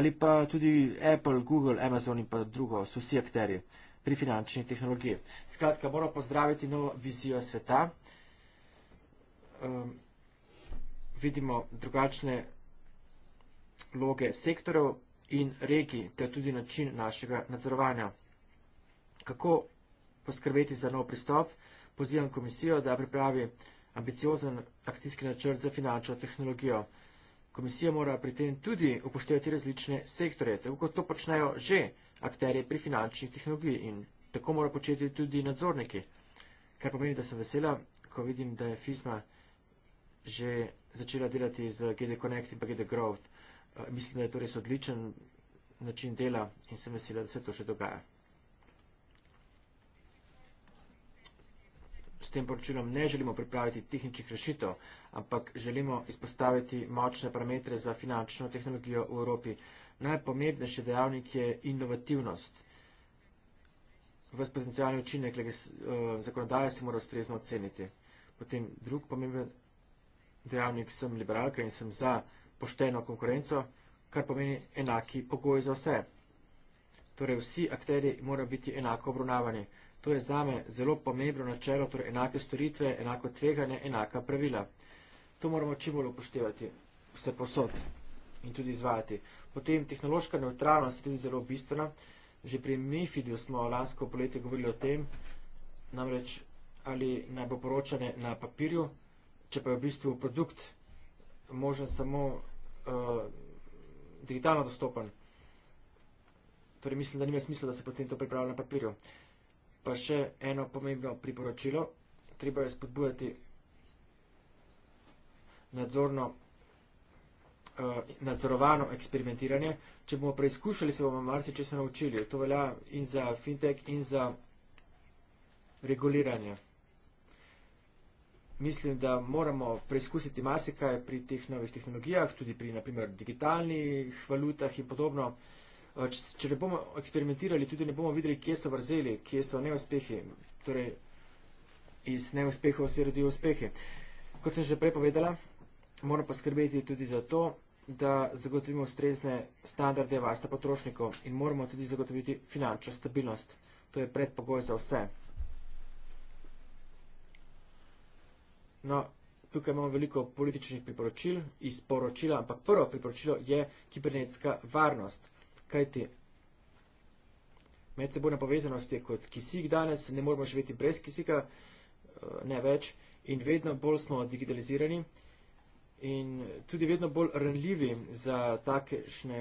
ali pa tudi Apple, Google, Amazon in pa drugo, so vsi akteri pri finančni tehnologiji. Skratka, moramo pozdraviti novo vizijo sveta. Um, vidimo drugačne loge sektorov, in reki, ter tudi način našega nadzorovanja. Kako poskrbeti za nov pristop? Pozivam komisijo, da pripravi ambiciozen akcijski načrt za finančno tehnologijo. Komisija mora pri tem tudi upoštevati različne sektore, tako kot to počnejo že akterje pri finančni tehnologiji in tako mora početi tudi nadzorniki. Kar pomeni, da sem vesela, ko vidim, da je FISMA že začela delati z GD Connect in pa GD Growth mislim, da je to res odličen način dela in sem vesela, da se to še dogaja. S tem poročilom ne želimo pripraviti tehničnih rešitev, ampak želimo izpostaviti močne parametre za finančno tehnologijo v Evropi. Najpomembnejši dejavnik je inovativnost. Vs potencijalni učinek lege, uh, eh, zakonodaje se mora ustrezno oceniti. Potem drug pomemben dejavnik, sem liberalka in sem za pošteno konkurenco, kar pomeni enaki pogoj za vse. Torej vsi akteri morajo biti enako obravnavani. To je zame zelo pomembno načelo, torej enake storitve, enako tveganje, enaka pravila. To moramo čim bolj upoštevati vse posod in tudi izvajati. Potem tehnološka neutralnost je tudi zelo bistvena. Že pri MIFID-u smo lansko poletje govorili o tem, namreč ali naj bo poročanje na papirju, če pa je v bistvu produkt možen samo uh, digitalno dostopen. Torej, mislim, da nima smisla, da se potem to pripravlja na papirju. Pa še eno pomembno priporočilo. Treba je spodbujati nadzorno, uh, nadzorovano eksperimentiranje. Če bomo preizkušali, se bomo marsi česa naučili. To velja in za fintech, in za reguliranje mislim, da moramo preizkusiti marsikaj pri teh novih tehnologijah, tudi pri naprimer digitalnih valutah in podobno. Eh, če ne bomo eksperimentirali, tudi ne bomo videli, kje so vrzeli, kje so neuspehi. Torej, iz neuspehov se rodijo uspehi. Kot sem že prej povedala, moramo poskrbeti tudi za to, da zagotovimo ustrezne standarde varstva potrošnikov in moramo tudi zagotoviti finančno stabilnost. To je predpogoj za vse. No, tukaj imamo veliko političnih priporočil iz poročila, ampak prvo priporočilo je kibernetska varnost. Kaj ti? Medsebojna povezanost je kot kisik danes, ne moramo živeti brez kisika, eh, ne več, in vedno bolj smo digitalizirani in tudi vedno bolj ranljivi za takšne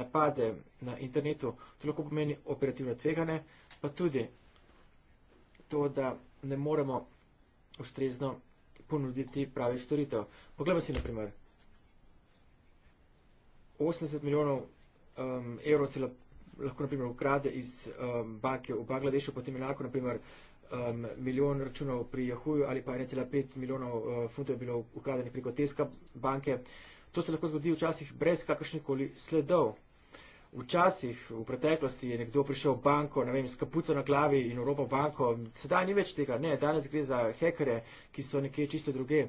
napade na internetu. To lahko pomeni operativno tvegane, pa tudi to, da ne moremo ustrezno ponuditi pravi storitev. Poglejmo si, na primer, 80 milijonov um, evrov se lahko, na primer, ukrade iz um, banke v Bangladešu, potem je lahko, na primer, um, milijon računov pri Jahuju ali pa 1,5 milijonov uh, funtov je bilo ukradenih preko Teska banke. To se lahko zgodi včasih brez kakršnih koli sledov včasih v preteklosti je nekdo prišel v banko, ne vem, s kaputo na glavi in v ropo banko, sedaj ni več tega, ne, danes gre za hekere, ki so nekje čisto druge.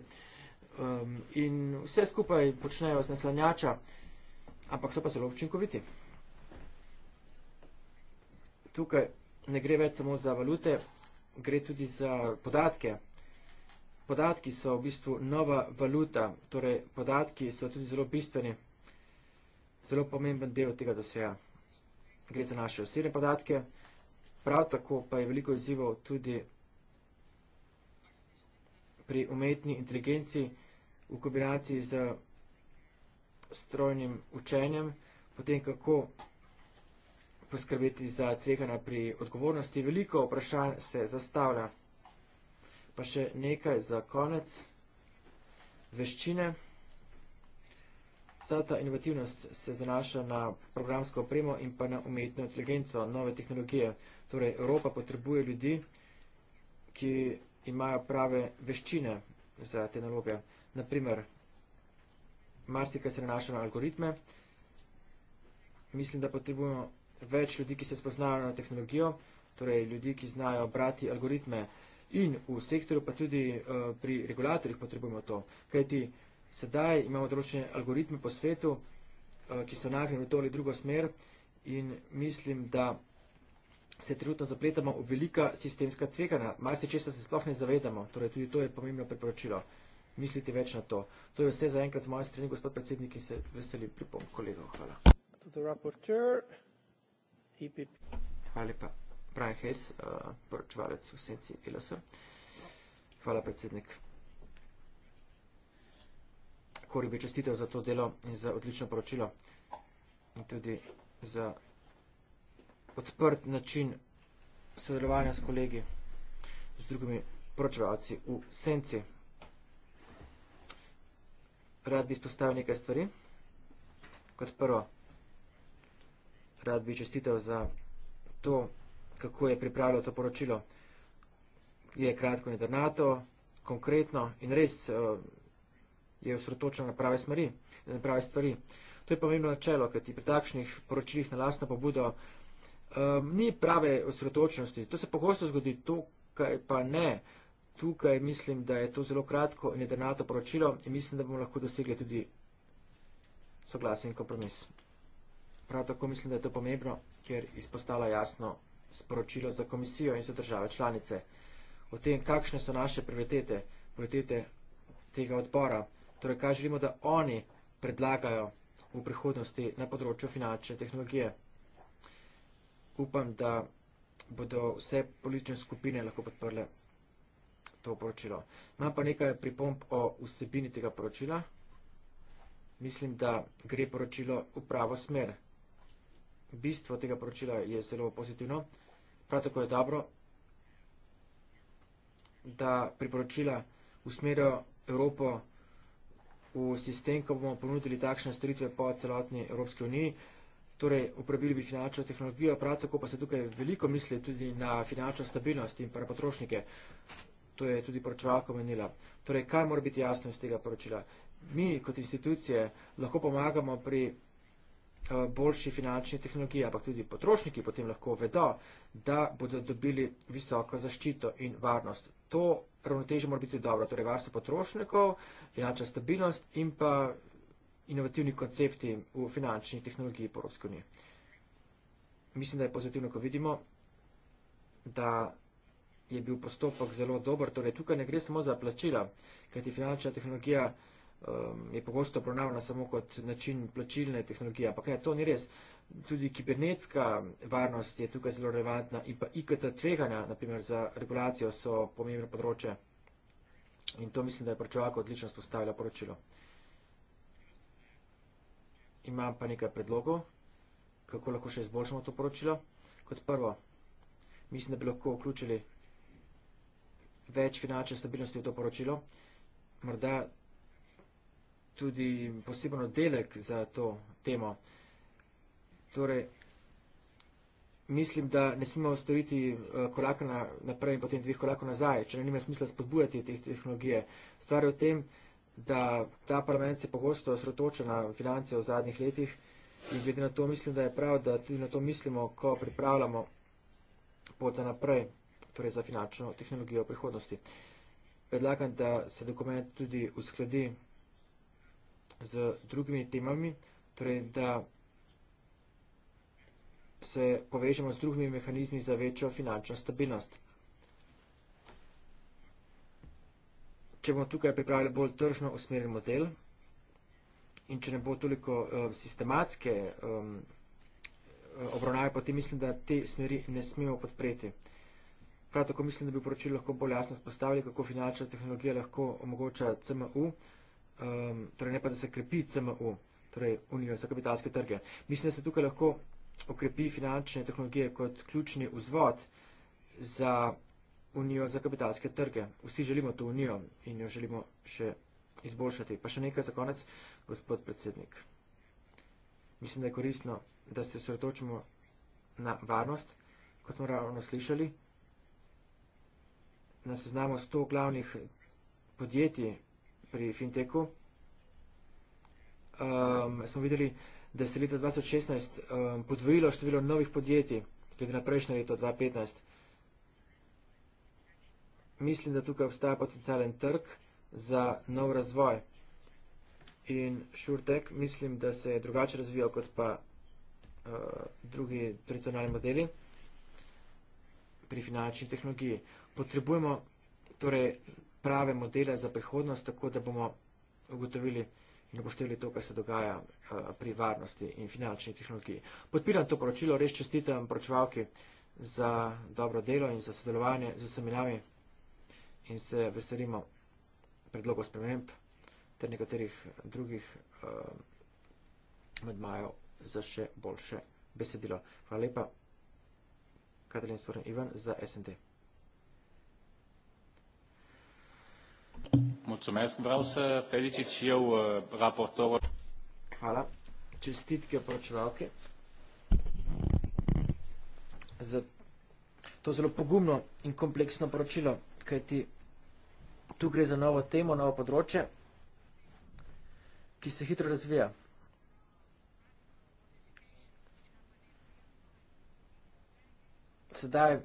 Um, in vse skupaj počnejo z neslanjača, ampak so pa zelo učinkoviti. Tukaj ne gre več samo za valute, gre tudi za podatke. Podatki so v bistvu nova valuta, torej podatki so tudi zelo bistveni zelo pomemben del tega doseja. Gre za naše osebne podatke, prav tako pa je veliko izzivov tudi pri umetni inteligenci v kombinaciji z strojnim učenjem, potem kako poskrbeti za tvegana pri odgovornosti. Veliko vprašanj se zastavlja. Pa še nekaj za konec. Veščine. Vsa ta inovativnost se zanaša na programsko opremo in pa na umetno inteligenco, nove tehnologije. Torej, Evropa potrebuje ljudi, ki imajo prave veščine za te naloge. Naprimer, marsika se nanaša na algoritme. Mislim, da potrebujemo več ljudi, ki se spoznajo na tehnologijo, torej ljudi, ki znajo brati algoritme. In v sektorju, pa tudi uh, pri regulatorjih potrebujemo to. Kajti sedaj imamo določene algoritme po svetu, eh, ki so nagnjeni v to ali drugo smer in mislim, da se trenutno zapletamo v velika sistemska tvekana. Mar se česa se sploh ne zavedamo, torej tudi to je pomembno priporočilo. Mislite več na to. To je vse za enkrat z moje strani, gospod predsednik, in se veseli pripom kolegov. Hvala. E Hvala lepa. Brian Hayes, uh, poročevalec v senci ELS. Hvala predsednik. Koribi čestitev za to delo in za odlično poročilo in tudi za odprt način sodelovanja s kolegi, z drugimi poročevalci v senci. Rad bi izpostavil nekaj stvari. Kot prvo, rad bi čestitev za to, kako je pripravljal to poročilo. Je kratko in drnato, konkretno in res uh, je osredotočena na prave stvari. Na prave stvari. To je pomembno načelo, ker ti pri takšnih poročilih na lastno pobudo um, ni prave osredotočnosti. To se pogosto zgodi, tukaj pa ne. Tukaj mislim, da je to zelo kratko in jedrnato poročilo in mislim, da bomo lahko dosegli tudi soglasen in kompromis. Prav tako mislim, da je to pomembno, ker izpostavlja jasno sporočilo za komisijo in za države članice o tem, kakšne so naše prioritete, prioritete tega odbora. Torej, kaj želimo, da oni predlagajo v prihodnosti na področju finančne tehnologije. Upam, da bodo vse politične skupine lahko podprle to poročilo. Imam pa nekaj pripomp o vsebini tega poročila. Mislim, da gre poročilo v pravo smer. Bistvo tega poročila je zelo pozitivno. Prav tako je dobro, da priporočila usmerjajo Evropo v sistem, ko bomo ponudili takšne storitve po celotni Evropski uniji. Torej, uporabili bi finančno tehnologijo, prav tako pa se tukaj veliko misli tudi na finančno stabilnost in pa potrošnike. To je tudi poročevalka omenila. Torej, kaj mora biti jasno iz tega poročila? Mi kot institucije lahko pomagamo pri Eh, boljši finančni tehnologiji, ampak tudi potrošniki potem lahko vedo, da bodo dobili visoko zaščito in varnost. To ravnotežje mora biti dobro, torej varstvo potrošnikov, finančna stabilnost in pa inovativni koncepti v finančni tehnologiji Evropske unije. Mislim, da je pozitivno, ko vidimo, da je bil postopek zelo dober. Torej, tukaj ne gre samo za plačila, kajti finančna tehnologija Um, je pogosto obravnavana samo kot način plačilne tehnologije, ampak ne, to ni res. Tudi kibernetska varnost je tukaj zelo relevantna in pa IKT tveganja, naprimer za regulacijo, so pomembno področje. In to mislim, da je pročevalko odlično spostavila poročilo. Imam pa nekaj predlogov, kako lahko še izboljšamo to poročilo. Kot prvo, mislim, da bi lahko vključili več finančne stabilnosti v to poročilo. Morda tudi posebno delek za to temo. Torej, mislim, da ne smemo storiti eh, koraka naprej in potem dveh korakov nazaj, če ne nima smisla spodbujati teh tehnologije. Stvar je v tem, da ta parlament se pogosto osredotoča na finance v zadnjih letih in glede na to mislim, da je prav, da tudi na to mislimo, ko pripravljamo pot za naprej, torej za finančno tehnologijo v prihodnosti. Predlagam, da se dokument tudi uskladi z drugimi temami, torej da se povežemo z drugimi mehanizmi za večjo finančno stabilnost. Če bomo tukaj pripravili bolj tržno usmeren model in če ne bo toliko eh, sistematske eh, obravnave, potem mislim, da te smeri ne smemo podpreti. Prav tako mislim, da bi v poročilu lahko bolj jasno spostavili, kako finančna tehnologija lahko omogoča CMU, um, torej ne pa, da se krepi CMU, torej Unijo za kapitalske trge. Mislim, da se tukaj lahko okrepi finančne tehnologije kot ključni vzvod za Unijo za kapitalske trge. Vsi želimo to Unijo in jo želimo še izboljšati. Pa še nekaj za konec, gospod predsednik. Mislim, da je koristno, da se sredočimo na varnost, kot smo ravno slišali, na seznamo 100 glavnih podjetij, pri Finteku. Um, ehm, smo videli, da se je leta 2016 um, ehm, podvojilo število novih podjetij, glede na prejšnje leto 2015. Mislim, da tukaj obstaja potencialen trg za nov razvoj. In Šurtek mislim, da se je drugače razvijal kot pa uh, drugi tradicionalni modeli pri finančni tehnologiji. Potrebujemo torej prave modele za prihodnost, tako da bomo ugotovili in upoštevali to, kar se dogaja eh, pri varnosti in finančni tehnologiji. Podpiram to poročilo, res čestitam poročevalki za dobro delo in za sodelovanje z vsemi nami in se veselimo predlogov sprememb ter nekaterih drugih eh, medmajev za še boljše besedilo. Hvala lepa, Katalin Soren Ivan za SND. Mulțumesc. Vreau să felicit și eu uh, raportorul. Hala. Cestitke pročevalke. Za to zelo pogumno in kompleksno poročilo, kajti tu gre za novo temo, novo področje, ki se hitro razvija. Sedaj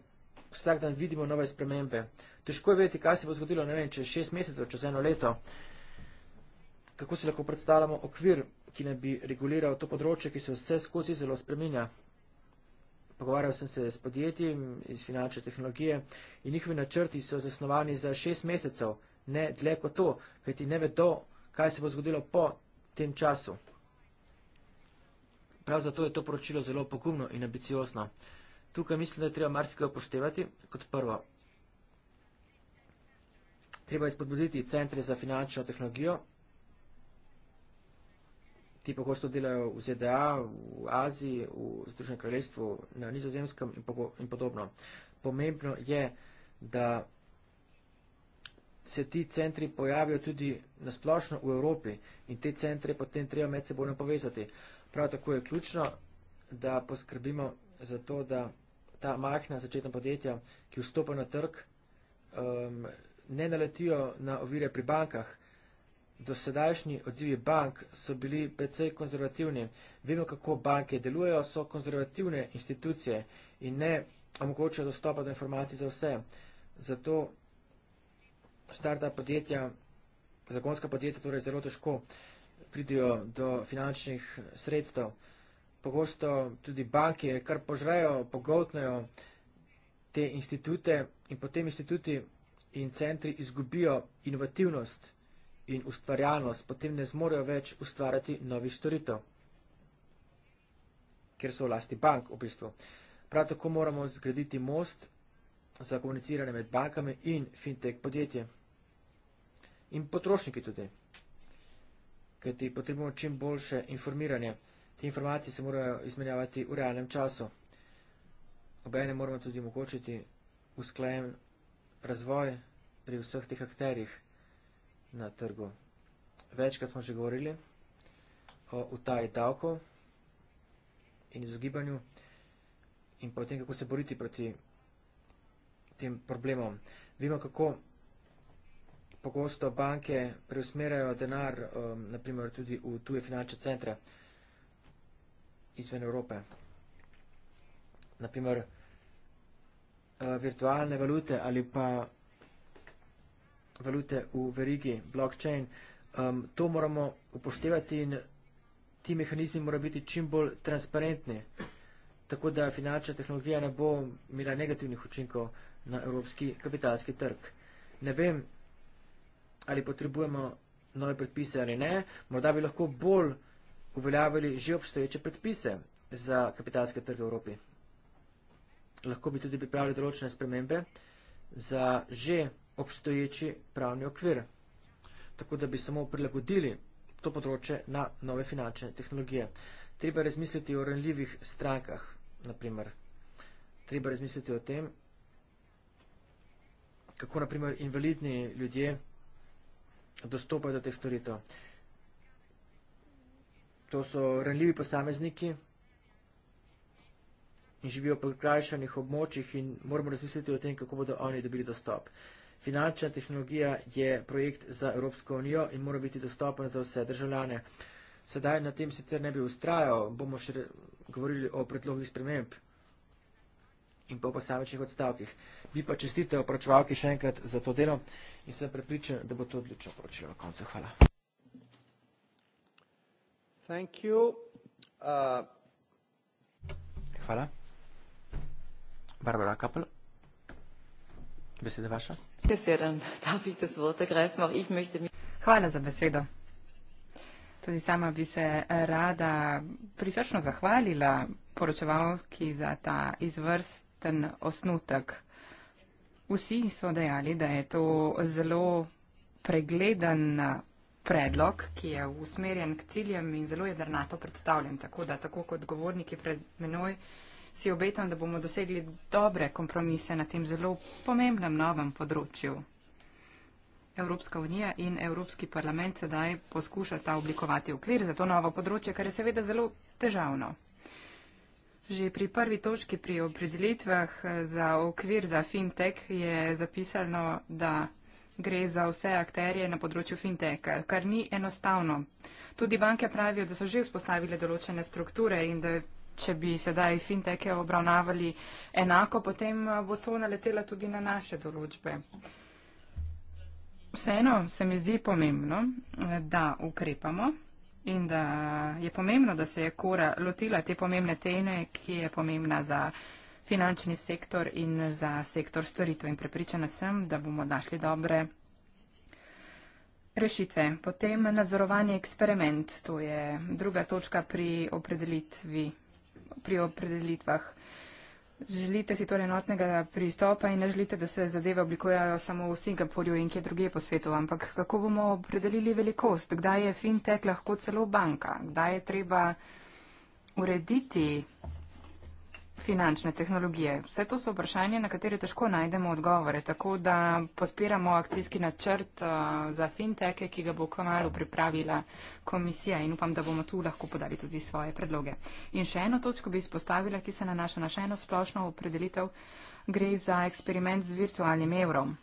vsak dan vidimo nove spremembe težko je vedeti, kaj se bo zgodilo, ne vem, čez šest mesecev, čez eno leto. Kako si lahko predstavljamo okvir, ki ne bi reguliral to področje, ki se vse skozi zelo spreminja. Pogovarjal sem se s podjetji iz finančne tehnologije in njihovi načrti so zasnovani za šest mesecev, ne dlje kot to, kaj ti ne vedo, kaj se bo zgodilo po tem času. Prav zato je to poročilo zelo pogumno in ambiciozno. Tukaj mislim, da je treba marsikaj upoštevati kot prvo treba izpodbuditi centre za finančno tehnologijo, ti pogosto delajo v ZDA, v Aziji, v Združenem kraljestvu, na nizozemskem in podobno. Pomembno je, da se ti centri pojavijo tudi nasplošno v Evropi in te centre potem treba med seboj povezati. Prav tako je ključno, da poskrbimo za to, da ta majhna začetna podjetja, ki vstopajo na trg, um, ne naletijo na ovire pri bankah. Dosedajšnji odzivi bank so bili precej konzervativni. Vemo, kako banke delujejo, so konzervativne institucije in ne omogočajo dostopa do informacij za vse. Zato starta podjetja, zagonska podjetja, torej zelo težko pridijo do finančnih sredstev. Pogosto tudi banke kar požrejo, pogotnejo te institute in potem instituti in centri izgubijo inovativnost in ustvarjalnost, potem ne zmorejo več ustvarjati novih storitev, ker so v lasti bank v bistvu. Prav tako moramo zgraditi most za komuniciranje med bankami in fintech podjetje. In potrošniki tudi, ker ti potrebujemo čim boljše informiranje. Te informacije se morajo izmenjavati v realnem času. Obejne moramo tudi omogočiti usklajen razvoj pri vseh teh akterjih na trgu. Večkrat smo že govorili o utaji davkov in izogibanju in potem kako se boriti proti tem problemom. Vemo, kako pogosto banke preusmerajo denar, um, naprimer tudi v tuje finančne centre izven Evrope. Naprimer, Eh, virtualne valute ali pa valute v verigi blockchain. Um, to moramo upoštevati in ti mehanizmi morajo biti čim bolj transparentni, tako da finančna tehnologija ne bo imela negativnih učinkov na evropski kapitalski trg. Ne vem, ali potrebujemo nove predpise ali ne, morda bi lahko bolj uveljavili že obstoječe predpise za kapitalske trge v Evropi lahko bi tudi pripravili določene spremembe za že obstoječi pravni okvir, tako da bi samo prilagodili to področje na nove finančne tehnologije. Treba razmisliti o ranljivih strankah, naprimer. Treba razmisliti o tem, kako naprimer invalidni ljudje dostopajo do teh storitev. To so ranljivi posamezniki, in živijo po krajšanih območjih in moramo razmisliti o tem, kako bodo oni dobili dostop. Finančna tehnologija je projekt za Evropsko unijo in mora biti dostopen za vse državljane. Sedaj na tem sicer ne bi ustrajal, bomo še govorili o predlogih sprememb in po posamečnih odstavkih. Vi pa čestite opračevalki še enkrat za to delo in sem prepričan, da bo to odlično poročilo na koncu. Hvala. Thank you. Uh... Hvala. Barbara Kappel. Beseda vaša. Hvala za besedo. Tudi sama bi se eh, rada prisrčno zahvalila poročevalki za ta izvrsten osnutek. Vsi so dejali, da je to zelo pregleden eh, predlog, ki je usmerjen k ciljem in zelo jedrnato predstavljen. Tako da, tako kot govorniki pred menoj, si obetam, da bomo dosegli dobre kompromise na tem zelo pomembnem novem področju. Evropska unija in Evropski parlament sedaj poskušata oblikovati okvir za to novo področje, kar je seveda zelo težavno. Že pri prvi točki pri opredelitvah eh, za okvir za fintech je zapisano, da gre za vse akterje na področju fintech, kar ni enostavno. Tudi banke pravijo, da so že vzpostavile določene strukture in da če bi sedaj finteke obravnavali enako, potem eh, bo to naletela tudi na naše določbe. Vseeno se mi zdi pomembno, eh, da ukrepamo in da je pomembno, da se je Kora lotila te pomembne teme, ki je pomembna za finančni sektor in za sektor storitev. In prepričana sem, da bomo našli dobre rešitve. Potem nadzorovanje eksperiment, to je druga točka pri opredelitvi pri opredelitvah. Želite si torej enotnega pristopa in ne želite, da se zadeve oblikujejo samo v Singapurju in kje druge po svetu, ampak kako bomo opredelili velikost, kdaj je fintech lahko celo banka, kdaj je treba urediti finančne tehnologije. Vse to so vprašanje, na katere težko najdemo odgovore. Tako da podpiramo akcijski načrt uh, za fintech, ki ga bo kmalo pripravila komisija in upam, da bomo tu lahko podali tudi svoje predloge. In še eno točko bi izpostavila, ki se nanaša na še eno splošno opredelitev. Gre za eksperiment z virtualnim evrom.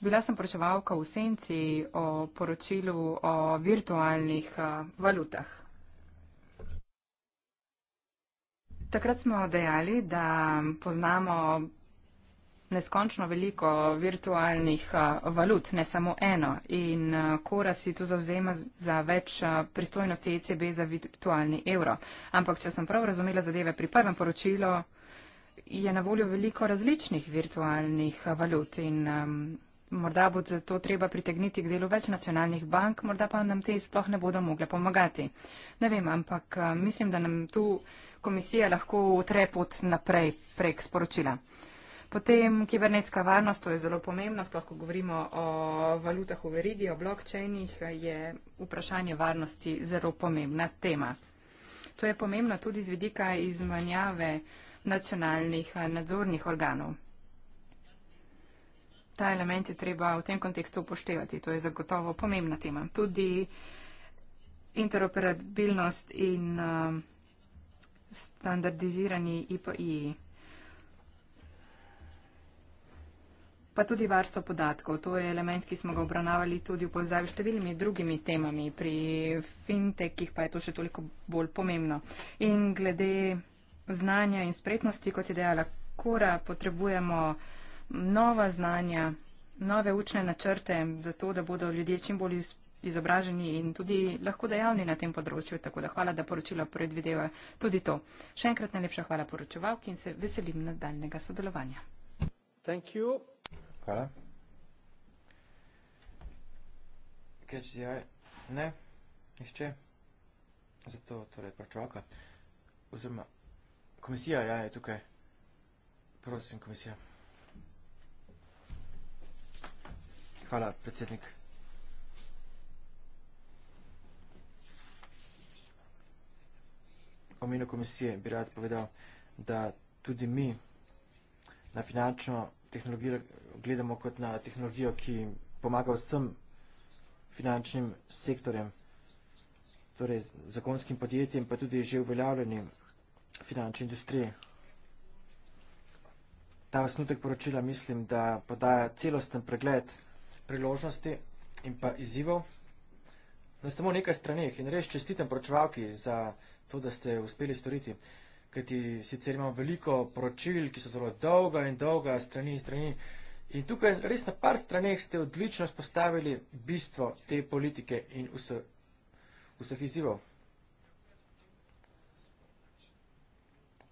Bila sem pročevalka v senci o poročilu o virtualnih uh, valutah. Takrat smo dejali, da poznamo neskončno veliko virtualnih valut, ne samo eno. In Kora si tu zauzema za več pristojnosti ECB za virtualni evro. Ampak, če sem prav razumela zadeve pri prvem poročilu, je na voljo veliko različnih virtualnih valut. In um, morda bo to treba pritegniti k delu več nacionalnih bank, morda pa nam te sploh ne bodo mogle pomagati. Ne vem, ampak mislim, da nam tu komisija lahko utre pot naprej prek sporočila. Potem kibernetska varnost, to je zelo pomembno, sploh ko govorimo o valutah v verigi, o blokčejnih, je vprašanje varnosti zelo pomembna tema. To je pomembno tudi z vidika izmanjave nacionalnih eh, nadzornih organov. Ta element je treba v tem kontekstu upoštevati, to je zagotovo pomembna tema. Tudi interoperabilnost in uh, standardizirani IPI. Pa tudi varstvo podatkov. To je element, ki smo ga obravnavali tudi v povezavi s številnimi drugimi temami. Pri fintekih pa je to še toliko bolj pomembno. In glede znanja in spretnosti, kot je dejala Kura, potrebujemo nova znanja, nove učne načrte, zato da bodo ljudje čim bolj izpolnili izobraženi in tudi lahko dejavni na tem področju. Tako da hvala, da poročilo predvideva tudi to. Še enkrat najlepša hvala poročevalki in se veselim nadaljnega sodelovanja. Thank you. Hvala. Kaj si jaj? Ne? Nihče? Zato torej poročevalka. Oziroma, komisija ja, je tukaj. Prosim, komisija. Hvala, predsednik. omenil komisije, bi rad povedal, da tudi mi na finančno tehnologijo gledamo kot na tehnologijo, ki pomaga vsem finančnim sektorjem, torej zakonskim podjetjem, pa tudi že uveljavljenim finančni industriji. Ta osnutek poročila mislim, da podaja celosten pregled priložnosti in pa izzivov na samo nekaj stranih. In res čestitem poročevalki za vsega, to, da ste uspeli storiti. Kajti sicer imamo veliko poročil, ki so zelo dolga in dolga, strani in strani. In tukaj res na par straneh ste odlično spostavili bistvo te politike in vse, vseh izzivov.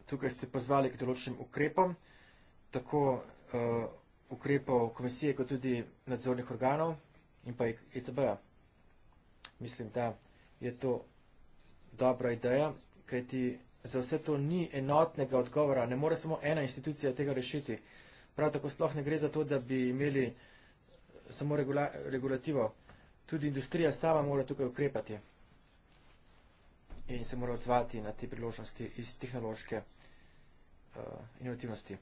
Tukaj ste pozvali k določenim ukrepom, tako uh, ukrepov komisije, kot tudi nadzornih organov in pa ECB-ja. E Mislim, da je to dobra ideja, kajti za vse to ni enotnega odgovora, ne more samo ena institucija tega rešiti. Prav tako sploh ne gre za to, da bi imeli samo regula regulativo. Tudi industrija sama mora tukaj ukrepati in se mora odzvati na te priložnosti iz tehnološke uh, inovativnosti.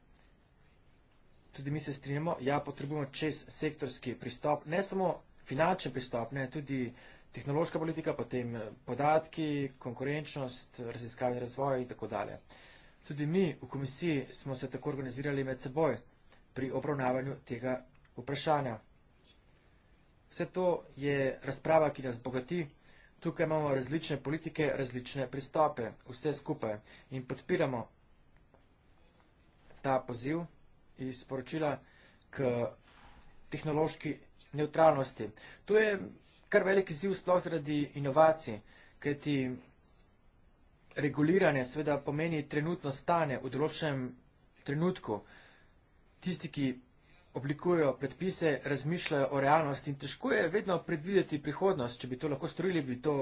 Tudi mi se strinjamo, ja, potrebujemo čez sektorski pristop, ne samo finančni pristop, ne tudi uh, tehnološka politika, potem eh, podatki, konkurenčnost, raziskave in razvoj in tako dalje. Tudi mi v komisiji smo se tako organizirali med seboj pri obravnavanju tega vprašanja. Vse to je razprava, ki nas bogati. Tukaj imamo različne politike, različne pristope, vse skupaj in podpiramo ta poziv iz sporočila k tehnološki neutralnosti. To je kar velik izziv sploh zaradi inovacij, kajti reguliranje seveda pomeni trenutno stane v določenem trenutku. Tisti, ki oblikujejo predpise, razmišljajo o realnosti in težko je vedno predvideti prihodnost. Če bi to lahko storili, bi to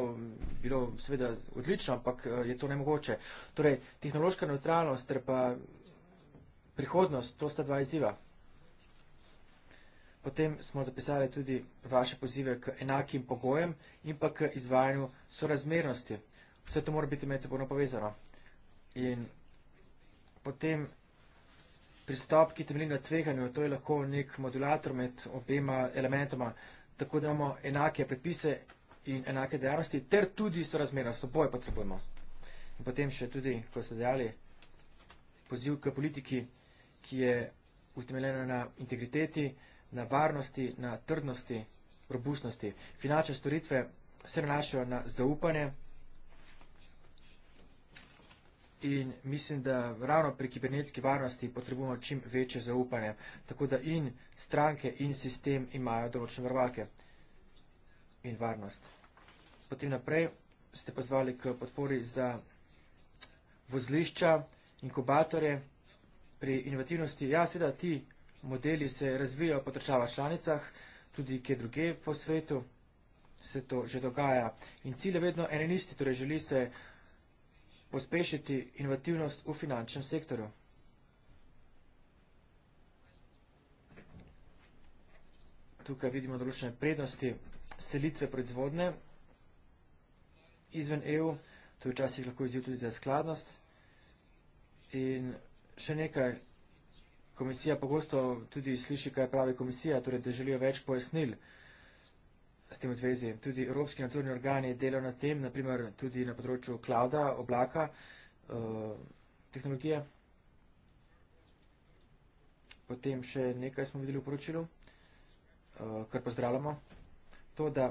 bilo seveda odlično, ampak eh, je to nemogoče. Torej, tehnološka neutralnost ter pa prihodnost, to sta dva izziva. Potem smo zapisali tudi vaše pozive k enakim pogojem in pa k izvajanju sorazmernosti. Vse to mora biti medsebojno povezano. In potem pristop, ki temelji na tveganju, to je lahko nek modulator med obema elementoma, tako da imamo enake predpise in enake dejavnosti, ter tudi sorazmernost, oboje potrebujemo. In potem še tudi, ko ste dejali, poziv k politiki, ki je utemeljena na integriteti, na varnosti, na trdnosti, robustnosti. Finančne storitve se nanašajo na zaupanje in mislim, da ravno pri kibernetski varnosti potrebujemo čim večje zaupanje, tako da in stranke in sistem imajo določene varovalke in varnost. Potem naprej ste pozvali k podpori za vozlišča, inkubatorje pri inovativnosti. Ja, seveda ti modeli se razvijajo po državah članicah, tudi kje druge po svetu se to že dogaja. In cilj je vedno en in isti, torej želi se pospešiti inovativnost v finančnem sektorju. Tukaj vidimo določene prednosti selitve proizvodne izven EU, to je včasih lahko izjiv tudi za skladnost. In še nekaj komisija pogosto tudi sliši, kaj pravi komisija, torej da želijo več pojasnil s tem v zvezi. Tudi evropski nadzorni organi delajo na tem, naprimer tudi na področju klauda, oblaka, eh, tehnologije. Potem še nekaj smo videli v poročilu, eh, kar pozdravljamo. To, da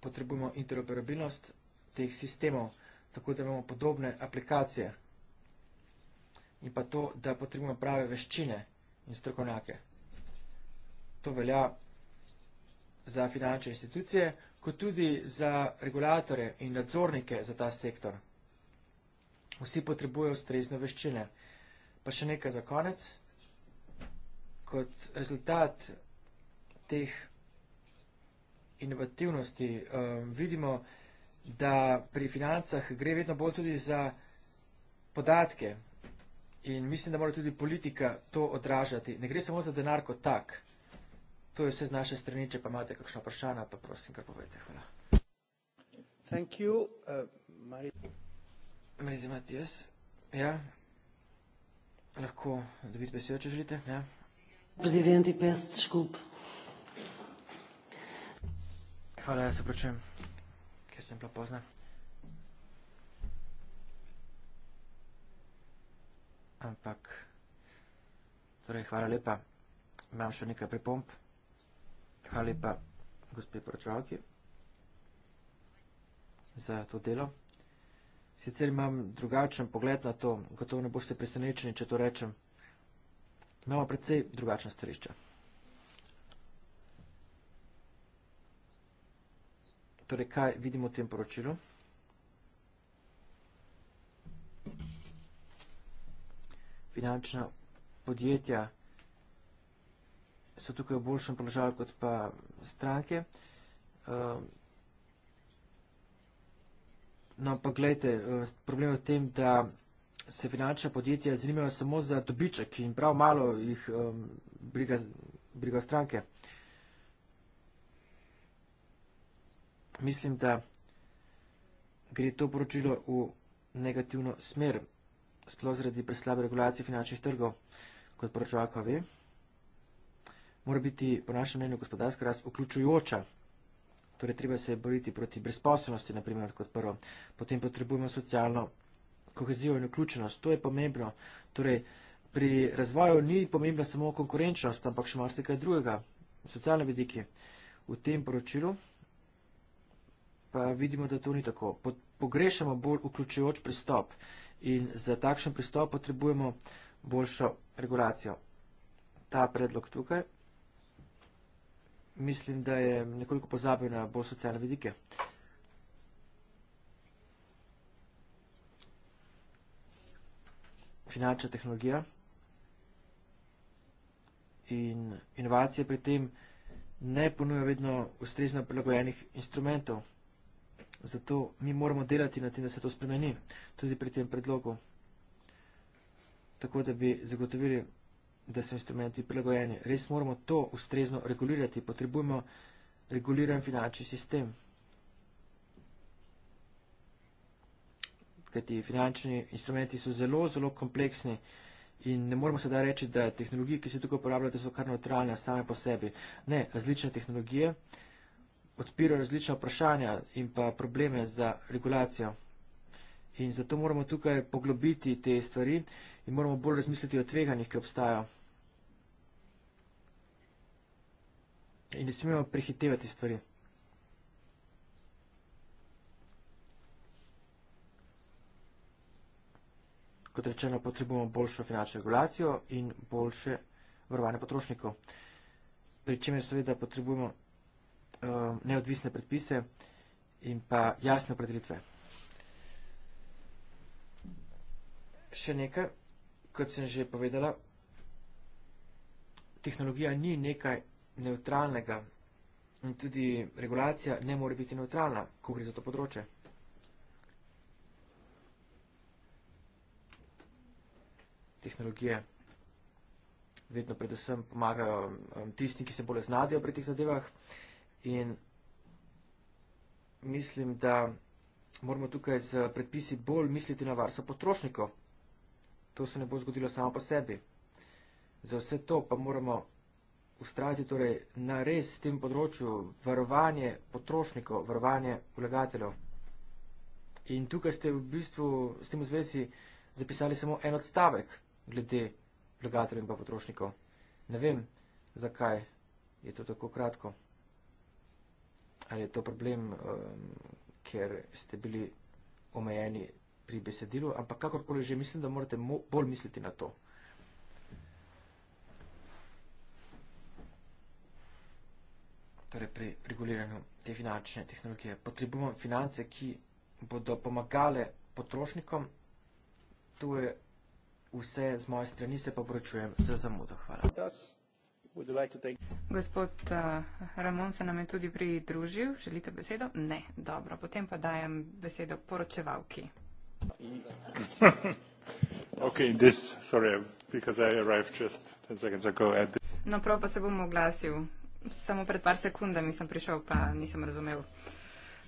potrebujemo interoperabilnost teh sistemov, tako da imamo podobne aplikacije in pa to, da potrebujemo prave veščine in strokovnjake. To velja za finančne institucije, kot tudi za regulatore in nadzornike za ta sektor. Vsi potrebujejo ustrezne veščine. Pa še nekaj za konec. Kot rezultat teh inovativnosti um, vidimo, da pri financah gre vedno bolj tudi za podatke, In mislim, da mora tudi politika to odražati. Ne gre samo za denar kot tak. To je vse z naše strani. Če pa imate kakšno vprašanje, pa prosim, kar povete. Hvala. Thank you. Uh, Marie. Marie Matijas. Ja. Lahko dobite besedo, če želite. Ja. Prezident Pest Škup. Hvala, ja se opravičujem, ker sem bila pozna. ampak torej, hvala lepa. Imam še nekaj pripomp. Hvala lepa, gospe poročevalki, za to delo. Sicer imam drugačen pogled na to, gotovo ne boste presenečeni, če to rečem. Imamo predvsej drugačna stališča. Torej, kaj vidimo v tem poročilu? finančna podjetja so tukaj v boljšem položaju kot pa stranke. Ehm, no, pa gledajte, eh, problem je v tem, da se finančna podjetja zanimajo samo za dobiček in prav malo jih ehm, briga, briga stranke. Mislim, da gre to poročilo v negativno smer sploh zaradi preslabe regulacije finančnih trgov, kot poročovalka ve, mora biti po našem mnenju gospodarska rast vključujoča. Torej, treba se boriti proti brezposobnosti, naprimer, kot prvo. Potem potrebujemo socialno kohezijo in vključenost. To je pomembno. Torej, pri razvoju ni pomembna samo konkurenčnost, ampak še marsikaj drugega, socialne vidiki. V tem poročilu pa vidimo, da to ni tako. Pogrešamo bolj vključujoč pristop in za takšen pristop potrebujemo boljšo regulacijo. Ta predlog tukaj mislim, da je nekoliko pozabil na bolj socialne vidike. Finančna tehnologija in inovacije pri tem ne ponujo vedno ustrezno prilagojenih instrumentov. Zato mi moramo delati na tem, da se to spremeni, tudi pri tem predlogu, tako da bi zagotovili, da so instrumenti prilagojeni. Res moramo to ustrezno regulirati, potrebujemo reguliran finančni sistem. Kajti finančni instrumenti so zelo, zelo kompleksni in ne moramo sedaj reči, da tehnologije, ki se tukaj uporabljajo, so kar neutralne same po sebi. Ne, različne tehnologije odpira različna vprašanja in pa probleme za regulacijo. In zato moramo tukaj poglobiti te stvari in moramo bolj razmisliti o tveganjih, ki obstajajo. In ne smemo prehitevati stvari. Kot rečeno, potrebujemo boljšo finančno regulacijo in boljše varovanje potrošnikov. Pri čemer seveda potrebujemo Eh, neodvisne predpise in pa jasne opredelitve. Še nekaj, kot sem že povedala, tehnologija ni nekaj neutralnega in tudi regulacija ne more biti neutralna, ko gre za to področje. Tehnologije vedno predvsem pomagajo eh, tisti, ki se bolj znadijo pri teh zadevah. In mislim, da moramo tukaj z predpisi bolj misliti na varstvo potrošnikov. To se ne bo zgodilo samo po sebi. Za vse to pa moramo ustrajati torej, na res s tem področju varovanje potrošnikov, varovanje vlagateljev. In tukaj ste v bistvu s tem zvezi zapisali samo en odstavek glede vlagateljev in pa potrošnikov. Ne vem, zakaj je to tako kratko ali je to problem, um, ker ste bili omejeni pri besedilu, ampak kakorkoli že mislim, da morate mo bolj misliti na to. Torej, pri reguliranju te finančne tehnologije potrebujemo finance, ki bodo pomagale potrošnikom. To je vse z moje strani, se pa poročujem za zamudo. Hvala. Yes. Gospod uh, Ramon se nam je tudi pridružil. Želite besedo? Ne. Dobro, potem pa dajem besedo poročevalki. No, prav pa se bom oglasil. Samo pred par sekundami sem prišel, pa nisem razumel.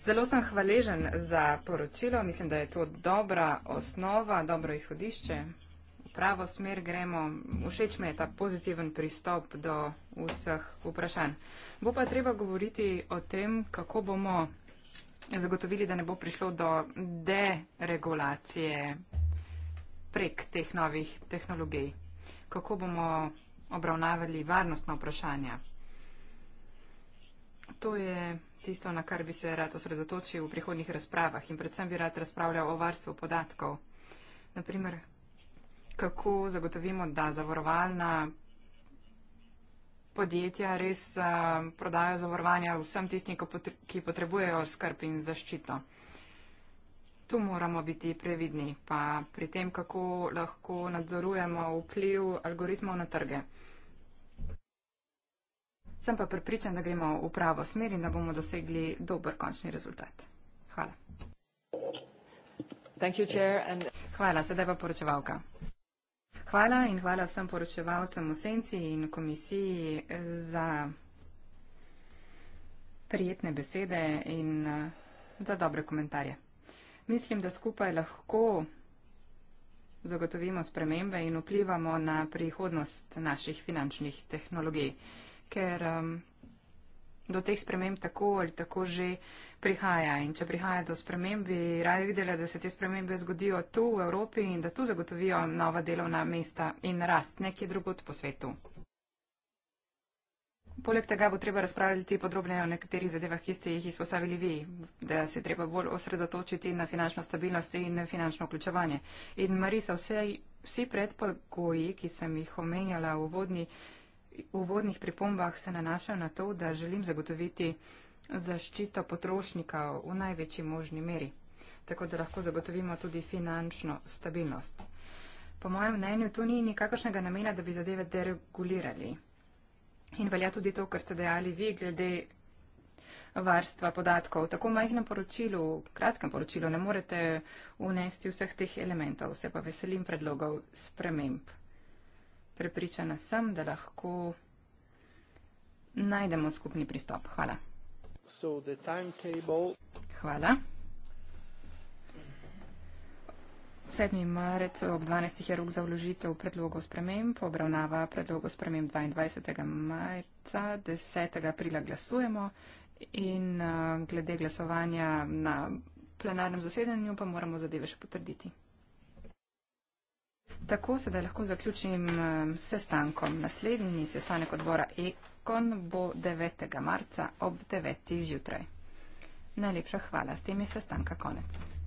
Zelo sem hvaležen za poročilo. Mislim, da je to dobra osnova, dobro izhodišče pravo smer gremo. Všeč mi je ta pozitiven pristop do vseh vprašanj. Bo pa treba govoriti o tem, kako bomo zagotovili, da ne bo prišlo do deregulacije prek teh novih tehnologij. Kako bomo obravnavali varnostna vprašanja. To je tisto, na kar bi se rad osredotočil v prihodnih razpravah in predvsem bi rad razpravljal o varstvu podatkov. Naprimer, kako zagotovimo, da zavarovalna podjetja res uh, prodajo zavarovanja vsem tistim, ki potrebujejo skrb in zaščito. Tu moramo biti previdni, pa pri tem, kako lahko nadzorujemo vpliv algoritmov na trge. Sem pa prepričan, da gremo v pravo smer in da bomo dosegli dober končni rezultat. Hvala. Hvala, sedaj pa poročevalka. Hvala in hvala vsem poročevalcem v senci in komisiji za prijetne besede in eh, za dobre komentarje. Mislim, da skupaj lahko zagotovimo spremembe in vplivamo na prihodnost naših finančnih tehnologij, ker um, do teh sprememb tako ali tako že prihaja. In če prihaja do sprememb, bi radi videli, da se te spremembe zgodijo tu v Evropi in da tu zagotovijo nova delovna mesta in rast nekje drugot po svetu. Poleg tega bo treba razpravljati podrobneje o nekaterih zadevah, ki ste jih izpostavili vi, da se treba bolj osredotočiti na finančno stabilnost in finančno vključevanje. In Marisa, vse, vsi predpogoji, ki sem jih omenjala v vodni uvodnih pripombah se nanašajo na to, da želim zagotoviti zaščito potrošnika v največji možni meri, tako da lahko zagotovimo tudi finančno stabilnost. Po mojem mnenju, tu ni nikakršnega namena, da bi zadeve deregulirali. In velja tudi to, kar ste dejali vi, glede varstva podatkov. Tako majhnem poročilu, kratkem poročilu, ne morete unesti vseh teh elementov. Se pa veselim predlogov sprememb. Prepričana sem, da lahko najdemo skupni pristop. Hvala. Hvala. 7. marec ob 12. je rok za vložitev predlogov sprememb, obravnava predlogov sprememb 22. marca, 10. aprila glasujemo in eh, glede glasovanja na plenarnem zasedanju pa moramo zadeve še potrditi. Tako se da lahko zaključim um, sestankom. Naslednji sestanek odbora EKON bo 9. marca ob 9. zjutraj. Najlepša hvala. S tem je sestanka konec.